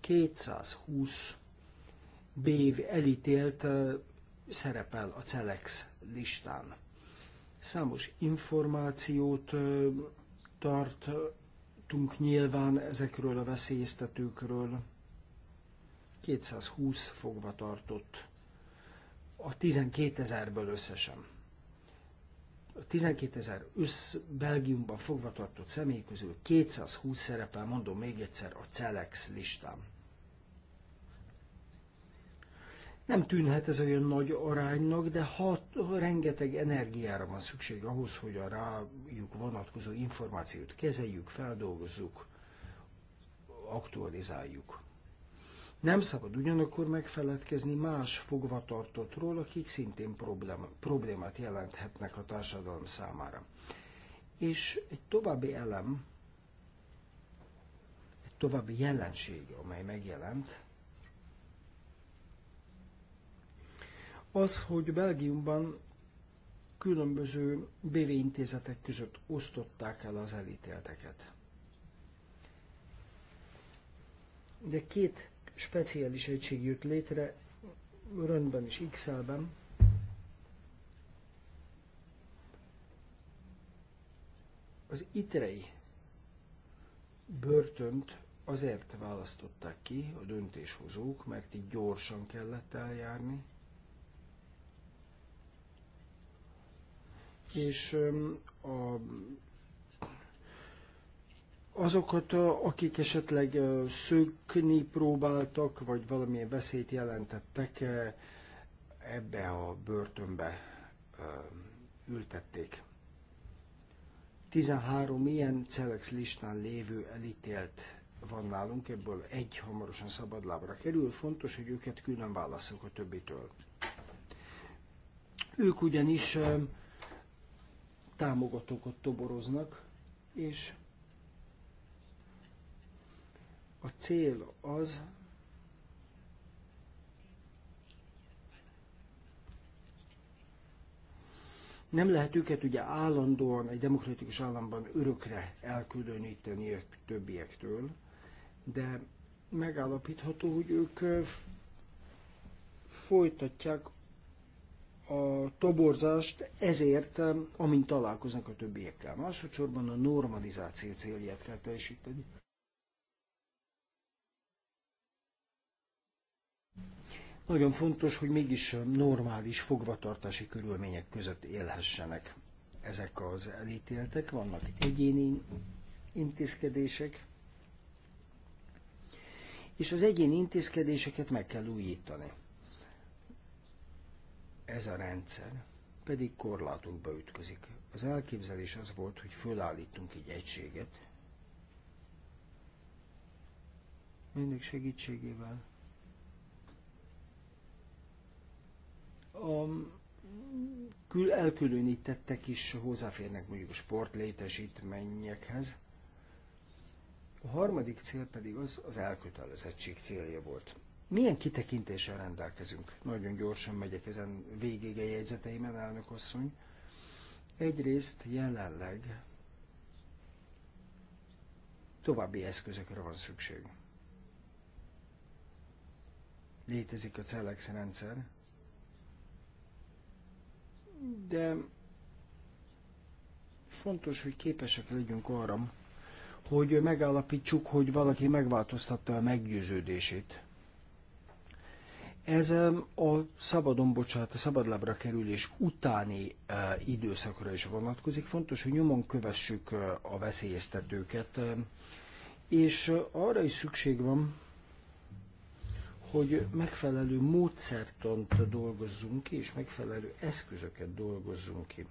220 bév elítélt szerepel a Celex listán. Számos információt tartunk nyilván ezekről a veszélyeztetőkről. 220 fogva tartott a 12 ezerből összesen. 12 ezer össz Belgiumban fogvatartott személy közül 220 szerepel, mondom még egyszer, a CELEX listán. Nem tűnhet ez olyan nagy aránynak, de hat, rengeteg energiára van szükség ahhoz, hogy a rájuk vonatkozó információt kezeljük, feldolgozzuk, aktualizáljuk. Nem szabad ugyanakkor megfeledkezni más fogvatartottról, akik szintén problém, problémát jelenthetnek a társadalom számára. És egy további elem, egy további jelenség, amely megjelent, az, hogy Belgiumban különböző BV intézetek között osztották el az elítélteket. De két speciális egység jött létre Röntben és XL-ben, az itrei börtönt azért választották ki a döntéshozók, mert így gyorsan kellett eljárni, és a azokat, akik esetleg szökni próbáltak, vagy valamilyen veszélyt jelentettek, ebbe a börtönbe ültették. 13 ilyen Celex listán lévő elítélt van nálunk, ebből egy hamarosan szabadlábra kerül, fontos, hogy őket külön válaszunk a többitől. Ők ugyanis támogatókat toboroznak, és a cél az, nem lehet őket ugye állandóan egy demokratikus államban örökre elkülöníteni a többiektől, de megállapítható, hogy ők folytatják a toborzást ezért, amint találkoznak a többiekkel. Másodszorban a normalizáció célját kell teljesíteni. Nagyon fontos, hogy mégis normális fogvatartási körülmények között élhessenek ezek az elítéltek, vannak egyéni intézkedések, és az egyéni intézkedéseket meg kell újítani. Ez a rendszer pedig korlátokba ütközik. Az elképzelés az volt, hogy fölállítunk egy egységet, mindig segítségével, a kül elkülönítettek is hozzáférnek mondjuk a sport létesítményekhez. A harmadik cél pedig az, az elkötelezettség célja volt. Milyen kitekintéssel rendelkezünk? Nagyon gyorsan megyek ezen végig a jegyzeteimen, elnök asszony. Egyrészt jelenleg további eszközökre van szükség. Létezik a CELEX rendszer, de fontos, hogy képesek legyünk arra, hogy megállapítsuk, hogy valaki megváltoztatta a meggyőződését. Ez a szabadon, bocsánat, a szabadlábra kerülés utáni e, időszakra is vonatkozik. Fontos, hogy nyomon kövessük e, a veszélyeztetőket, e, és arra is szükség van, hogy megfelelő módszertant dolgozzunk ki, és megfelelő eszközöket dolgozzunk ki.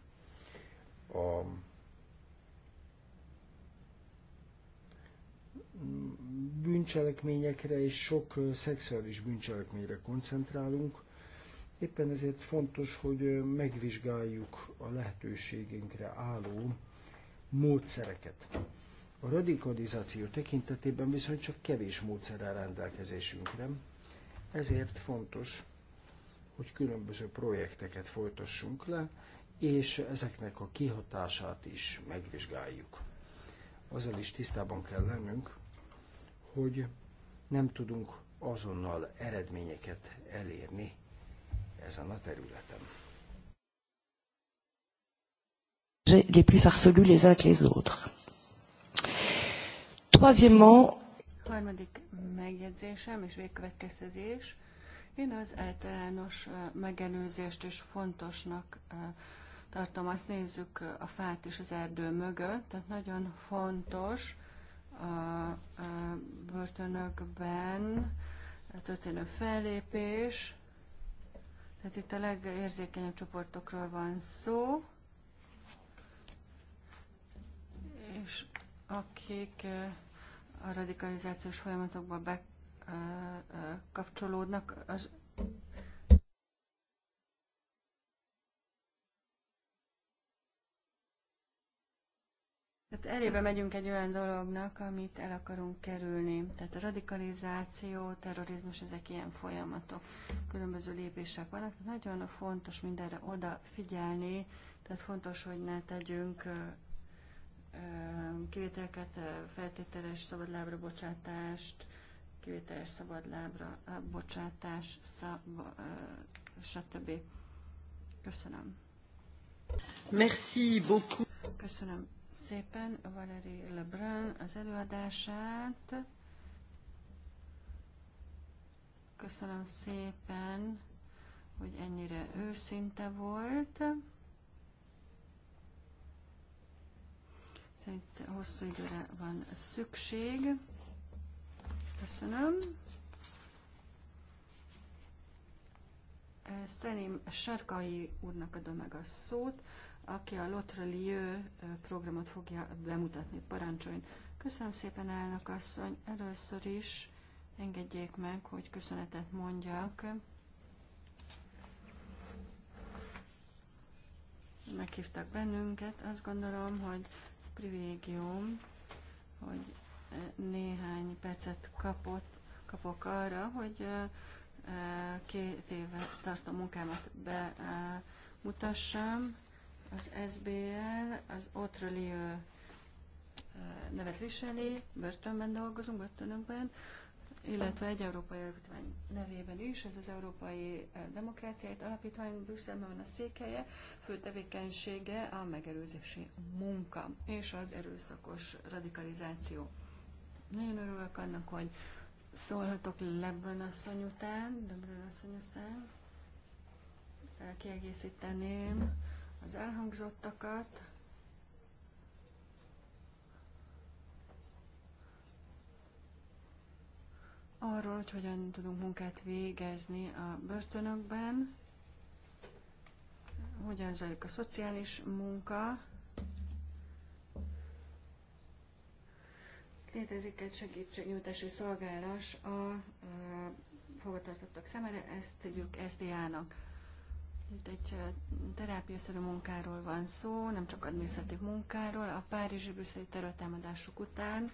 A bűncselekményekre és sok szexuális bűncselekményre koncentrálunk. Éppen ezért fontos, hogy megvizsgáljuk a lehetőségünkre álló módszereket. A radikalizáció tekintetében viszont csak kevés módszerrel rendelkezésünkre. Ezért fontos, hogy különböző projekteket folytassunk le, és ezeknek a kihatását is megvizsgáljuk. Azzal is tisztában kell lennünk, hogy nem tudunk azonnal eredményeket elérni ezen a területen. les plus farfelus les uns que les autres. Troisièmement, Harmadik megjegyzésem és végkövetkeztetés. Én az általános megelőzést is fontosnak tartom. Azt nézzük a fát és az erdő mögött, tehát nagyon fontos a, börtönökben történő fellépés. Tehát itt a legérzékenyebb csoportokról van szó, és akik a radikalizációs folyamatokba bekapcsolódnak, az Tehát elébe megyünk egy olyan dolognak, amit el akarunk kerülni. Tehát a radikalizáció, terrorizmus, ezek ilyen folyamatok. Különböző lépések vannak. Nagyon fontos mindenre odafigyelni, tehát fontos, hogy ne tegyünk kivételeket, feltételes szabadlábra bocsátást, kivételes szabadlábra bocsátás, szab, stb. Köszönöm. Merci beaucoup. Köszönöm szépen Valéry Lebrun az előadását. Köszönöm szépen, hogy ennyire őszinte volt. itt hosszú időre van szükség. Köszönöm. Szerintem Sarkai úrnak adom meg a szót, aki a Lotrelieu programot fogja bemutatni. Parancsoljon! Köszönöm szépen, elnök asszony! Először is engedjék meg, hogy köszönetet mondjak. Meghívtak bennünket. Azt gondolom, hogy privilégium, hogy eh, néhány percet kapott, kapok arra, hogy eh, eh, két éve tartó munkámat bemutassam. Az SBL, az Otrolieu nevet viseli, börtönben dolgozunk, börtönökben illetve egy európai alapítvány nevében is, ez az Európai eh, Demokráciáit Alapítvány Brüsszelben van a székhelye, fő tevékenysége a megerőzési munka és az erőszakos radikalizáció. Nagyon örülök annak, hogy szólhatok Lebrön asszony után, Lebrön asszony után, kiegészíteném az elhangzottakat. arról, hogy hogyan tudunk munkát végezni a börtönökben, hogyan zajlik a szociális munka. Létezik egy segítségnyújtási szolgálás a, a fogadtatottak szemére, ezt tegyük SDA-nak. Itt egy terápiaszerű munkáról van szó, nem csak adminisztratív munkáról. A párizsi brüsszeli terrortámadások után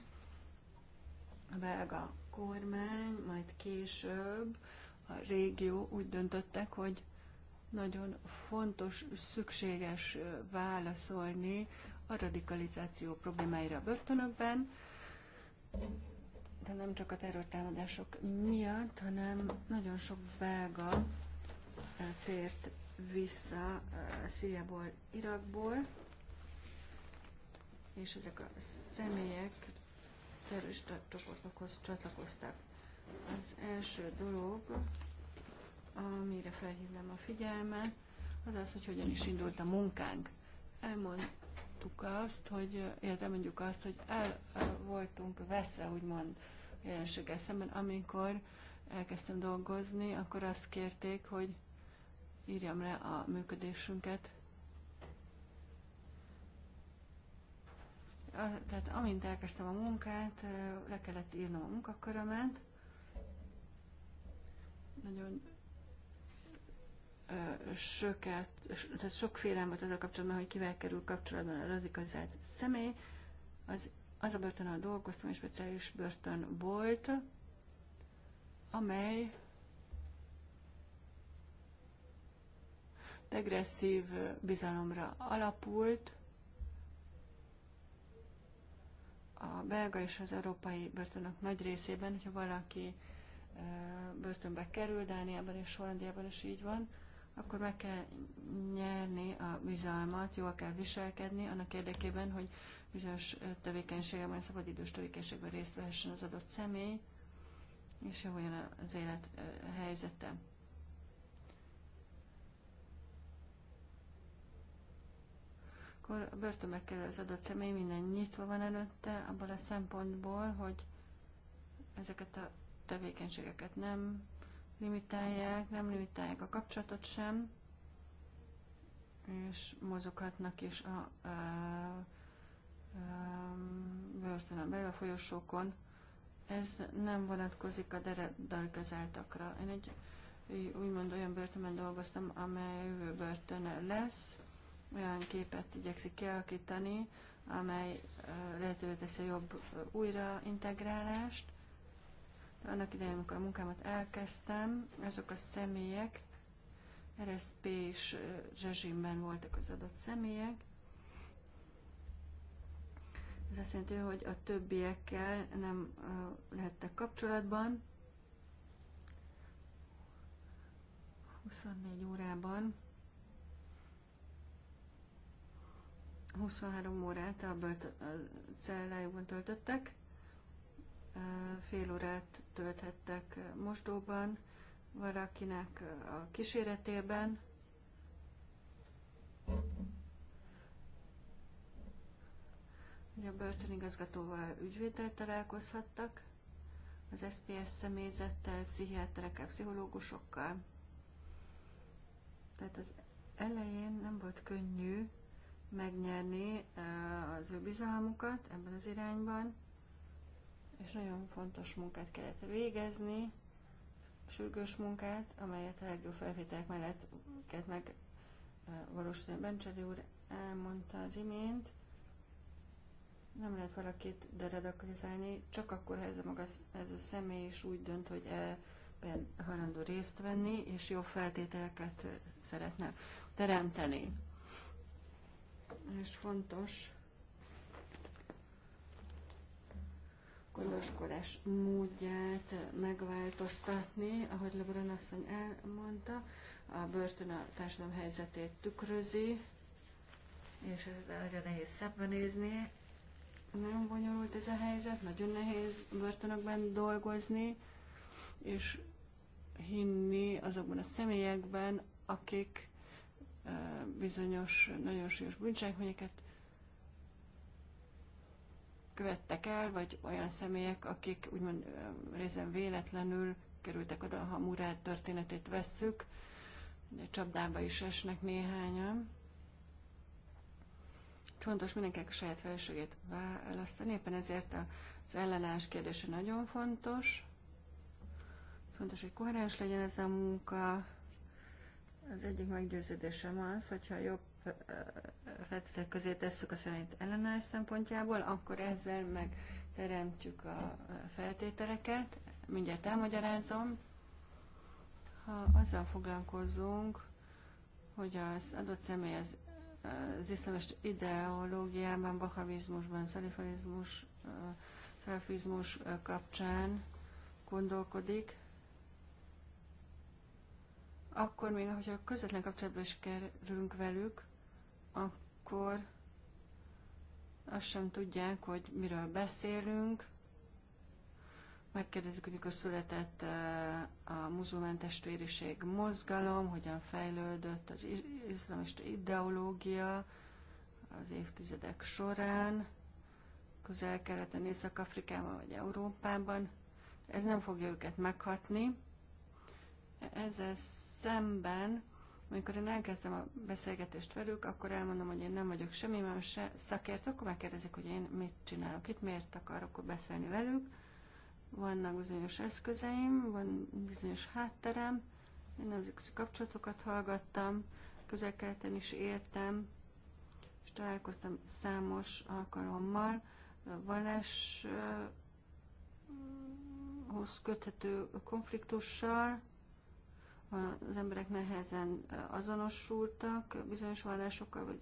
a belga kormány, majd később a régió úgy döntöttek, hogy nagyon fontos, szükséges válaszolni a radikalizáció problémáira a börtönökben, de nem csak a terrortámadások miatt, hanem nagyon sok belga tért vissza Szíriából, Irakból, és ezek a személyek terrorista csoportokhoz csatlakoztak. Az első dolog, amire felhívnám a figyelmet, az az, hogy hogyan is indult a munkánk. Elmondtuk azt, hogy, illetve mondjuk azt, hogy el voltunk veszve, úgymond jelenséggel szemben, amikor elkezdtem dolgozni, akkor azt kérték, hogy írjam le a működésünket tehát amint elkezdtem a munkát, le kellett írnom a munkakörömet. Nagyon söket, tehát sok félelem volt a kapcsolatban, hogy kivel kerül kapcsolatban a radikalizált személy. Az, az a ahol dolgoztam, és speciális börtön volt, amely degresszív bizalomra alapult, a belga és az európai börtönök nagy részében, hogyha valaki börtönbe kerül, Dániában és Hollandiában is így van, akkor meg kell nyerni a bizalmat, jól kell viselkedni, annak érdekében, hogy bizonyos tevékenységben, szabadidős tevékenységben részt vehessen az adott személy, és javuljon az élet helyzete. akkor a börtönbe kerül az adott személy, minden nyitva van előtte, abból a szempontból, hogy ezeket a tevékenységeket nem limitálják, nem limitálják a kapcsolatot sem, és mozoghatnak is a, a, a börtönön belül a folyosókon. Ez nem vonatkozik a deradikazáltakra. Én egy úgymond olyan börtönben dolgoztam, amely jövő börtön lesz, olyan képet igyekszik kialakítani, amely lehetővé teszi a jobb újraintegrálást. Annak idején, amikor a munkámat elkezdtem, azok a személyek, RSP és rezsimben voltak az adott személyek. Ez azt jelenti, hogy a többiekkel nem lehettek kapcsolatban. 24 órában 23 órát a cellájukban töltöttek, fél órát tölthettek mosdóban, valakinek a kíséretében. a börtönigazgatóval ügyvéddel találkozhattak, az SPS személyzettel, pszichiáterekkel, pszichológusokkal. Tehát az elején nem volt könnyű megnyerni az ő bizalmukat ebben az irányban, és nagyon fontos munkát kellett végezni, sürgős munkát, amelyet a legjobb felvételek mellett kellett valósítani. Bencseli úr elmondta az imént, nem lehet valakit deradakrizálni, csak akkor, ha ez a, maga, ez a személy is úgy dönt, hogy ebben hajlandó részt venni, és jó feltételeket szeretne teremteni és fontos gondoskodás módját megváltoztatni, ahogy Lebron asszony elmondta, a börtön a társadalom helyzetét tükrözi, és ezzel nagyon nehéz szembenézni. Nagyon bonyolult ez a helyzet, nagyon nehéz börtönökben dolgozni, és hinni azokban a személyekben, akik bizonyos nagyon súlyos bűncselekményeket követtek el, vagy olyan személyek, akik úgymond részen véletlenül kerültek oda, ha Murát történetét vesszük, de csapdába is esnek néhányan. Fontos mindenkinek a saját felségét választani, éppen ezért az ellenállás kérdése nagyon fontos. Fontos, hogy koherens legyen ez a munka, az egyik meggyőződésem az, hogyha jobb feltételek közé tesszük a szemét ellenállás szempontjából, akkor ezzel megteremtjük a feltételeket. Mindjárt elmagyarázom. Ha azzal foglalkozunk, hogy az adott személy az, az iszlámos ideológiában, bahavizmusban, szalifalizmus, szalifizmus kapcsán gondolkodik, akkor még, hogyha közvetlen kapcsolatban is kerülünk velük, akkor azt sem tudják, hogy miről beszélünk. Megkérdezik hogy mikor született eh, a muzulmán testvériség mozgalom, hogyan fejlődött az iszlamista ideológia az évtizedek során, közel-keleten, Észak-Afrikában vagy Európában. Ez nem fogja őket meghatni. Ez ez szemben, amikor én elkezdem a beszélgetést velük, akkor elmondom, hogy én nem vagyok semmi más se szakértő, akkor megkérdezik, hogy én mit csinálok itt, miért akarok beszélni velük. Vannak bizonyos eszközeim, van bizonyos hátterem, én nemzetközi kapcsolatokat hallgattam, közelkeleten is éltem, és találkoztam számos alkalommal, valáshoz köthető konfliktussal, az emberek nehezen azonosultak bizonyos vallásokkal, vagy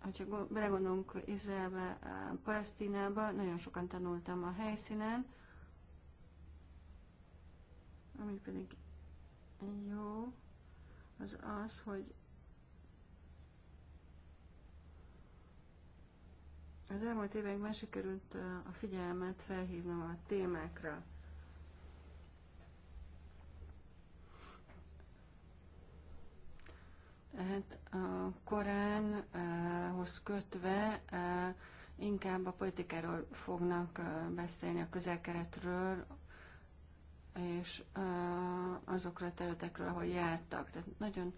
hogyha belegondolunk Izraelbe, Palesztinába, nagyon sokan tanultam a helyszínen, ami pedig jó, az az, hogy az elmúlt években sikerült a figyelmet felhívnom a témákra. hát a Koránhoz eh, kötve eh, inkább a politikáról fognak eh, beszélni, a közelkeretről, és azokra a területekről, ahol jártak. Tehát nagyon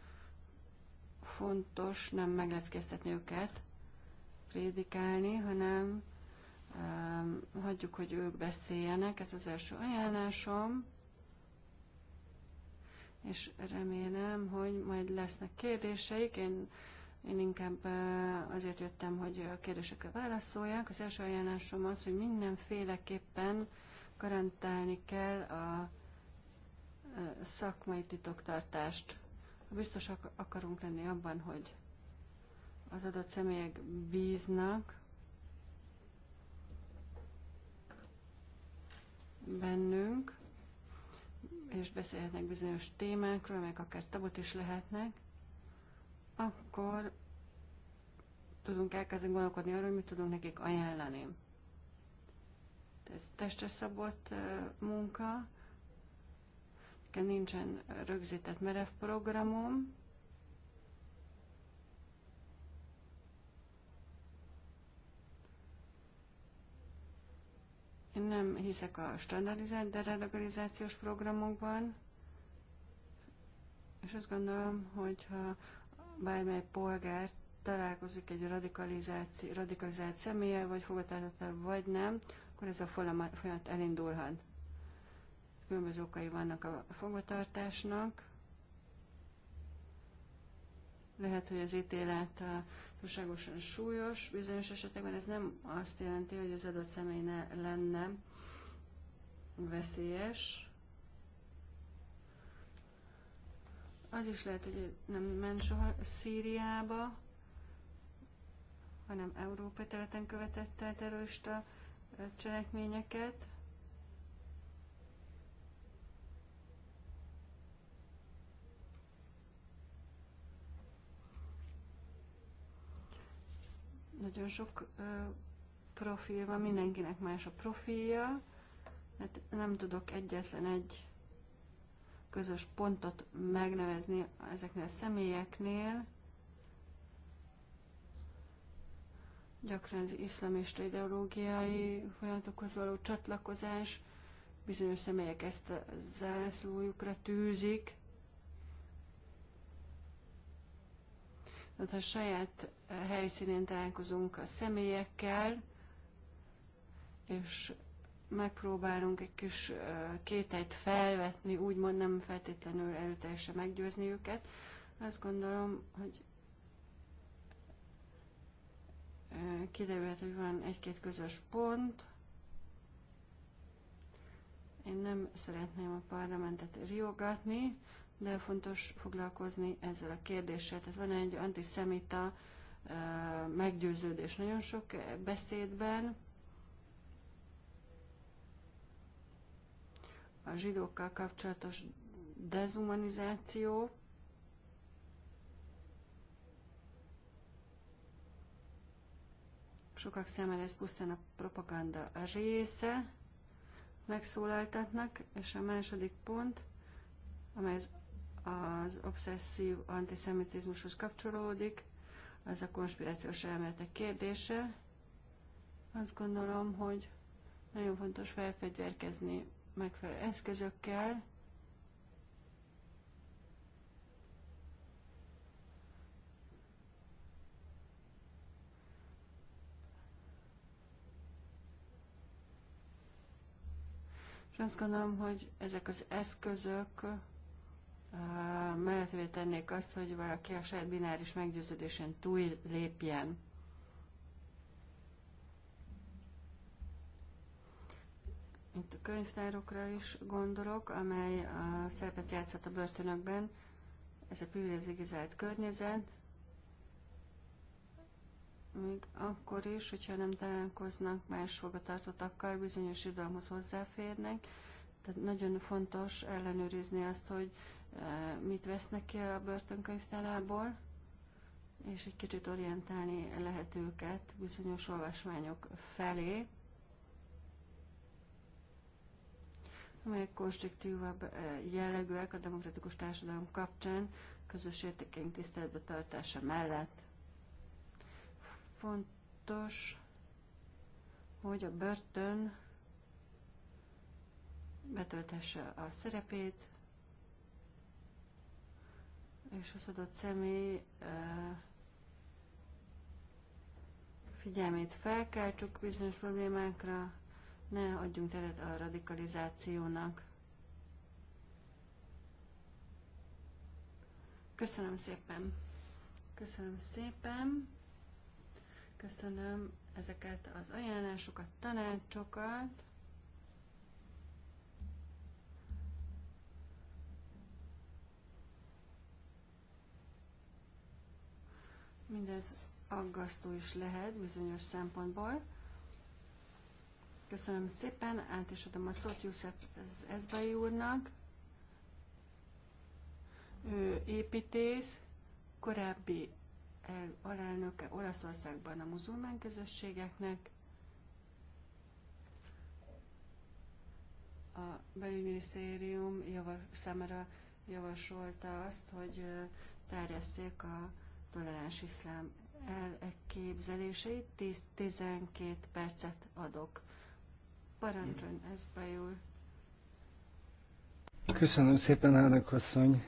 fontos nem megleckéztetni őket, prédikálni, hanem hagyjuk, hogy ők beszéljenek. Ez az első ajánlásom és remélem, hogy majd lesznek kérdéseik. Én, én inkább azért jöttem, hogy a kérdésekre válaszolják. Az első ajánlásom az, hogy mindenféleképpen garantálni kell a szakmai titoktartást. Biztosak akarunk lenni abban, hogy az adott személyek bíznak bennünk, és beszélhetnek bizonyos témákról, amelyek akár tabut is lehetnek, akkor tudunk elkezdeni gondolkodni arról, hogy mit tudunk nekik ajánlani. Ez testre szabott munka, nekem nincsen rögzített merev programom, Én nem hiszek a standardizált deradagalizációs programokban, és azt gondolom, hogy ha bármely polgár találkozik egy radikalizált személlyel, vagy fogadáltattal, vagy nem, akkor ez a folyamat elindulhat. Különböző okai vannak a fogvatartásnak. Lehet, hogy az ítélet túlságosan súlyos. Bizonyos esetekben ez nem azt jelenti, hogy az adott személy ne lenne veszélyes. Az is lehet, hogy nem ment soha Szíriába, hanem Európa területen követette el terrorista cselekményeket. Nagyon sok profil van, mindenkinek más a profilja, hát nem tudok egyetlen egy közös pontot megnevezni ezeknél a személyeknél. Gyakran az iszlamista ideológiai folyamatokhoz való csatlakozás, bizonyos személyek ezt a zászlójukra tűzik, Tehát ha saját eh, helyszínén találkozunk a személyekkel, és megpróbálunk egy kis eh, kételyt felvetni, úgymond nem feltétlenül erőteljesen meggyőzni őket, azt gondolom, hogy eh, kiderülhet, hogy van egy-két közös pont. Én nem szeretném a parlamentet riogatni, de fontos foglalkozni ezzel a kérdéssel. Tehát van egy antiszemita meggyőződés nagyon sok beszédben, a zsidókkal kapcsolatos dezumanizáció, sokak számára ez pusztán a propaganda része, megszólaltatnak, és a második pont, amely az az obszesszív antiszemitizmushoz kapcsolódik, az a konspirációs elméletek kérdése. Azt gondolom, hogy nagyon fontos felfegyverkezni megfelelő eszközökkel, És azt gondolom, hogy ezek az eszközök lehetővé tennék azt, hogy valaki a saját bináris meggyőződésen túl lépjen. Itt a könyvtárokra is gondolok, amely a szerepet játszhat a börtönökben. Ez a privilegizált környezet, még akkor is, hogyha nem találkoznak más fogatartottakkal, bizonyos időmhoz hozzáférnek. Tehát nagyon fontos ellenőrizni azt, hogy Eh, mit vesznek ki a börtönkönyvtárából, és egy kicsit orientálni lehet őket bizonyos olvasmányok felé, amelyek konstruktívabb eh, jellegűek a demokratikus társadalom kapcsán, közös értékeink tiszteletbe tartása mellett. Fontos, hogy a börtön betölthesse a szerepét, és az adott személy figyelmét felkeltsük bizonyos problémákra, ne adjunk teret a radikalizációnak. Köszönöm szépen! Köszönöm szépen! Köszönöm ezeket az ajánlásokat, tanácsokat. Mindez aggasztó is lehet bizonyos szempontból. Köszönöm szépen, át is adom a szót József Ezbai úrnak. Ő építész, korábbi eh, alelnöke Olaszországban a muzulmán közösségeknek, a belügyminisztérium javas, számára javasolta azt, hogy eh, terjesszék a toleráns iszlám elképzeléseit. 10-12 percet adok. Parancsoljon ez bejúl. Köszönöm szépen, elnök asszony.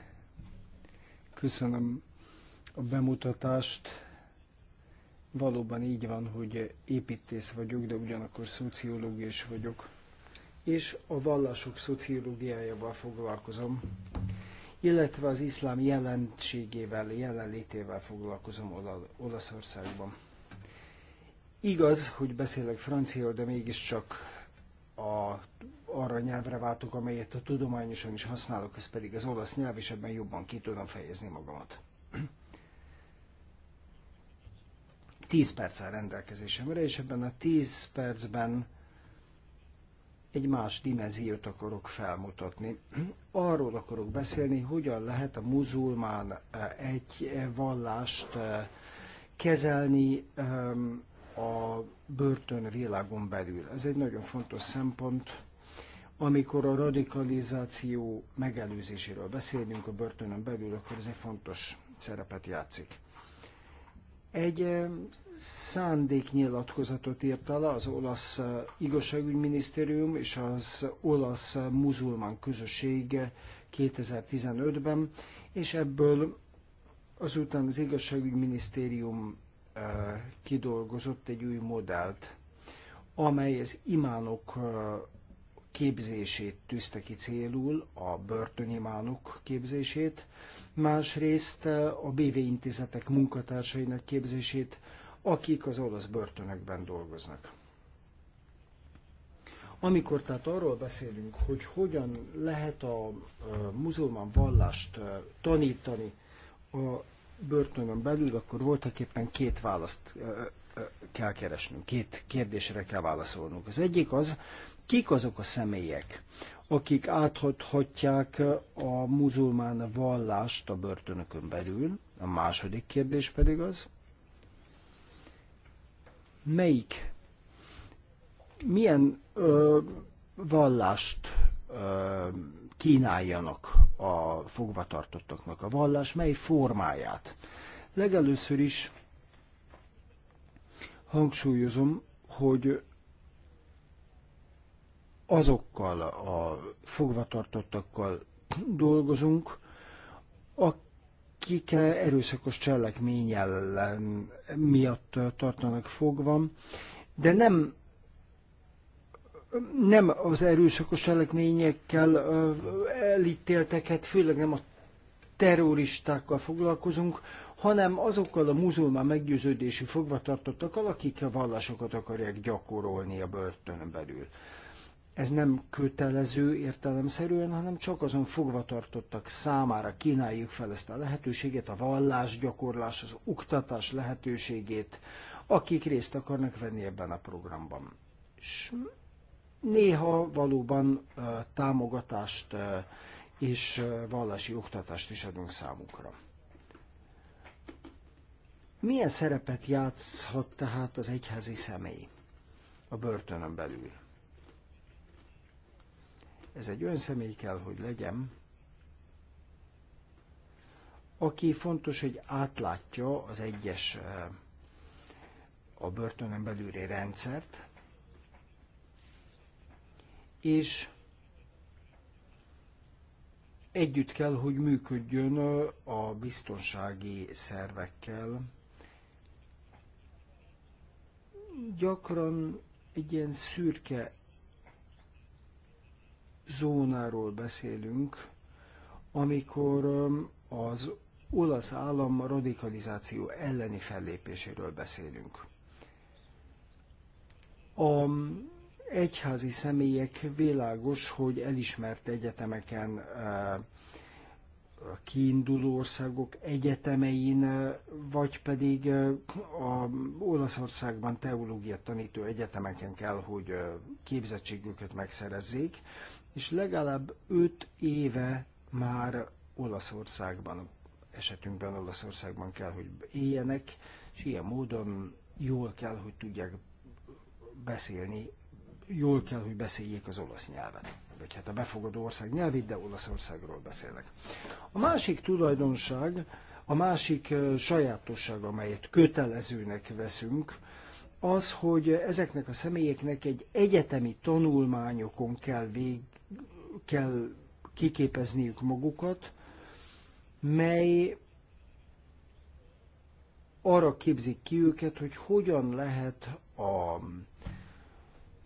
Köszönöm a bemutatást. Valóban így van, hogy építész vagyok, de ugyanakkor szociológus vagyok. És a vallások szociológiájával foglalkozom illetve az iszlám jelenségével, jelenlétével foglalkozom Olaszországban. Igaz, hogy beszélek franciául, de mégiscsak a, arra a nyelvre váltok, amelyet a tudományosan is használok, ez pedig az olasz nyelv, és ebben jobban ki tudom fejezni magamat. Tíz perc áll rendelkezésemre, és ebben a tíz percben egy más dimenziót akarok felmutatni. Arról akarok beszélni, hogyan lehet a muzulmán eh, egy eh, vallást eh, kezelni ehm, a börtön világon belül. Ez egy nagyon fontos szempont, amikor a radikalizáció megelőzéséről beszélünk a börtönön belül, akkor ez egy fontos szerepet játszik egy szándéknyilatkozatot írt alá az olasz igazságügyminisztérium és az olasz muzulmán közösség 2015-ben, és ebből azután az igazságügyminisztérium kidolgozott egy új modellt, amely az imánok képzését tűzte ki célul, a börtönimánok képzését, másrészt eh, a BV intézetek munkatársainak képzését, akik az olasz börtönökben dolgoznak. Amikor tehát arról beszélünk, hogy hogyan lehet a eh, muzulmán vallást eh, tanítani a börtönön belül, akkor voltak éppen két választ kell keresnünk, két kérdésre kell válaszolnunk. Az egyik az, Kik azok a személyek, akik áthathatják a muzulmán vallást a börtönökön belül? A második kérdés pedig az, melyik, milyen ö, vallást ö, kínáljanak a fogvatartottaknak, a vallás mely formáját. Legelőször is hangsúlyozom, hogy azokkal a fogvatartottakkal dolgozunk, akik erőszakos cselekmény ellen miatt tartanak fogva, de nem nem az erőszakos cselekményekkel elítélteket, főleg nem a terroristákkal foglalkozunk, hanem azokkal a muzulmán meggyőződési fogvatartottakkal, akik a vallásokat akarják gyakorolni a börtön belül ez nem kötelező értelemszerűen, hanem csak azon fogvatartottak számára kínáljuk fel ezt a lehetőséget, a vallás gyakorlás, az oktatás lehetőségét, akik részt akarnak venni ebben a programban. És néha valóban uh, támogatást uh, és uh, vallási oktatást is adunk számukra. Milyen szerepet játszhat tehát az egyházi személy a börtönön belül? Ez egy önszemély kell, hogy legyen, aki fontos, hogy átlátja az egyes eh, a börtönön belüli rendszert, és együtt kell, hogy működjön eh, a biztonsági szervekkel. Gyakran egy ilyen szürke zónáról beszélünk, amikor um, az olasz állam radikalizáció elleni fellépéséről beszélünk. A um, egyházi személyek világos, hogy elismert egyetemeken uh, a kiinduló országok egyetemein, vagy pedig a Olaszországban teológia tanító egyetemeken kell, hogy képzettségüket megszerezzék, és legalább öt éve már Olaszországban, esetünkben Olaszországban kell, hogy éljenek, és ilyen módon jól kell, hogy tudják beszélni, jól kell, hogy beszéljék az olasz nyelvet vagy hát a befogadó ország nyelvét, de Olaszországról beszélek. A másik tulajdonság, a másik sajátosság, amelyet kötelezőnek veszünk, az, hogy ezeknek a személyeknek egy egyetemi tanulmányokon kell, vég, kell kiképezniük magukat, mely arra képzik ki őket, hogy hogyan lehet a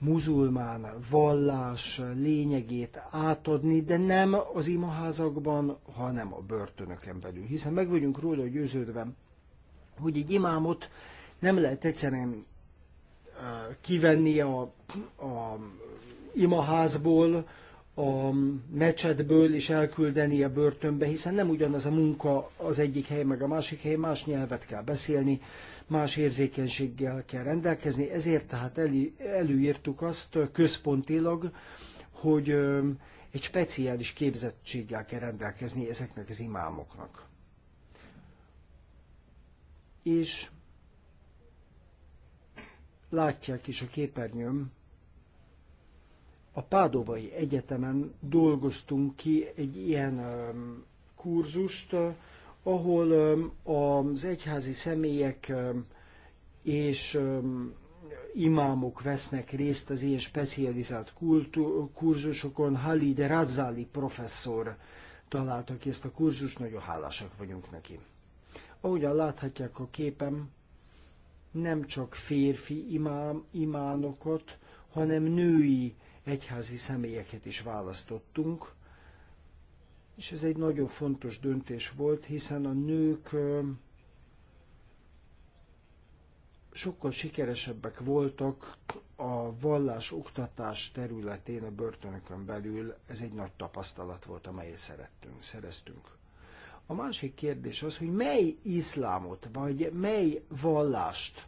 muzulmán vallás lényegét átadni, de nem az imaházakban, hanem a börtönöken belül. Hiszen meg vagyunk róla győződve, hogy egy imámot nem lehet egyszerűen kivenni a, a imaházból, a mecsetből és elküldeni a börtönbe, hiszen nem ugyanaz a munka az egyik hely meg a másik hely, más nyelvet kell beszélni, más érzékenységgel kell rendelkezni, ezért tehát előírtuk azt központilag, hogy egy speciális képzettséggel kell rendelkezni ezeknek az imámoknak. És látják is a képernyőm, a Pádovai Egyetemen dolgoztunk ki egy ilyen kurzust, ahol az egyházi személyek és imámok vesznek részt az ilyen specializált kultú, kurzusokon. Halid Razzali professzor találta ki ezt a kurzust, nagyon hálásak vagyunk neki. Ahogyan láthatják a képem, nem csak férfi imám, imánokat, hanem női egyházi személyeket is választottunk, és ez egy nagyon fontos döntés volt, hiszen a nők sokkal sikeresebbek voltak a vallás oktatás területén a börtönökön belül. Ez egy nagy tapasztalat volt, amelyet szerettünk, szereztünk. A másik kérdés az, hogy mely iszlámot, vagy mely vallást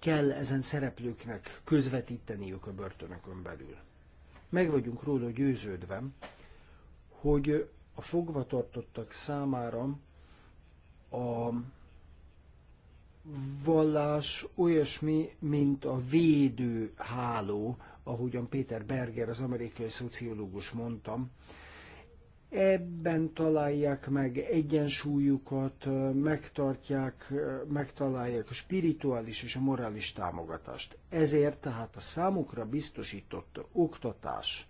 kell ezen szereplőknek közvetíteniük a börtönökön belül. Meg vagyunk róla győződve, hogy a fogvatartottak számára a vallás olyasmi, mint a védő háló, ahogyan Péter Berger, az amerikai szociológus mondta, ebben találják meg egyensúlyukat, megtartják, megtalálják a spirituális és a morális támogatást. Ezért tehát a számukra biztosított oktatás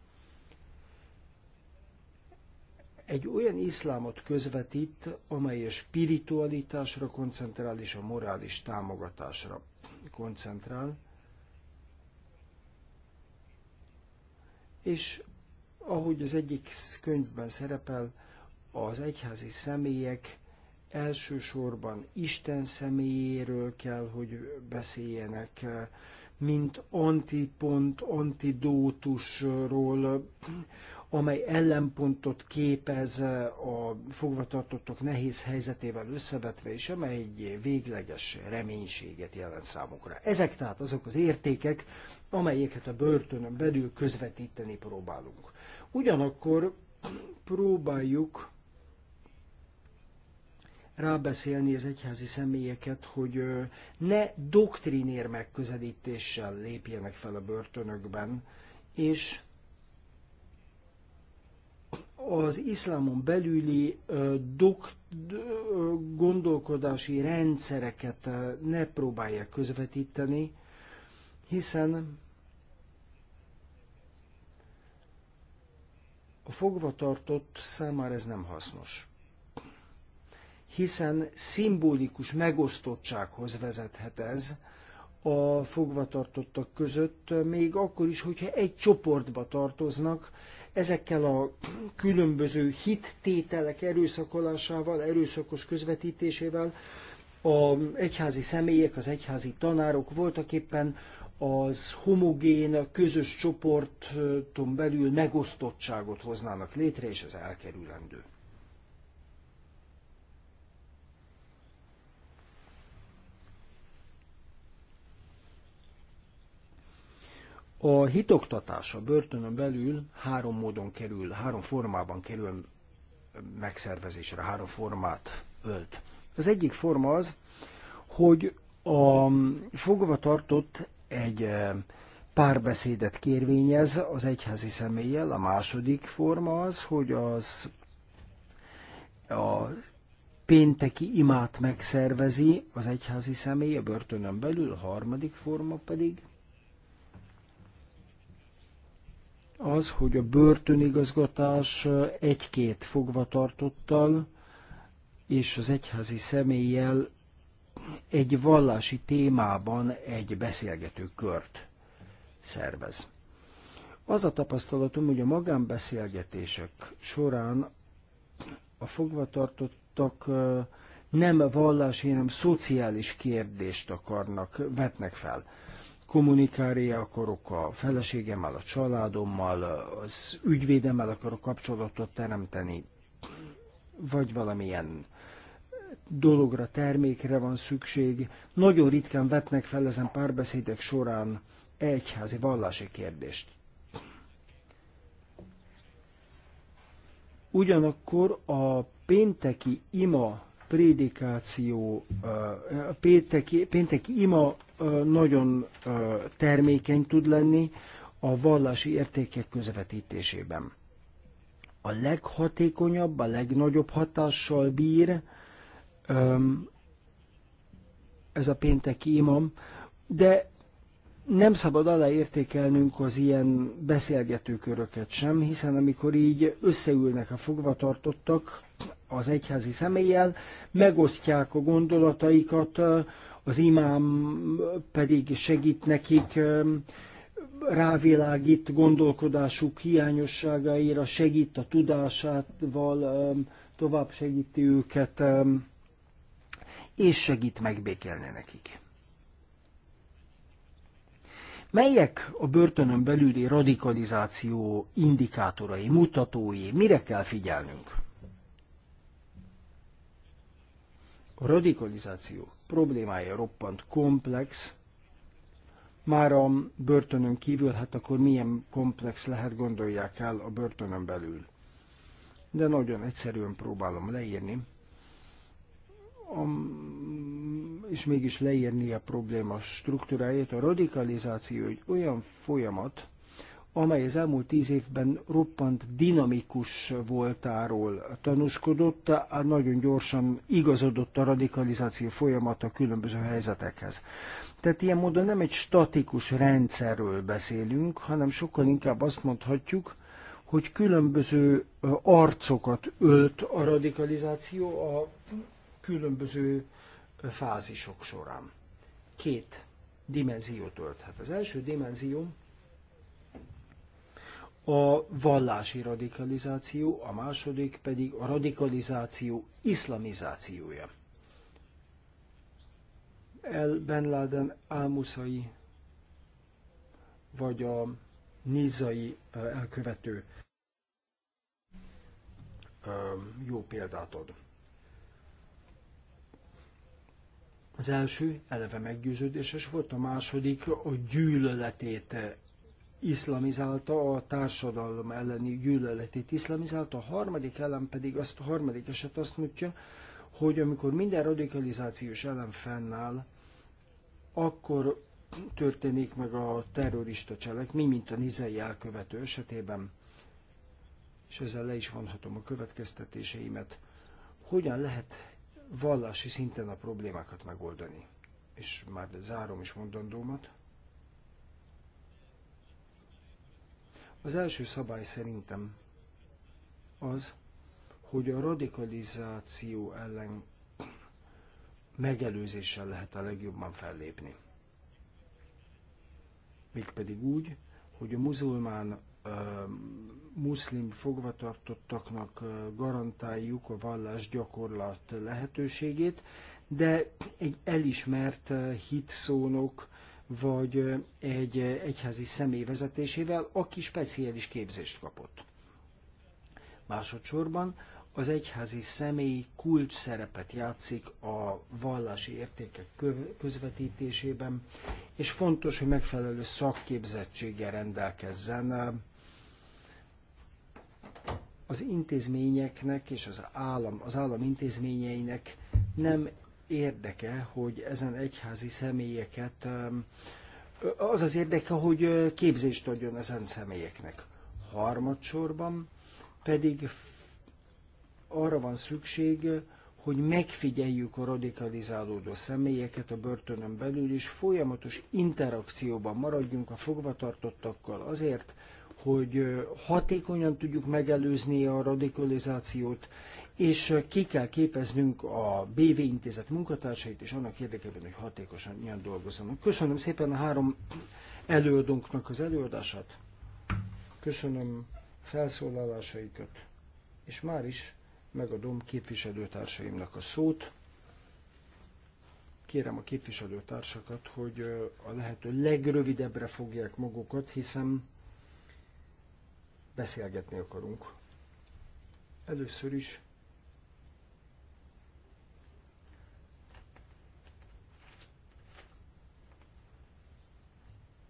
egy olyan iszlámot közvetít, amely a spiritualitásra koncentrál és a morális támogatásra koncentrál, és ahogy az egyik könyvben szerepel, az egyházi személyek elsősorban Isten személyéről kell, hogy beszéljenek, mint antipont, antidótusról, amely ellenpontot képez a fogvatartottok nehéz helyzetével összevetve, és amely egy végleges reménységet jelent számukra. Ezek tehát azok az értékek, amelyeket a börtönön belül közvetíteni próbálunk. Ugyanakkor próbáljuk rábeszélni az egyházi személyeket, hogy ne doktrinér megközelítéssel lépjenek fel a börtönökben, és az iszlámon belüli dok, gondolkodási rendszereket ne próbálják közvetíteni, hiszen A fogvatartott számára ez nem hasznos, hiszen szimbolikus megosztottsághoz vezethet ez a fogvatartottak között, még akkor is, hogyha egy csoportba tartoznak, ezekkel a különböző hittételek erőszakolásával, erőszakos közvetítésével, a egyházi személyek, az egyházi tanárok voltak éppen az homogén, közös csoporton belül megosztottságot hoznának létre, és ez elkerülendő. A hitoktatás a börtönön belül három módon kerül, három formában kerül megszervezésre, három formát ölt. Az egyik forma az, hogy a fogvatartott egy párbeszédet kérvényez az egyházi személlyel. A második forma az, hogy az a pénteki imát megszervezi az egyházi személy a börtönön belül, a harmadik forma pedig az, hogy a börtönigazgatás egy-két fogvatartottal és az egyházi személlyel egy vallási témában egy beszélgető kört szervez. Az a tapasztalatom, hogy a magánbeszélgetések során a fogvatartottak nem vallási, hanem szociális kérdést akarnak, vetnek fel. Kommunikálni akarok a feleségemmel, a családommal, az ügyvédemmel akarok kapcsolatot teremteni, vagy valamilyen dologra, termékre van szükség. Nagyon ritkán vetnek fel ezen párbeszédek során egyházi vallási kérdést. Ugyanakkor a pénteki ima prédikáció, eh, a pénteki, pénteki ima eh, nagyon eh, termékeny tud lenni a vallási értékek közvetítésében. A leghatékonyabb, a legnagyobb hatással bír ez a pénteki imam, de nem szabad aláértékelnünk az ilyen beszélgetőköröket sem, hiszen amikor így összeülnek a fogvatartottak az egyházi személlyel, megosztják a gondolataikat, az imám pedig segít nekik, rávilágít gondolkodásuk hiányosságaira, segít a tudásával, tovább segíti őket, és segít megbékélni nekik. Melyek a börtönön belüli radikalizáció indikátorai, mutatói, mire kell figyelnünk? A radikalizáció problémája roppant komplex, már a börtönön kívül, hát akkor milyen komplex lehet, gondolják el a börtönön belül. De nagyon egyszerűen próbálom leírni a, és mégis leírni a probléma struktúráját. A radikalizáció egy olyan folyamat, amely az elmúlt tíz évben roppant dinamikus voltáról tanúskodott, nagyon gyorsan igazodott a radikalizáció folyamata különböző helyzetekhez. Tehát ilyen módon nem egy statikus rendszerről beszélünk, hanem sokkal inkább azt mondhatjuk, hogy különböző arcokat ölt a radikalizáció a különböző fázisok során. Két dimenziót ölthet. Az első dimenzió a vallási radikalizáció, a második pedig a radikalizáció iszlamizációja. El Ben Laden álmuszai vagy a nizai elkövető jó példát ad. Az első eleve meggyőződéses volt, a második a gyűlöletét iszlamizálta, a társadalom elleni gyűlöletét iszlamizálta, a harmadik ellen pedig azt, a harmadik eset azt mutja, hogy amikor minden radikalizációs ellen fennáll, akkor történik meg a terrorista cselekmény, mint a nizai elkövető esetében, és ezzel le is vonhatom a következtetéseimet. Hogyan lehet vallási szinten a problémákat megoldani. És már zárom is mondandómat. Az első szabály szerintem az, hogy a radikalizáció ellen megelőzéssel lehet a legjobban fellépni. Mégpedig úgy, hogy a muzulmán Ehm, muszlim fogvatartottaknak eh, garantáljuk a vallás gyakorlat lehetőségét, de egy elismert eh, hitszónok vagy eh, egy egyházi személy vezetésével, aki speciális képzést kapott. Másodszorban az egyházi személy kulcs szerepet játszik a vallási értékek közvetítésében, és fontos, hogy megfelelő szakképzettséggel rendelkezzen az intézményeknek és az állam, az állam intézményeinek nem érdeke, hogy ezen egyházi személyeket, az az érdeke, hogy képzést adjon ezen személyeknek. Harmadsorban pedig arra van szükség, hogy megfigyeljük a radikalizálódó személyeket a börtönön belül, és folyamatos interakcióban maradjunk a fogvatartottakkal azért, hogy hatékonyan tudjuk megelőzni a radikalizációt, és ki kell képeznünk a BV intézet munkatársait, és annak érdekében, hogy hatékonyan dolgozzanak. Köszönöm szépen a három előadónknak az előadását. Köszönöm felszólalásaikat, és már is megadom képviselőtársaimnak a szót. Kérem a képviselőtársakat, hogy a lehető legrövidebbre fogják magukat, hiszen beszélgetni akarunk. Először is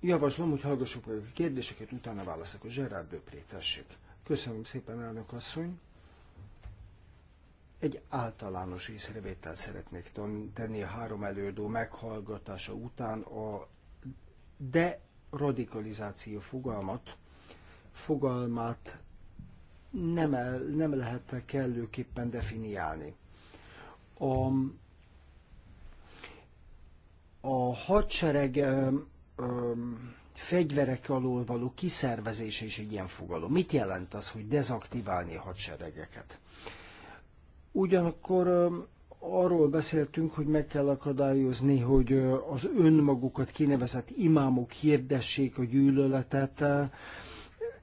Javaslom, hogy hallgassuk meg a kérdéseket, utána a Gerard Döpré, tessék. Köszönöm szépen, elnök asszony. Egy általános észrevétel szeretnék tenni a három előadó meghallgatása után a de radikalizáció fogalmat fogalmát nem, el, nem lehet kellőképpen definiálni. A, a hadsereg ö, ö, fegyverek alól való kiszervezése is egy ilyen fogalom. Mit jelent az, hogy dezaktiválni a hadseregeket? Ugyanakkor ö, arról beszéltünk, hogy meg kell akadályozni, hogy az önmagukat kinevezett imámok hirdessék a gyűlöletet,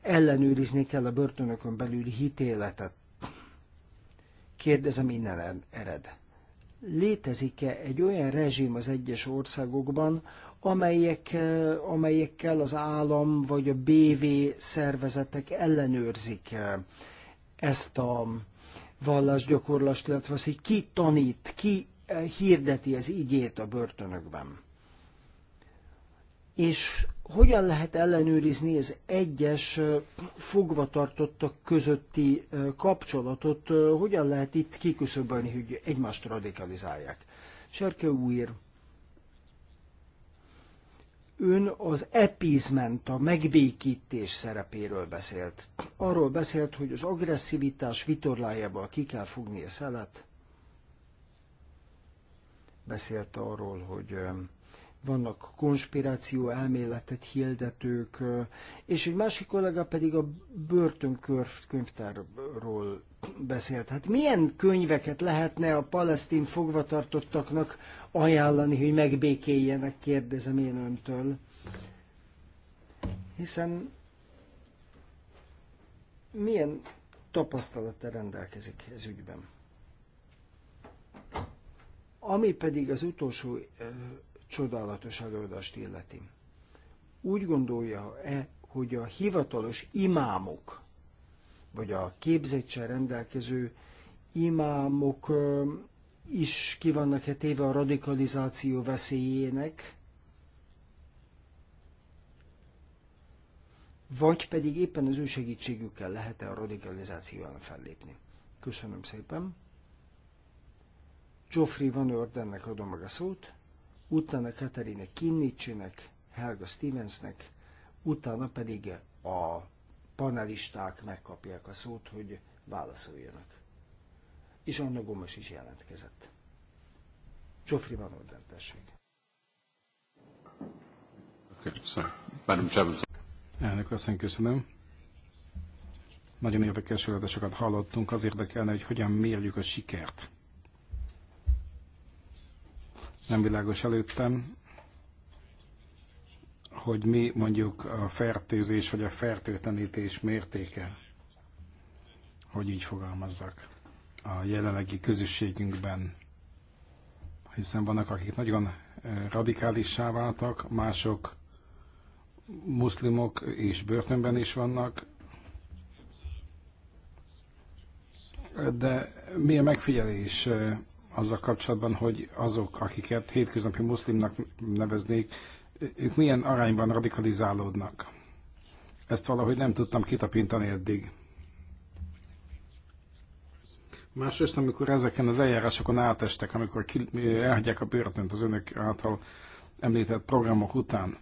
ellenőrizni kell a börtönökön belüli hitéletet. Kérdezem, innen ered. Létezik-e egy olyan rezsim az egyes országokban, amelyek, eh, amelyekkel az állam vagy a BV szervezetek ellenőrzik eh, ezt a vallásgyakorlást, illetve azt, hogy ki tanít, ki eh, hirdeti az igét a börtönökben és hogyan lehet ellenőrizni az egyes fogvatartottak közötti kapcsolatot, hogyan lehet itt kiküszöbölni, hogy egymást radikalizálják. Serke úr, ön az epizment, a megbékítés szerepéről beszélt. Arról beszélt, hogy az agresszivitás vitorlájából ki kell fogni a szelet. Beszélt arról, hogy vannak konspiráció elméletet hirdetők, és egy másik kollega pedig a börtönkönyvtárról beszélt. Hát milyen könyveket lehetne a palesztin fogvatartottaknak ajánlani, hogy megbékéljenek, kérdezem én öntől. Hiszen milyen tapasztalata rendelkezik ez ügyben? Ami pedig az utolsó csodálatos előadást illeti. Úgy gondolja-e, hogy a hivatalos imámok, vagy a képzettsel rendelkező imámok is ki vannak-e téve a radikalizáció veszélyének, vagy pedig éppen az ő segítségükkel lehet-e a radikalizáció ellen fellépni. Köszönöm szépen. Geoffrey Van Ordennek adom meg a szót utána Katarina Kinnicsinek, Helga Stevensnek, utána pedig a panelisták megkapják a szót, hogy válaszoljanak. És Anna Gomes is jelentkezett. Csofri van Orden, tessék. Elnök asszony, köszönöm. Nagyon érdekes előadásokat hallottunk. Az érdekelne, hogy hogyan mérjük a sikert nem világos előttem, hogy mi mondjuk a fertőzés vagy a fertőtlenítés mértéke, hogy így fogalmazzak, a jelenlegi közösségünkben. Hiszen vannak, akik nagyon eh, radikálissá váltak, mások muszlimok és börtönben is vannak, de mi a megfigyelés eh, azzal kapcsolatban, hogy azok, akiket hétköznapi muszlimnak neveznék, ők milyen arányban radikalizálódnak. Ezt valahogy nem tudtam kitapintani eddig. Másrészt, amikor ezeken az eljárásokon átestek, amikor elhagyják a börtönt az önök által említett programok után,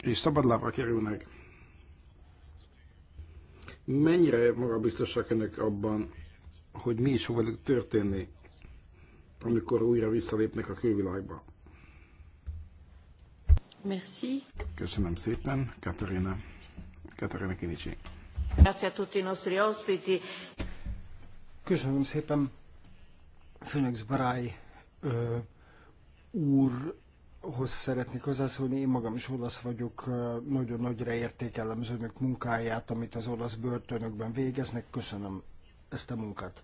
és szabadlábra kerülnek, Mennyire magabiztosak önök abban, hogy mi is fog történni, amikor újra visszalépnek a külvilágba? Merci. Köszönöm szépen, Katarina. Katarina Kinicsi. Grazie a tutti i nostri ospiti. Köszönöm szépen Főnix Barály úr hoz szeretnék hozzászólni. Én magam is olasz vagyok, nagyon nagyra értékelem az önök munkáját, amit az olasz börtönökben végeznek. Köszönöm ezt a munkát.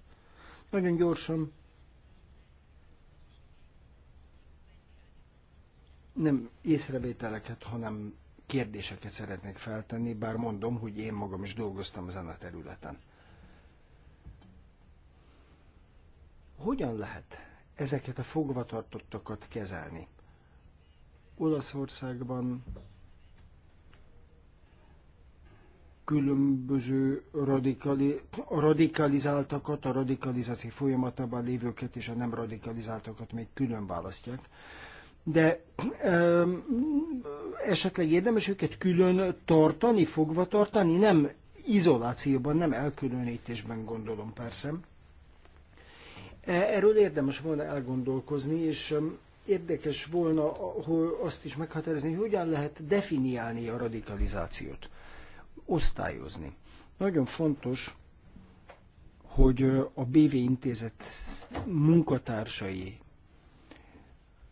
Nagyon gyorsan. Nem észrevételeket, hanem kérdéseket szeretnék feltenni, bár mondom, hogy én magam is dolgoztam ezen a területen. Hogyan lehet ezeket a fogvatartottakat kezelni? Olaszországban különböző radikali, a radikalizáltakat, a radikalizáció folyamatában lévőket és a nem radikalizáltakat még külön választják. De ö, esetleg érdemes őket külön tartani, fogva tartani, nem izolációban, nem elkülönítésben gondolom persze. E, erről érdemes volna elgondolkozni, és érdekes volna hogy azt is meghatározni, hogy hogyan lehet definiálni a radikalizációt, osztályozni. Nagyon fontos, hogy a BV intézet munkatársai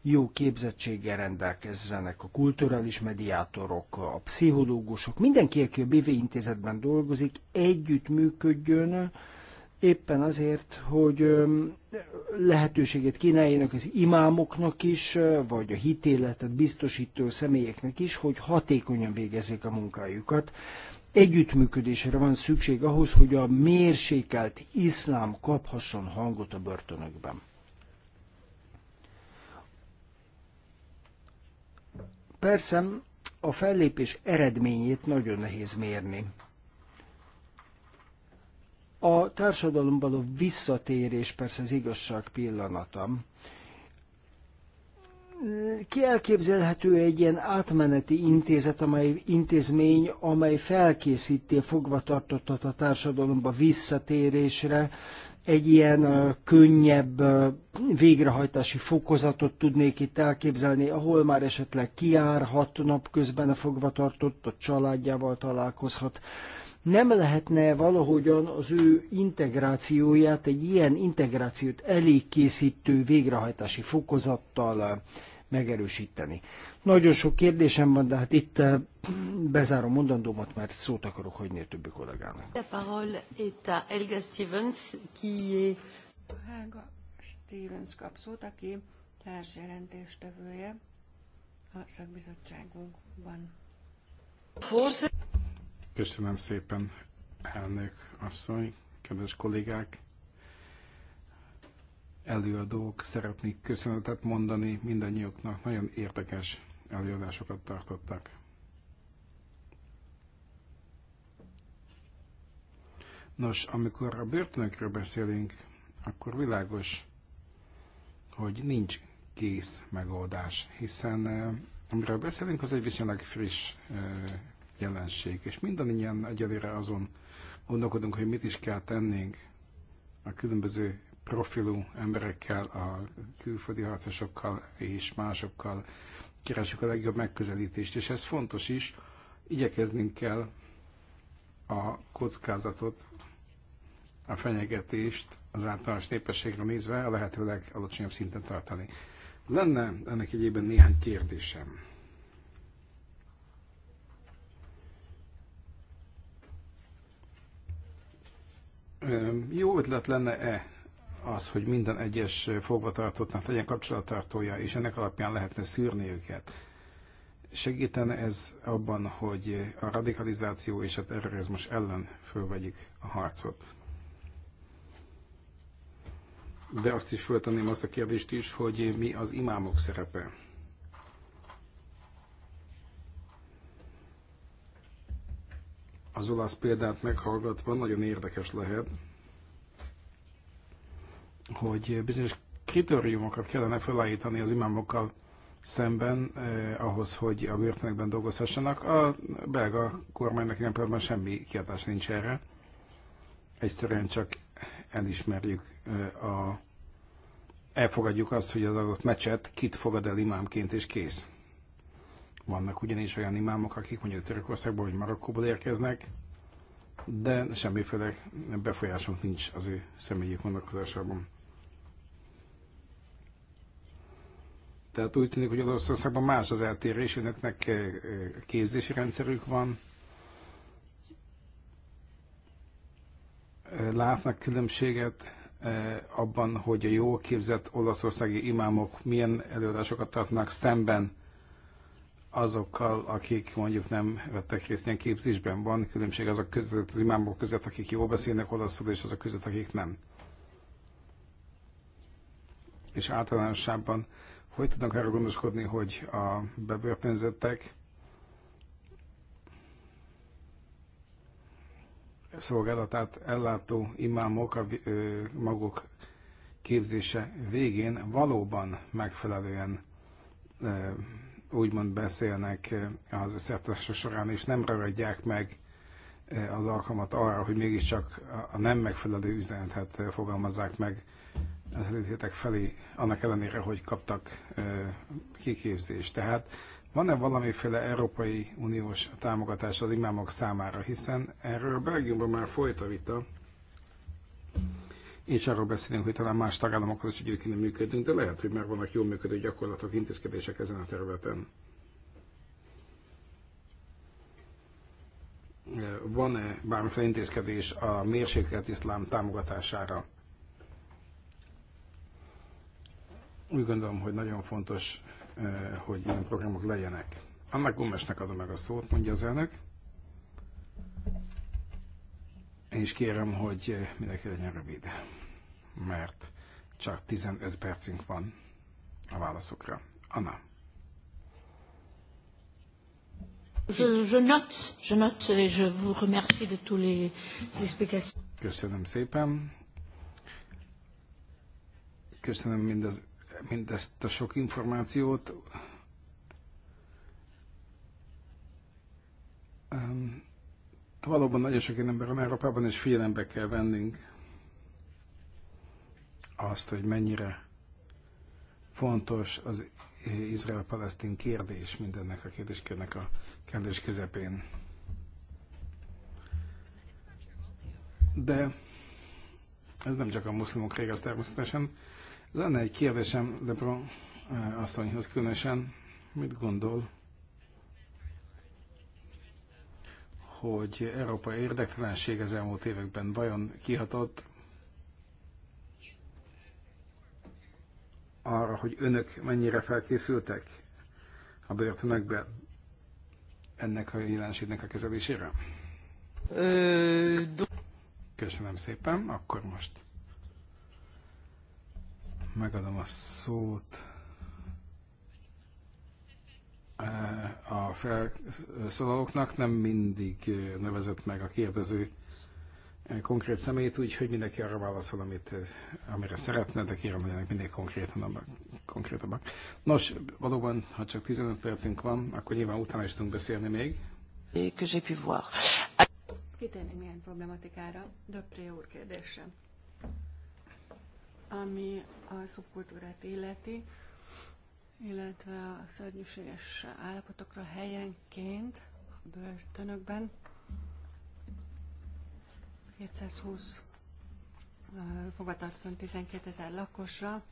jó képzettséggel rendelkezzenek a kulturális mediátorok, a pszichológusok, mindenki, aki a BV intézetben dolgozik, együttműködjön. működjön éppen azért, hogy lehetőséget kínáljanak az imámoknak is, vagy a hitéletet biztosító személyeknek is, hogy hatékonyan végezzék a munkájukat. Együttműködésre van szükség ahhoz, hogy a mérsékelt iszlám kaphasson hangot a börtönökben. Persze a fellépés eredményét nagyon nehéz mérni a társadalom való visszatérés persze az igazság pillanata. Ki elképzelhető egy ilyen átmeneti intézet, amely intézmény, amely felkészíti a fogvatartottat a társadalomba visszatérésre, egy ilyen könnyebb végrehajtási fokozatot tudnék itt elképzelni, ahol már esetleg kiárhat napközben a fogvatartott, a családjával találkozhat, nem lehetne valahogyan az ő integrációját egy ilyen integrációt készítő végrehajtási fokozattal eh, megerősíteni. Nagyon sok kérdésem van, de hát itt eh, bezárom mondandómat, mert szót akarok hagyni a többi kollégának. A parole est à Helga Stevens, qui est... Helga Stevens kap szót, aki társjelentéstevője a szakbizottságunkban. Köszönöm szépen, elnök asszony, kedves kollégák, előadók, szeretnék köszönetet mondani mindannyiuknak, nagyon érdekes előadásokat tartottak. Nos, amikor a börtönökről beszélünk, akkor világos, hogy nincs kész megoldás, hiszen eh, amiről beszélünk, az egy viszonylag friss eh, jelenség, és mindannyian egyelőre azon gondolkodunk, hogy mit is kell tennünk a különböző profilú emberekkel, a külföldi harcosokkal és másokkal. Keresjük a legjobb megközelítést, és ez fontos is, igyekeznünk kell a kockázatot, a fenyegetést az általános népességre nézve a lehető legalacsonyabb szinten tartani. Lenne ennek egyében néhány kérdésem. Jó ötlet lenne-e az, hogy minden egyes fogvatartottnak legyen kapcsolattartója, és ennek alapján lehetne szűrni őket? Segítene ez abban, hogy a radikalizáció és a terrorizmus ellen fölvegyük a harcot? De azt is föltenném azt a kérdést is, hogy mi az imámok szerepe az olasz példát meghallgatva nagyon érdekes lehet, hogy bizonyos kritériumokat kellene felállítani az imámokkal szemben eh, ahhoz, hogy a börtönökben dolgozhassanak. A belga kormánynak ilyen semmi kiadás nincs erre. Egyszerűen csak elismerjük eh, a elfogadjuk azt, hogy az adott mecset kit fogad el imámként, és kész. Vannak ugyanis olyan imámok, akik mondjuk Törökországból vagy Marokkóból érkeznek, de semmiféle befolyásunk nincs az ő személyi gondolkozásában. Tehát úgy tűnik, hogy Olaszországban más az eltérés, önöknek eh, eh, képzési rendszerük van, eh, látnak különbséget abban, hogy a jó képzett olaszországi imámok milyen előadásokat tartnak szemben azokkal, akik mondjuk nem vettek részt ilyen képzésben. Van különbség azok között, az imámok között, akik jól beszélnek olaszul, és azok között, akik nem. És általánosságban hogy tudnak arra gondoskodni, hogy a bebörtönzöttek szolgálatát ellátó imámok a maguk képzése végén valóban megfelelően úgymond beszélnek eh, az összetartása során, és nem ragadják meg eh, az alkalmat arra, hogy mégiscsak a nem megfelelő üzenetet eh, fogalmazzák meg az előtétek felé, annak ellenére, hogy kaptak kiképzést. Tehát van-e valamiféle Európai Uniós támogatás az imámok számára, hiszen erről Belgiumban már folyt a vita, és arról beszélünk, hogy talán más tagállamokhoz is együtt kéne működnünk, de lehet, hogy már vannak jól működő gyakorlatok, intézkedések ezen a területen. Van-e bármiféle intézkedés a mérsékelt iszlám támogatására? Úgy gondolom, hogy nagyon fontos, eh, hogy ilyen programok legyenek. Annak Gomesnek adom meg a szót, mondja az elnök. és kérem, hogy eh, mindenki legyen rövid, mert csak 15 percünk van a válaszokra. Anna. Je, je note, je note et je vous remercie de tous les explications. Köszönöm szépen. Köszönöm mindez, mindezt a sok információt. Um, Valóban nagyon sok én ember Európában, és figyelembe kell vennünk azt, hogy mennyire fontos az Izrael-Palesztin kérdés mindennek a kérdéskörnek a kérdés közepén. De ez nem csak a muszlimok régez természetesen. Lenne egy kérdésem Lebron eh, asszonyhoz különösen, mit gondol hogy Európa érdektelenség az elmúlt években vajon kihatott arra, hogy önök mennyire felkészültek a börtönökbe ennek a jelenségnek a kezelésére? Köszönöm szépen, akkor most megadom a szót a felszólalóknak, nem mindig nevezett meg a kérdező konkrét szemét, úgyhogy mindenki arra válaszol, amit, amire szeretne, de kérem, legyenek mindig konkrétabbak. konkrétabbak. Nos, valóban, ha csak 15 percünk van, akkor nyilván utána is tudunk beszélni még. Kitérni milyen problematikára. Döpré úr kérdése. Ami a szubkultúrát illeti, illetve a szörnyűséges állapotokra helyenként a börtönökben. 720 fogatartón 12 ezer lakosra.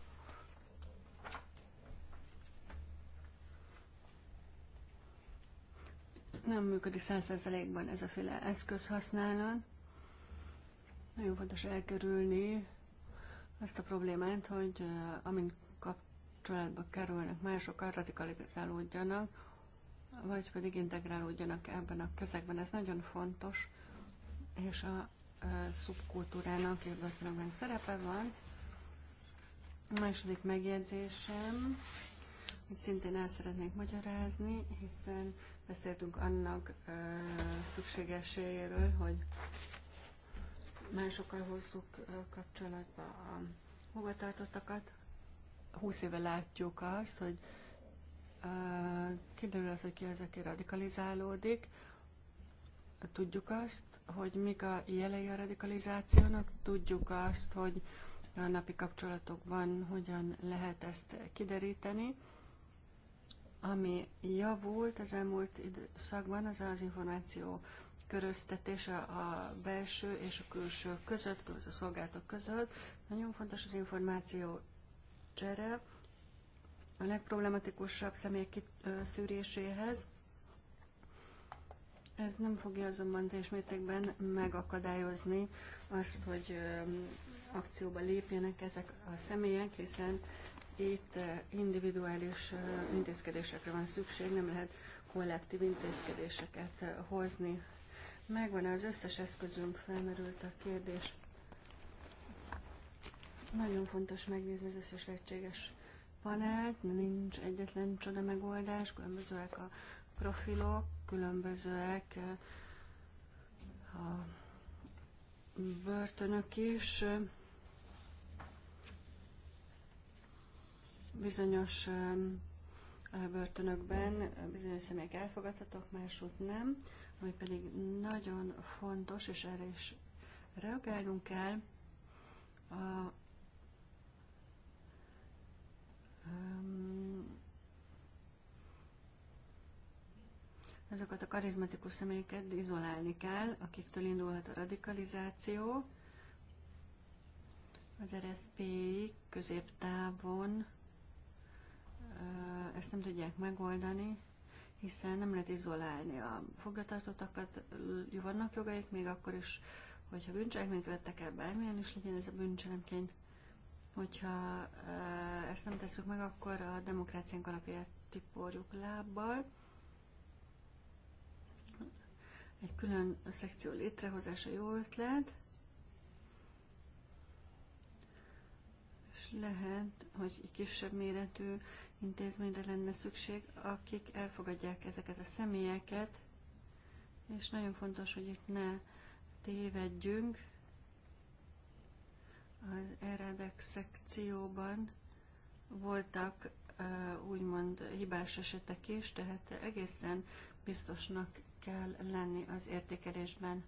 Nem működik 100%-ban ez a féle eszköz használat. Nagyon fontos elkerülni azt a problémát, hogy amint kapcsolatba kerülnek, másokat radikalizálódjanak, vagy pedig integrálódjanak ebben a közegben. Ez nagyon fontos, és a szubkultúrának életben szerepe van. A második megjegyzésem, hogy szintén el szeretnék magyarázni, hiszen beszéltünk annak ö, szükségességéről, hogy másokkal hozzuk kapcsolatba a hovatartottakat, 20 éve látjuk azt, hogy uh, kiderül az, hogy ki az, aki radikalizálódik. Tudjuk azt, hogy mik a jelei a radikalizációnak, tudjuk azt, hogy a napi kapcsolatokban hogyan lehet ezt kideríteni. Ami javult az elmúlt időszakban, az az információ köröztetése a belső és a külső között, a szolgálatok között. Nagyon fontos az információ csere a legproblematikusabb személyek szűréséhez. Ez nem fogja azonban teljes mértékben megakadályozni azt, hogy akcióba lépjenek ezek a személyek, hiszen itt individuális intézkedésekre van szükség, nem lehet kollektív intézkedéseket hozni. Megvan az összes eszközünk, felmerült a kérdés nagyon fontos megnézni az összes lehetséges panelt, nincs egyetlen csoda megoldás, különbözőek a profilok, különbözőek eh, a börtönök is. Bizonyos eh, eh, börtönökben bizonyos személyek elfogadhatók, másút nem, ami pedig nagyon fontos, és erre is reagálnunk kell. A azokat a karizmatikus személyeket izolálni kell, akiktől indulhat a radikalizáció. Az RSP középtávon ezt nem tudják megoldani, hiszen nem lehet izolálni a fogvatartottakat, vannak jogaik, még akkor is, hogyha bűncselekményt vettek el bármilyen is legyen ez a bűncselekmény, Hogyha eh, ezt nem tesszük meg, akkor a demokráciánk alapját tiporjuk lábbal. Egy külön szekció létrehozása jó ötlet. És lehet, hogy egy kisebb méretű intézményre lenne szükség, akik elfogadják ezeket a személyeket, és nagyon fontos, hogy itt ne tévedjünk, az eredek szekcióban voltak úgymond hibás esetek is, tehát egészen biztosnak kell lenni az értékelésben.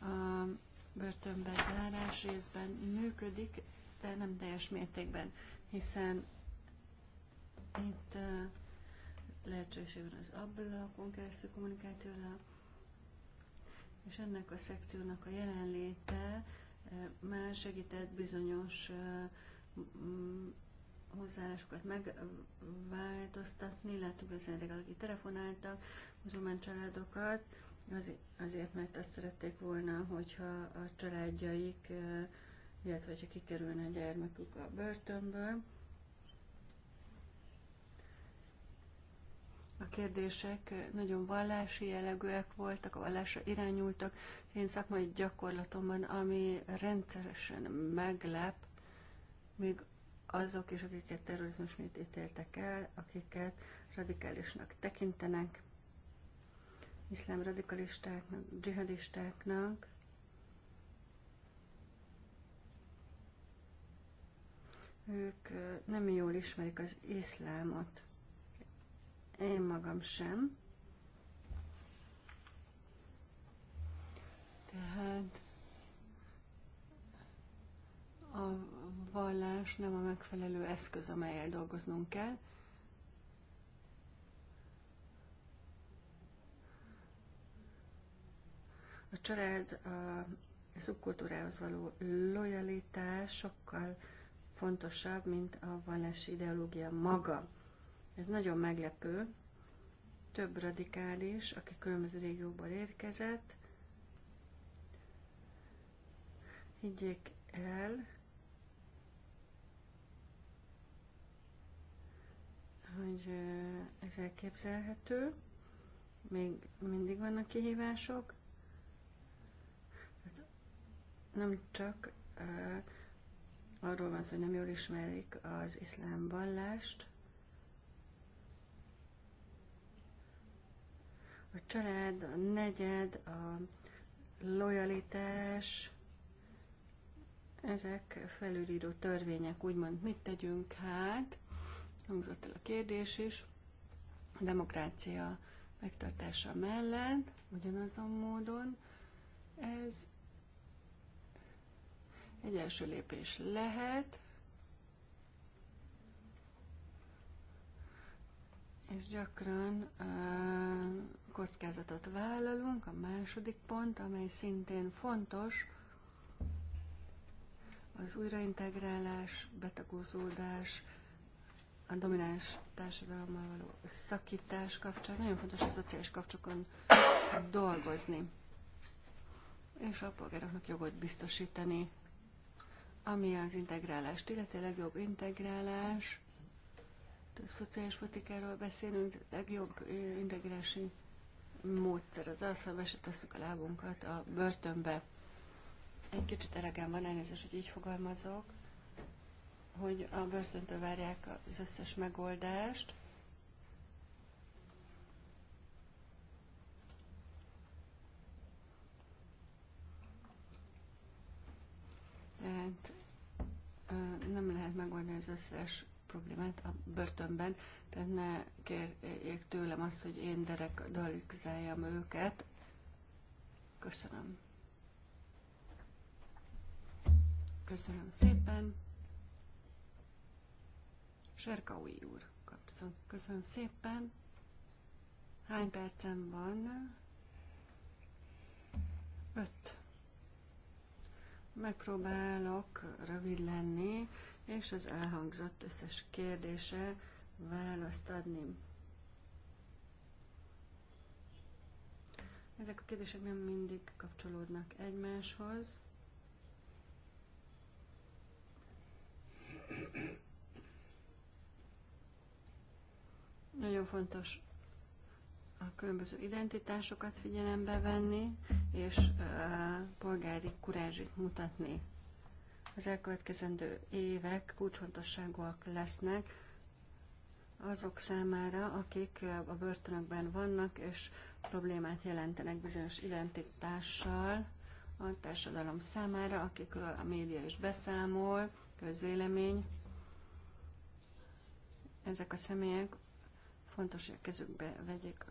A börtönbe zárás részben működik, de nem teljes mértékben, hiszen itt lehetőség van az ablakon keresztül kommunikációra, és ennek a szekciónak a jelenléte eh, már segített bizonyos eh, mm, hozzáállásokat megváltoztatni. Láttuk az eddig, akik telefonáltak, muzulmán családokat, azért, mert azt szerették volna, hogyha a családjaik, eh, illetve hogyha kikerülne a gyermekük a börtönből, a kérdések nagyon vallási jellegűek voltak, a vallásra irányultak. Én szakmai gyakorlatomban, ami rendszeresen meglep, még azok is, akiket terrorizmus miatt ítéltek el, akiket radikálisnak tekintenek, iszlám radikalistáknak, dzsihadistáknak, ők nem jól ismerik az iszlámot. Én magam sem. Tehát a vallás nem a megfelelő eszköz, amelyel dolgoznunk kell. A család a szubkultúrához való lojalitás sokkal fontosabb, mint a vallási ideológia maga. Ez nagyon meglepő. Több radikális, aki különböző régióból érkezett. Higgyék el, hogy ez elképzelhető. Még mindig vannak kihívások. Hát nem csak arról van szó, hogy nem jól ismerik az iszlám vallást, a család, a negyed, a lojalitás, ezek felülíró törvények, úgymond mit tegyünk hát, hangzott el a kérdés is, a demokrácia megtartása mellett, ugyanazon módon, ez egy első lépés lehet, és gyakran kockázatot vállalunk. A második pont, amely szintén fontos, az újraintegrálás, betagózódás, a domináns társadalommal való szakítás kapcsán. Nagyon fontos a szociális kapcsokon dolgozni, és a polgároknak jogot biztosítani, ami az integrálást illetve a legjobb integrálás, a szociális politikáról beszélünk, legjobb integrálási módszer az az, ha besetesszük a lábunkat a börtönbe. Egy kicsit elegem van, elnézést, hogy így fogalmazok, hogy a börtöntől várják az összes megoldást, Tehát nem lehet megoldani az összes problémát a börtönben, tehát ne kérjék tőlem azt, hogy én derek dalikizáljam őket. Köszönöm. Köszönöm szépen. új úr kapszon. Köszönöm szépen. Hány percem van? Öt. Megpróbálok rövid lenni és az elhangzott összes kérdése választ adni. Ezek a kérdések nem mindig kapcsolódnak egymáshoz. Nagyon fontos a különböző identitásokat figyelembe venni, és uh, polgári kurázsit mutatni. Az elkövetkezendő évek kulcsfontosságúak lesznek azok számára, akik a börtönökben vannak, és problémát jelentenek bizonyos identitással a társadalom számára, akikről a média is beszámol, közvélemény. Ezek a személyek fontos, hogy a kezükbe vegyék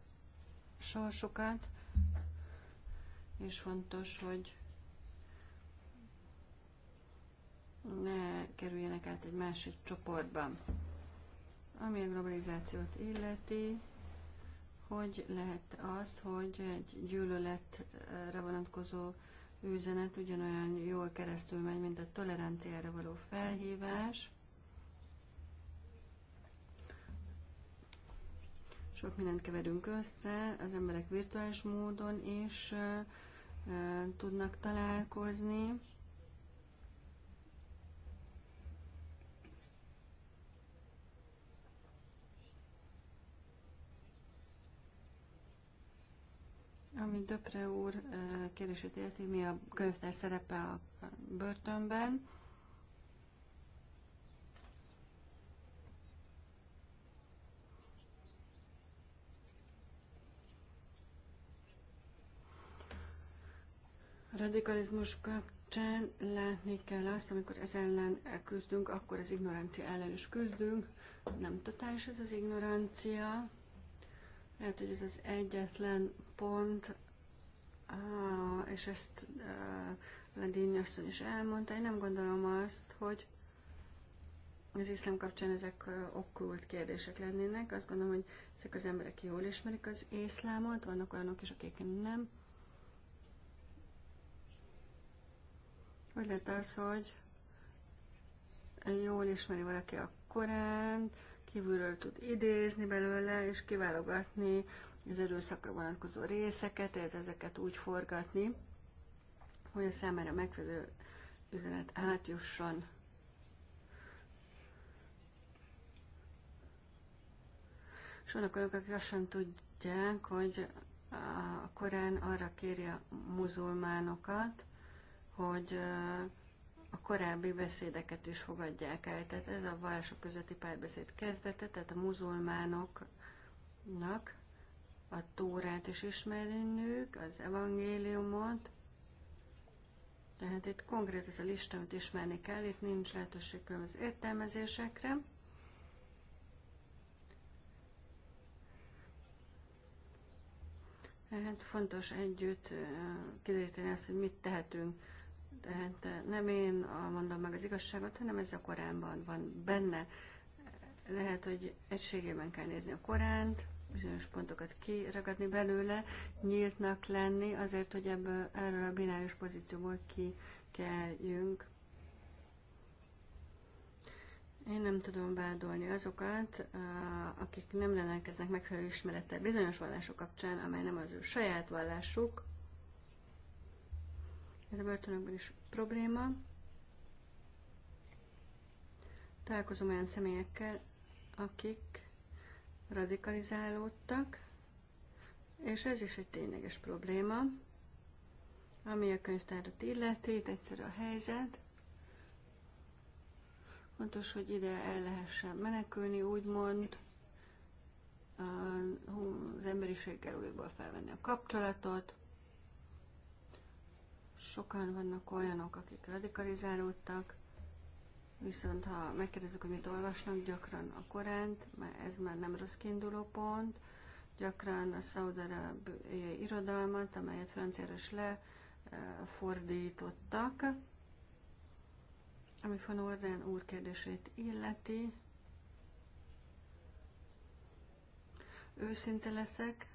sorsukat, és fontos, hogy ne kerüljenek át egy másik csoportba. Ami a globalizációt illeti, hogy lehet az, hogy egy gyűlöletre vonatkozó üzenet ugyanolyan jól keresztül megy, mint a toleranciára való felhívás. Sok mindent keverünk össze, az emberek virtuális módon is uh, tudnak találkozni. Ami Döpre úr kérdését érti, mi a könyvtár szerepe a börtönben. A radikalizmus kapcsán látni kell azt, amikor ez ellen küzdünk, akkor az ignorancia ellen is küzdünk. Nem totális ez az ignorancia. Lehet, hogy ez az egyetlen pont, és ezt Ledény asszony is elmondta, én nem gondolom azt, hogy az iszlám kapcsán ezek okkult kérdések lennének. Azt gondolom, hogy ezek az emberek jól ismerik az iszlámot, vannak olyanok is, akik nem. Hogy lehet az, hogy jól ismeri valaki a Koránt, kívülről tud idézni belőle, és kiválogatni az erőszakra vonatkozó részeket, illetve ezeket úgy forgatni, hogy a számára megfelelő üzenet átjusson. És vannak olyanok, akik azt sem tudják, hogy a Korán arra kéri a muzulmánokat, hogy uh, a korábbi beszédeket is fogadják el. Tehát ez a vallások közötti párbeszéd kezdete, tehát a muzulmánoknak a Tórát is ismerniük, az evangéliumot. Tehát itt konkrét ez a lista, amit ismerni kell, itt nincs lehetőség az értelmezésekre. Hát fontos együtt eh, kideríteni azt, hogy mit tehetünk tehát eh, nem én mondom meg az igazságot, hanem ez a Koránban van benne. Lehet, hogy egységében kell nézni a Koránt, bizonyos pontokat kiragadni belőle, nyíltnak lenni, azért, hogy ebből, erről a bináris pozícióból kikeljünk. Én nem tudom vádolni azokat, eh, akik nem rendelkeznek megfelelő ismerettel bizonyos vallások kapcsán, amely nem az ő saját vallásuk, ez a börtönökben is probléma. Találkozom olyan személyekkel, akik radikalizálódtak, és ez is egy tényleges probléma, ami a könyvtárat illeti, itt egyszerű a helyzet. Fontos, hogy ide el lehessen menekülni, úgymond az emberiséggel újból felvenni a kapcsolatot, Sokan vannak olyanok, akik radikalizálódtak, viszont ha megkérdezzük, hogy mit olvasnak, gyakran a Koránt, mert ez már nem rossz kiinduló pont, gyakran a Szaudarab irodalmat, amelyet franciára is lefordítottak. Eh, Ami Van Orden úr kérdését illeti, őszinte leszek,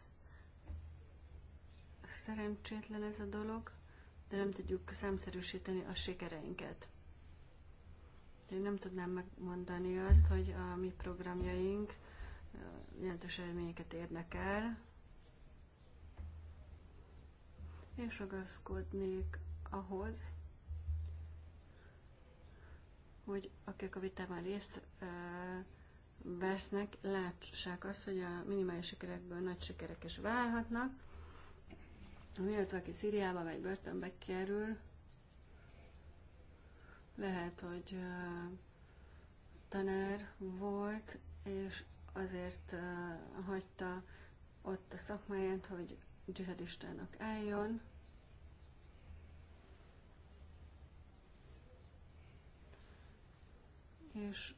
szerencsétlen ez a dolog de nem tudjuk számszerűsíteni a sikereinket. Én nem tudnám megmondani azt, hogy a mi programjaink jelentős eredményeket érnek el, és ragaszkodnék ahhoz, hogy akik a vitában részt vesznek, lássák azt, hogy a minimális sikerekből nagy sikerek is válhatnak, Miért aki Szíriába vagy börtönbe kerül, lehet, hogy tanár volt, és azért hagyta ott a szakmáját, hogy dzsihadistának álljon. És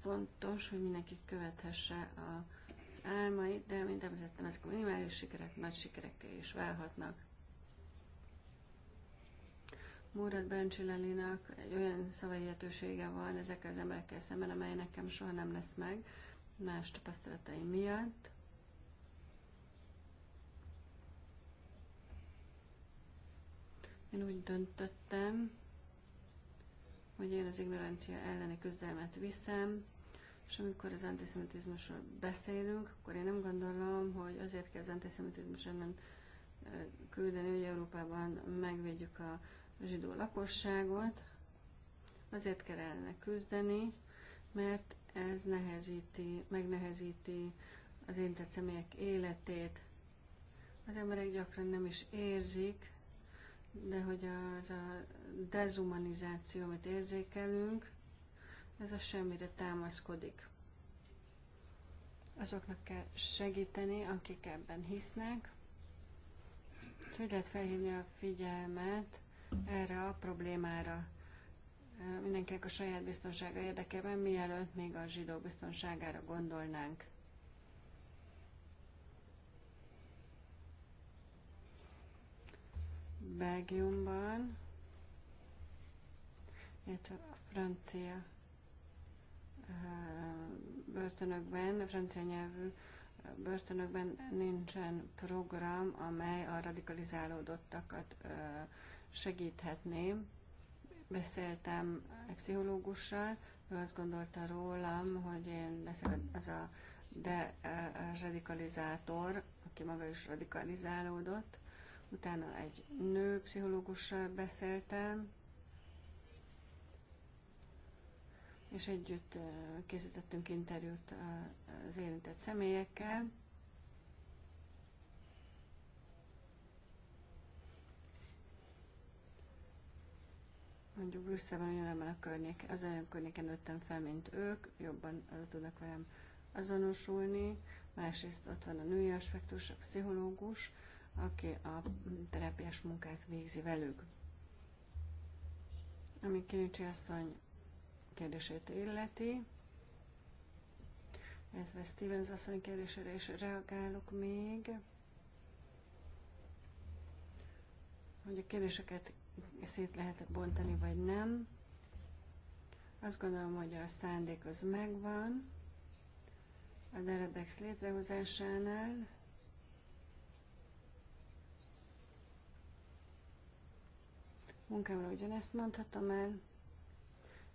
fontos, hogy mindenki követhesse a az álmai, de mint említettem, ezek a minimális sikerek nagy sikerekkel is válhatnak. Murad Bencsülelinak egy olyan szavahihetősége van ezekkel az emberekkel szemben, amely nekem soha nem lesz meg más tapasztalataim miatt. Én úgy döntöttem, hogy én az ignorancia elleni küzdelmet viszem, és amikor az antiszemitizmusról beszélünk, akkor én nem gondolom, hogy azért kell az antiszemitizmus ellen küldeni, hogy Európában megvédjük a zsidó lakosságot. Azért kell ellene küzdeni, mert ez nehezíti, megnehezíti az érintett személyek életét. Az emberek gyakran nem is érzik, de hogy az a dezumanizáció, amit érzékelünk, ez a semmire támaszkodik. Azoknak kell segíteni, akik ebben hisznek, hogy lehet felhívni a figyelmet erre a problémára. Mindenkinek a saját biztonsága érdekében, mielőtt még a zsidó biztonságára gondolnánk. Belgiumban, illetve a francia börtönökben, francia nyelvű börtönökben nincsen program, amely a radikalizálódottakat segíthetné. Beszéltem egy pszichológussal, ő azt gondolta rólam, hogy én leszek az a de radikalizátor, aki maga is radikalizálódott. Utána egy nő pszichológussal beszéltem, és együtt készítettünk interjút az érintett személyekkel. Mondjuk Brüsszelben ugyanebben a környék, az olyan környéken nőttem fel, mint ők, jobban tudnak velem azonosulni. Másrészt ott van a női aspektus, a pszichológus, aki a terápiás munkát végzi velük. Ami Kinicsi asszony kérdését illeti, illetve Stevens asszony kérdésére is reagálok még, hogy a kérdéseket szét lehet bontani, vagy nem. Azt gondolom, hogy a szándék az megvan a Deredex létrehozásánál. Munkámra ugyanezt mondhatom el.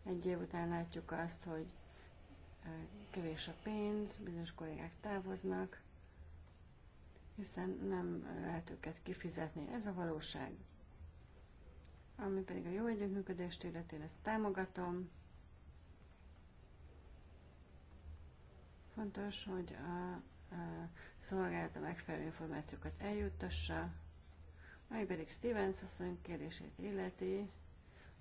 Egy év után látjuk azt, hogy kevés a pénz, bizonyos kollégák távoznak, hiszen nem lehet őket kifizetni. Ez a valóság. Ami pedig a jó együttműködést illeti, ezt támogatom. Fontos, hogy a, a szolgálat a megfelelő információkat eljuttassa, ami pedig Stevens asszony kérését illeti,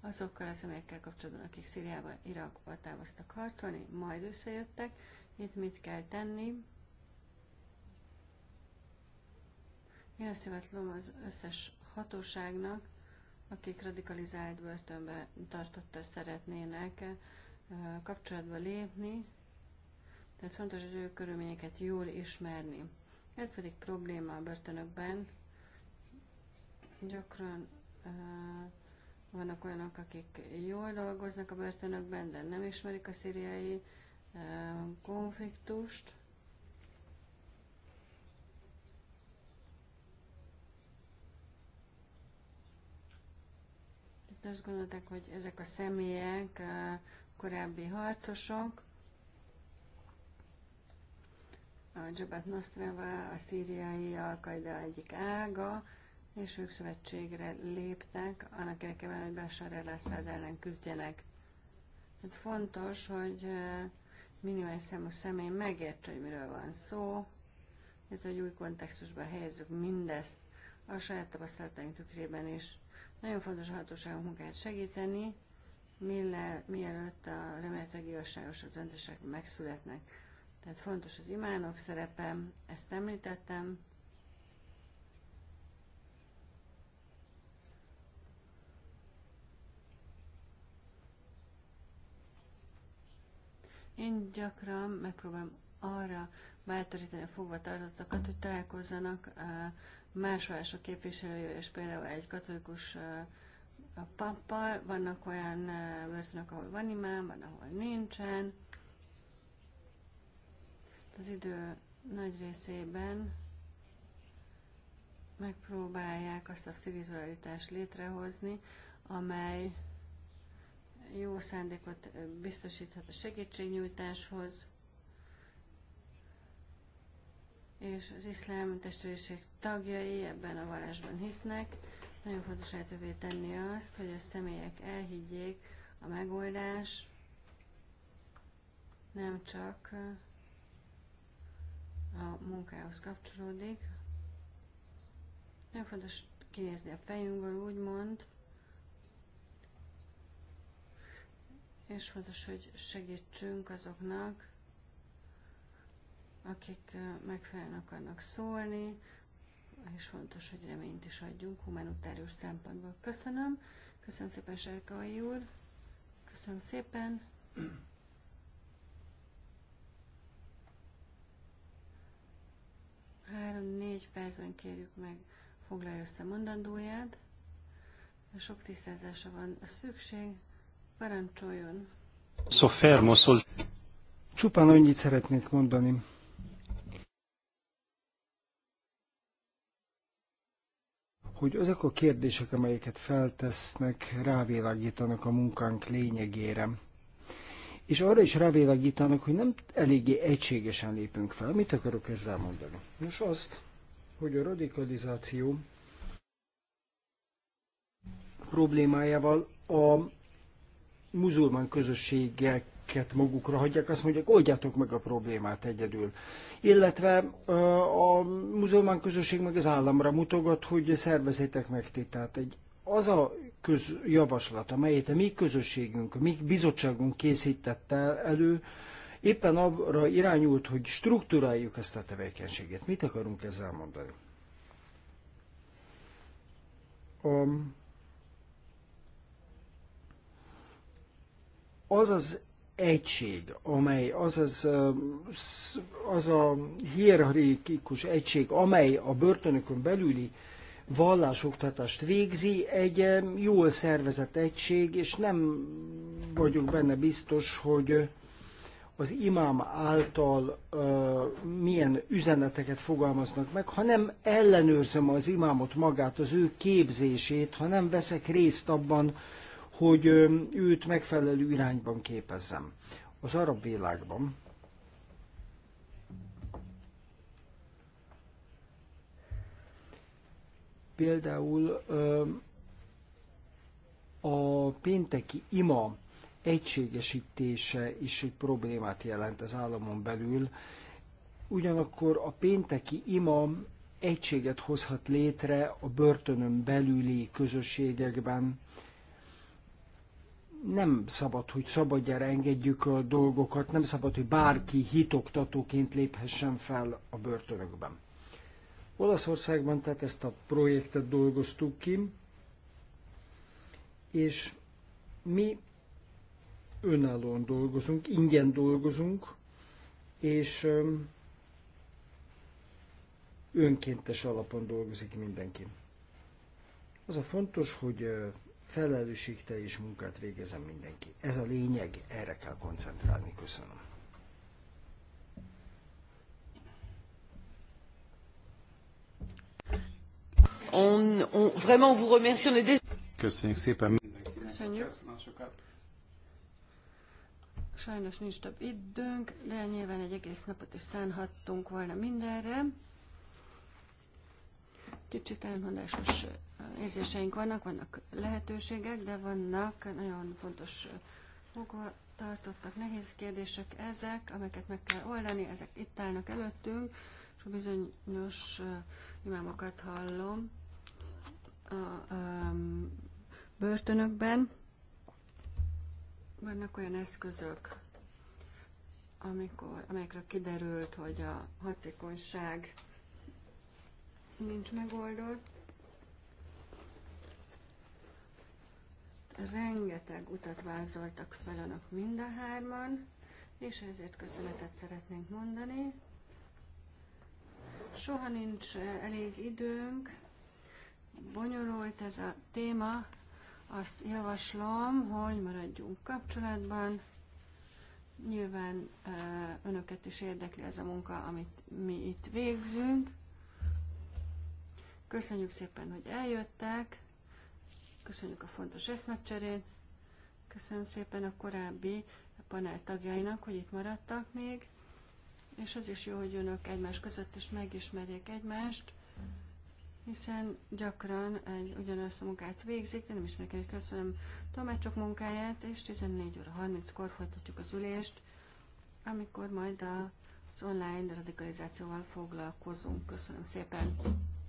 azokkal az emberekkel kapcsolatban, akik Szíriába, Irakba távoztak harcolni, majd összejöttek. Itt mit kell tenni? Én azt javatlom az összes hatóságnak, akik radikalizált börtönbe tartotta szeretnének kapcsolatba lépni, tehát fontos az ő körülményeket jól ismerni. Ez pedig probléma a börtönökben. Gyakran vannak olyanok, akik jól dolgoznak a börtönökben, de nem ismerik a szíriai konfliktust. Itt azt gondolták, hogy ezek a személyek a korábbi harcosok, a Jabhat Nostrava, a szíriai alkaida egyik ága, és ők szövetségre léptek, annak érdekében, hogy Bashar el ellen küzdjenek. Hát fontos, hogy minimális számú személy megértse, hogy miről van szó, illetve hogy új kontextusba helyezzük mindezt a saját tapasztalataink tükrében is. Nagyon fontos a hatóságunk munkáját segíteni, mielőtt a remélhetőleg igazságos az döntések megszületnek. Tehát fontos az imánok szerepe, ezt említettem, Én gyakran megpróbálom arra bátorítani a fogvatartottakat, hogy találkozzanak más vallások képviselői, és például egy katolikus pappal, vannak olyan börtönök, ahol van imám, van, ahol nincsen. Az idő nagy részében megpróbálják azt a szivizolaritást létrehozni, amely jó szándékot biztosíthat a segítségnyújtáshoz, és az iszlám testvériség tagjai ebben a vallásban hisznek. Nagyon fontos lehetővé tenni azt, hogy a személyek elhiggyék a megoldás, nem csak a munkához kapcsolódik. Nagyon fontos kinézni a fejünkből, úgymond, és fontos, hogy segítsünk azoknak, akik megfelelően akarnak szólni, és fontos, hogy reményt is adjunk humanitárius szempontból. Köszönöm. Köszönöm szépen, Serkai úr. Köszönöm szépen. Három-négy percben kérjük meg, foglalja össze mondandóját. Sok tisztázása van a szükség. Parancsoljon. Csupán annyit szeretnék mondani. hogy azok a kérdések, amelyeket feltesznek, rávilágítanak a munkánk lényegére. És arra is rávilágítanak, hogy nem eléggé egységesen lépünk fel. Mit akarok ezzel mondani? Nos azt, hogy a radikalizáció problémájával a muzulmán közösségeket magukra hagyják, azt mondják, oldjátok meg a problémát egyedül. Illetve a muzulmán közösség meg az államra mutogat, hogy szervezétek meg ti. Tehát egy, az a köz, javaslat, amelyet a mi közösségünk, a mi bizottságunk készítette elő, éppen arra irányult, hogy struktúráljuk ezt a tevékenységet. Mit akarunk ezzel mondani? Um, az az egység, amely az, az, az a hierarchikus egység, amely a börtönökön belüli vallásoktatást végzi, egy jól szervezett egység, és nem vagyok benne biztos, hogy az imám által uh, milyen üzeneteket fogalmaznak meg, ha nem ellenőrzöm az imámot magát, az ő képzését, ha nem veszek részt abban, hogy őt megfelelő irányban képezzem. Az arab világban például a pénteki ima egységesítése is egy problémát jelent az államon belül, ugyanakkor a pénteki ima egységet hozhat létre a börtönön belüli közösségekben, nem szabad, hogy szabadjára engedjük a dolgokat, nem szabad, hogy bárki hitoktatóként léphessen fel a börtönökben. Olaszországban tehát ezt a projektet dolgoztuk ki, és mi önállóan dolgozunk, ingyen dolgozunk, és önkéntes alapon dolgozik mindenki. Az a fontos, hogy felelősségteljes munkát végezem mindenki. Ez a lényeg, erre kell koncentrálni. Köszönöm. On, on, vraiment vous remercie. On est des... Köszönjük szépen mindenkinek. Köszönjük. Sajnos nincs több időnk, de nyilván egy egész napot is szánhattunk volna mindenre. Kicsit elmondásos érzéseink vannak, vannak lehetőségek, de vannak nagyon fontos fogva tartottak nehéz kérdések ezek, amelyeket meg kell oldani, ezek itt állnak előttünk, és bizonyos uh, imámokat hallom a um, börtönökben. Vannak olyan eszközök, amikor, amelyekről kiderült, hogy a hatékonyság nincs megoldott. Rengeteg utat vázoltak fel önök mind a hárman, és ezért köszönetet szeretnénk mondani. Soha nincs eh, elég időnk, bonyolult ez a téma, azt javaslom, hogy maradjunk kapcsolatban. Nyilván eh, önöket is érdekli ez a munka, amit mi itt végzünk. Köszönjük szépen, hogy eljöttek. Köszönjük a fontos eszmecserén. Köszönöm szépen a korábbi panel tagjainak, hogy itt maradtak még. És az is jó, hogy önök egymás között is megismerjék egymást, hiszen gyakran egy ugyanazt a munkát végzik, de nem is el. Köszönöm Tomácsok munkáját, és 14 óra 30-kor folytatjuk az ülést, amikor majd az online radikalizációval foglalkozunk. Köszönöm szépen!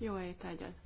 Jó étvágyat!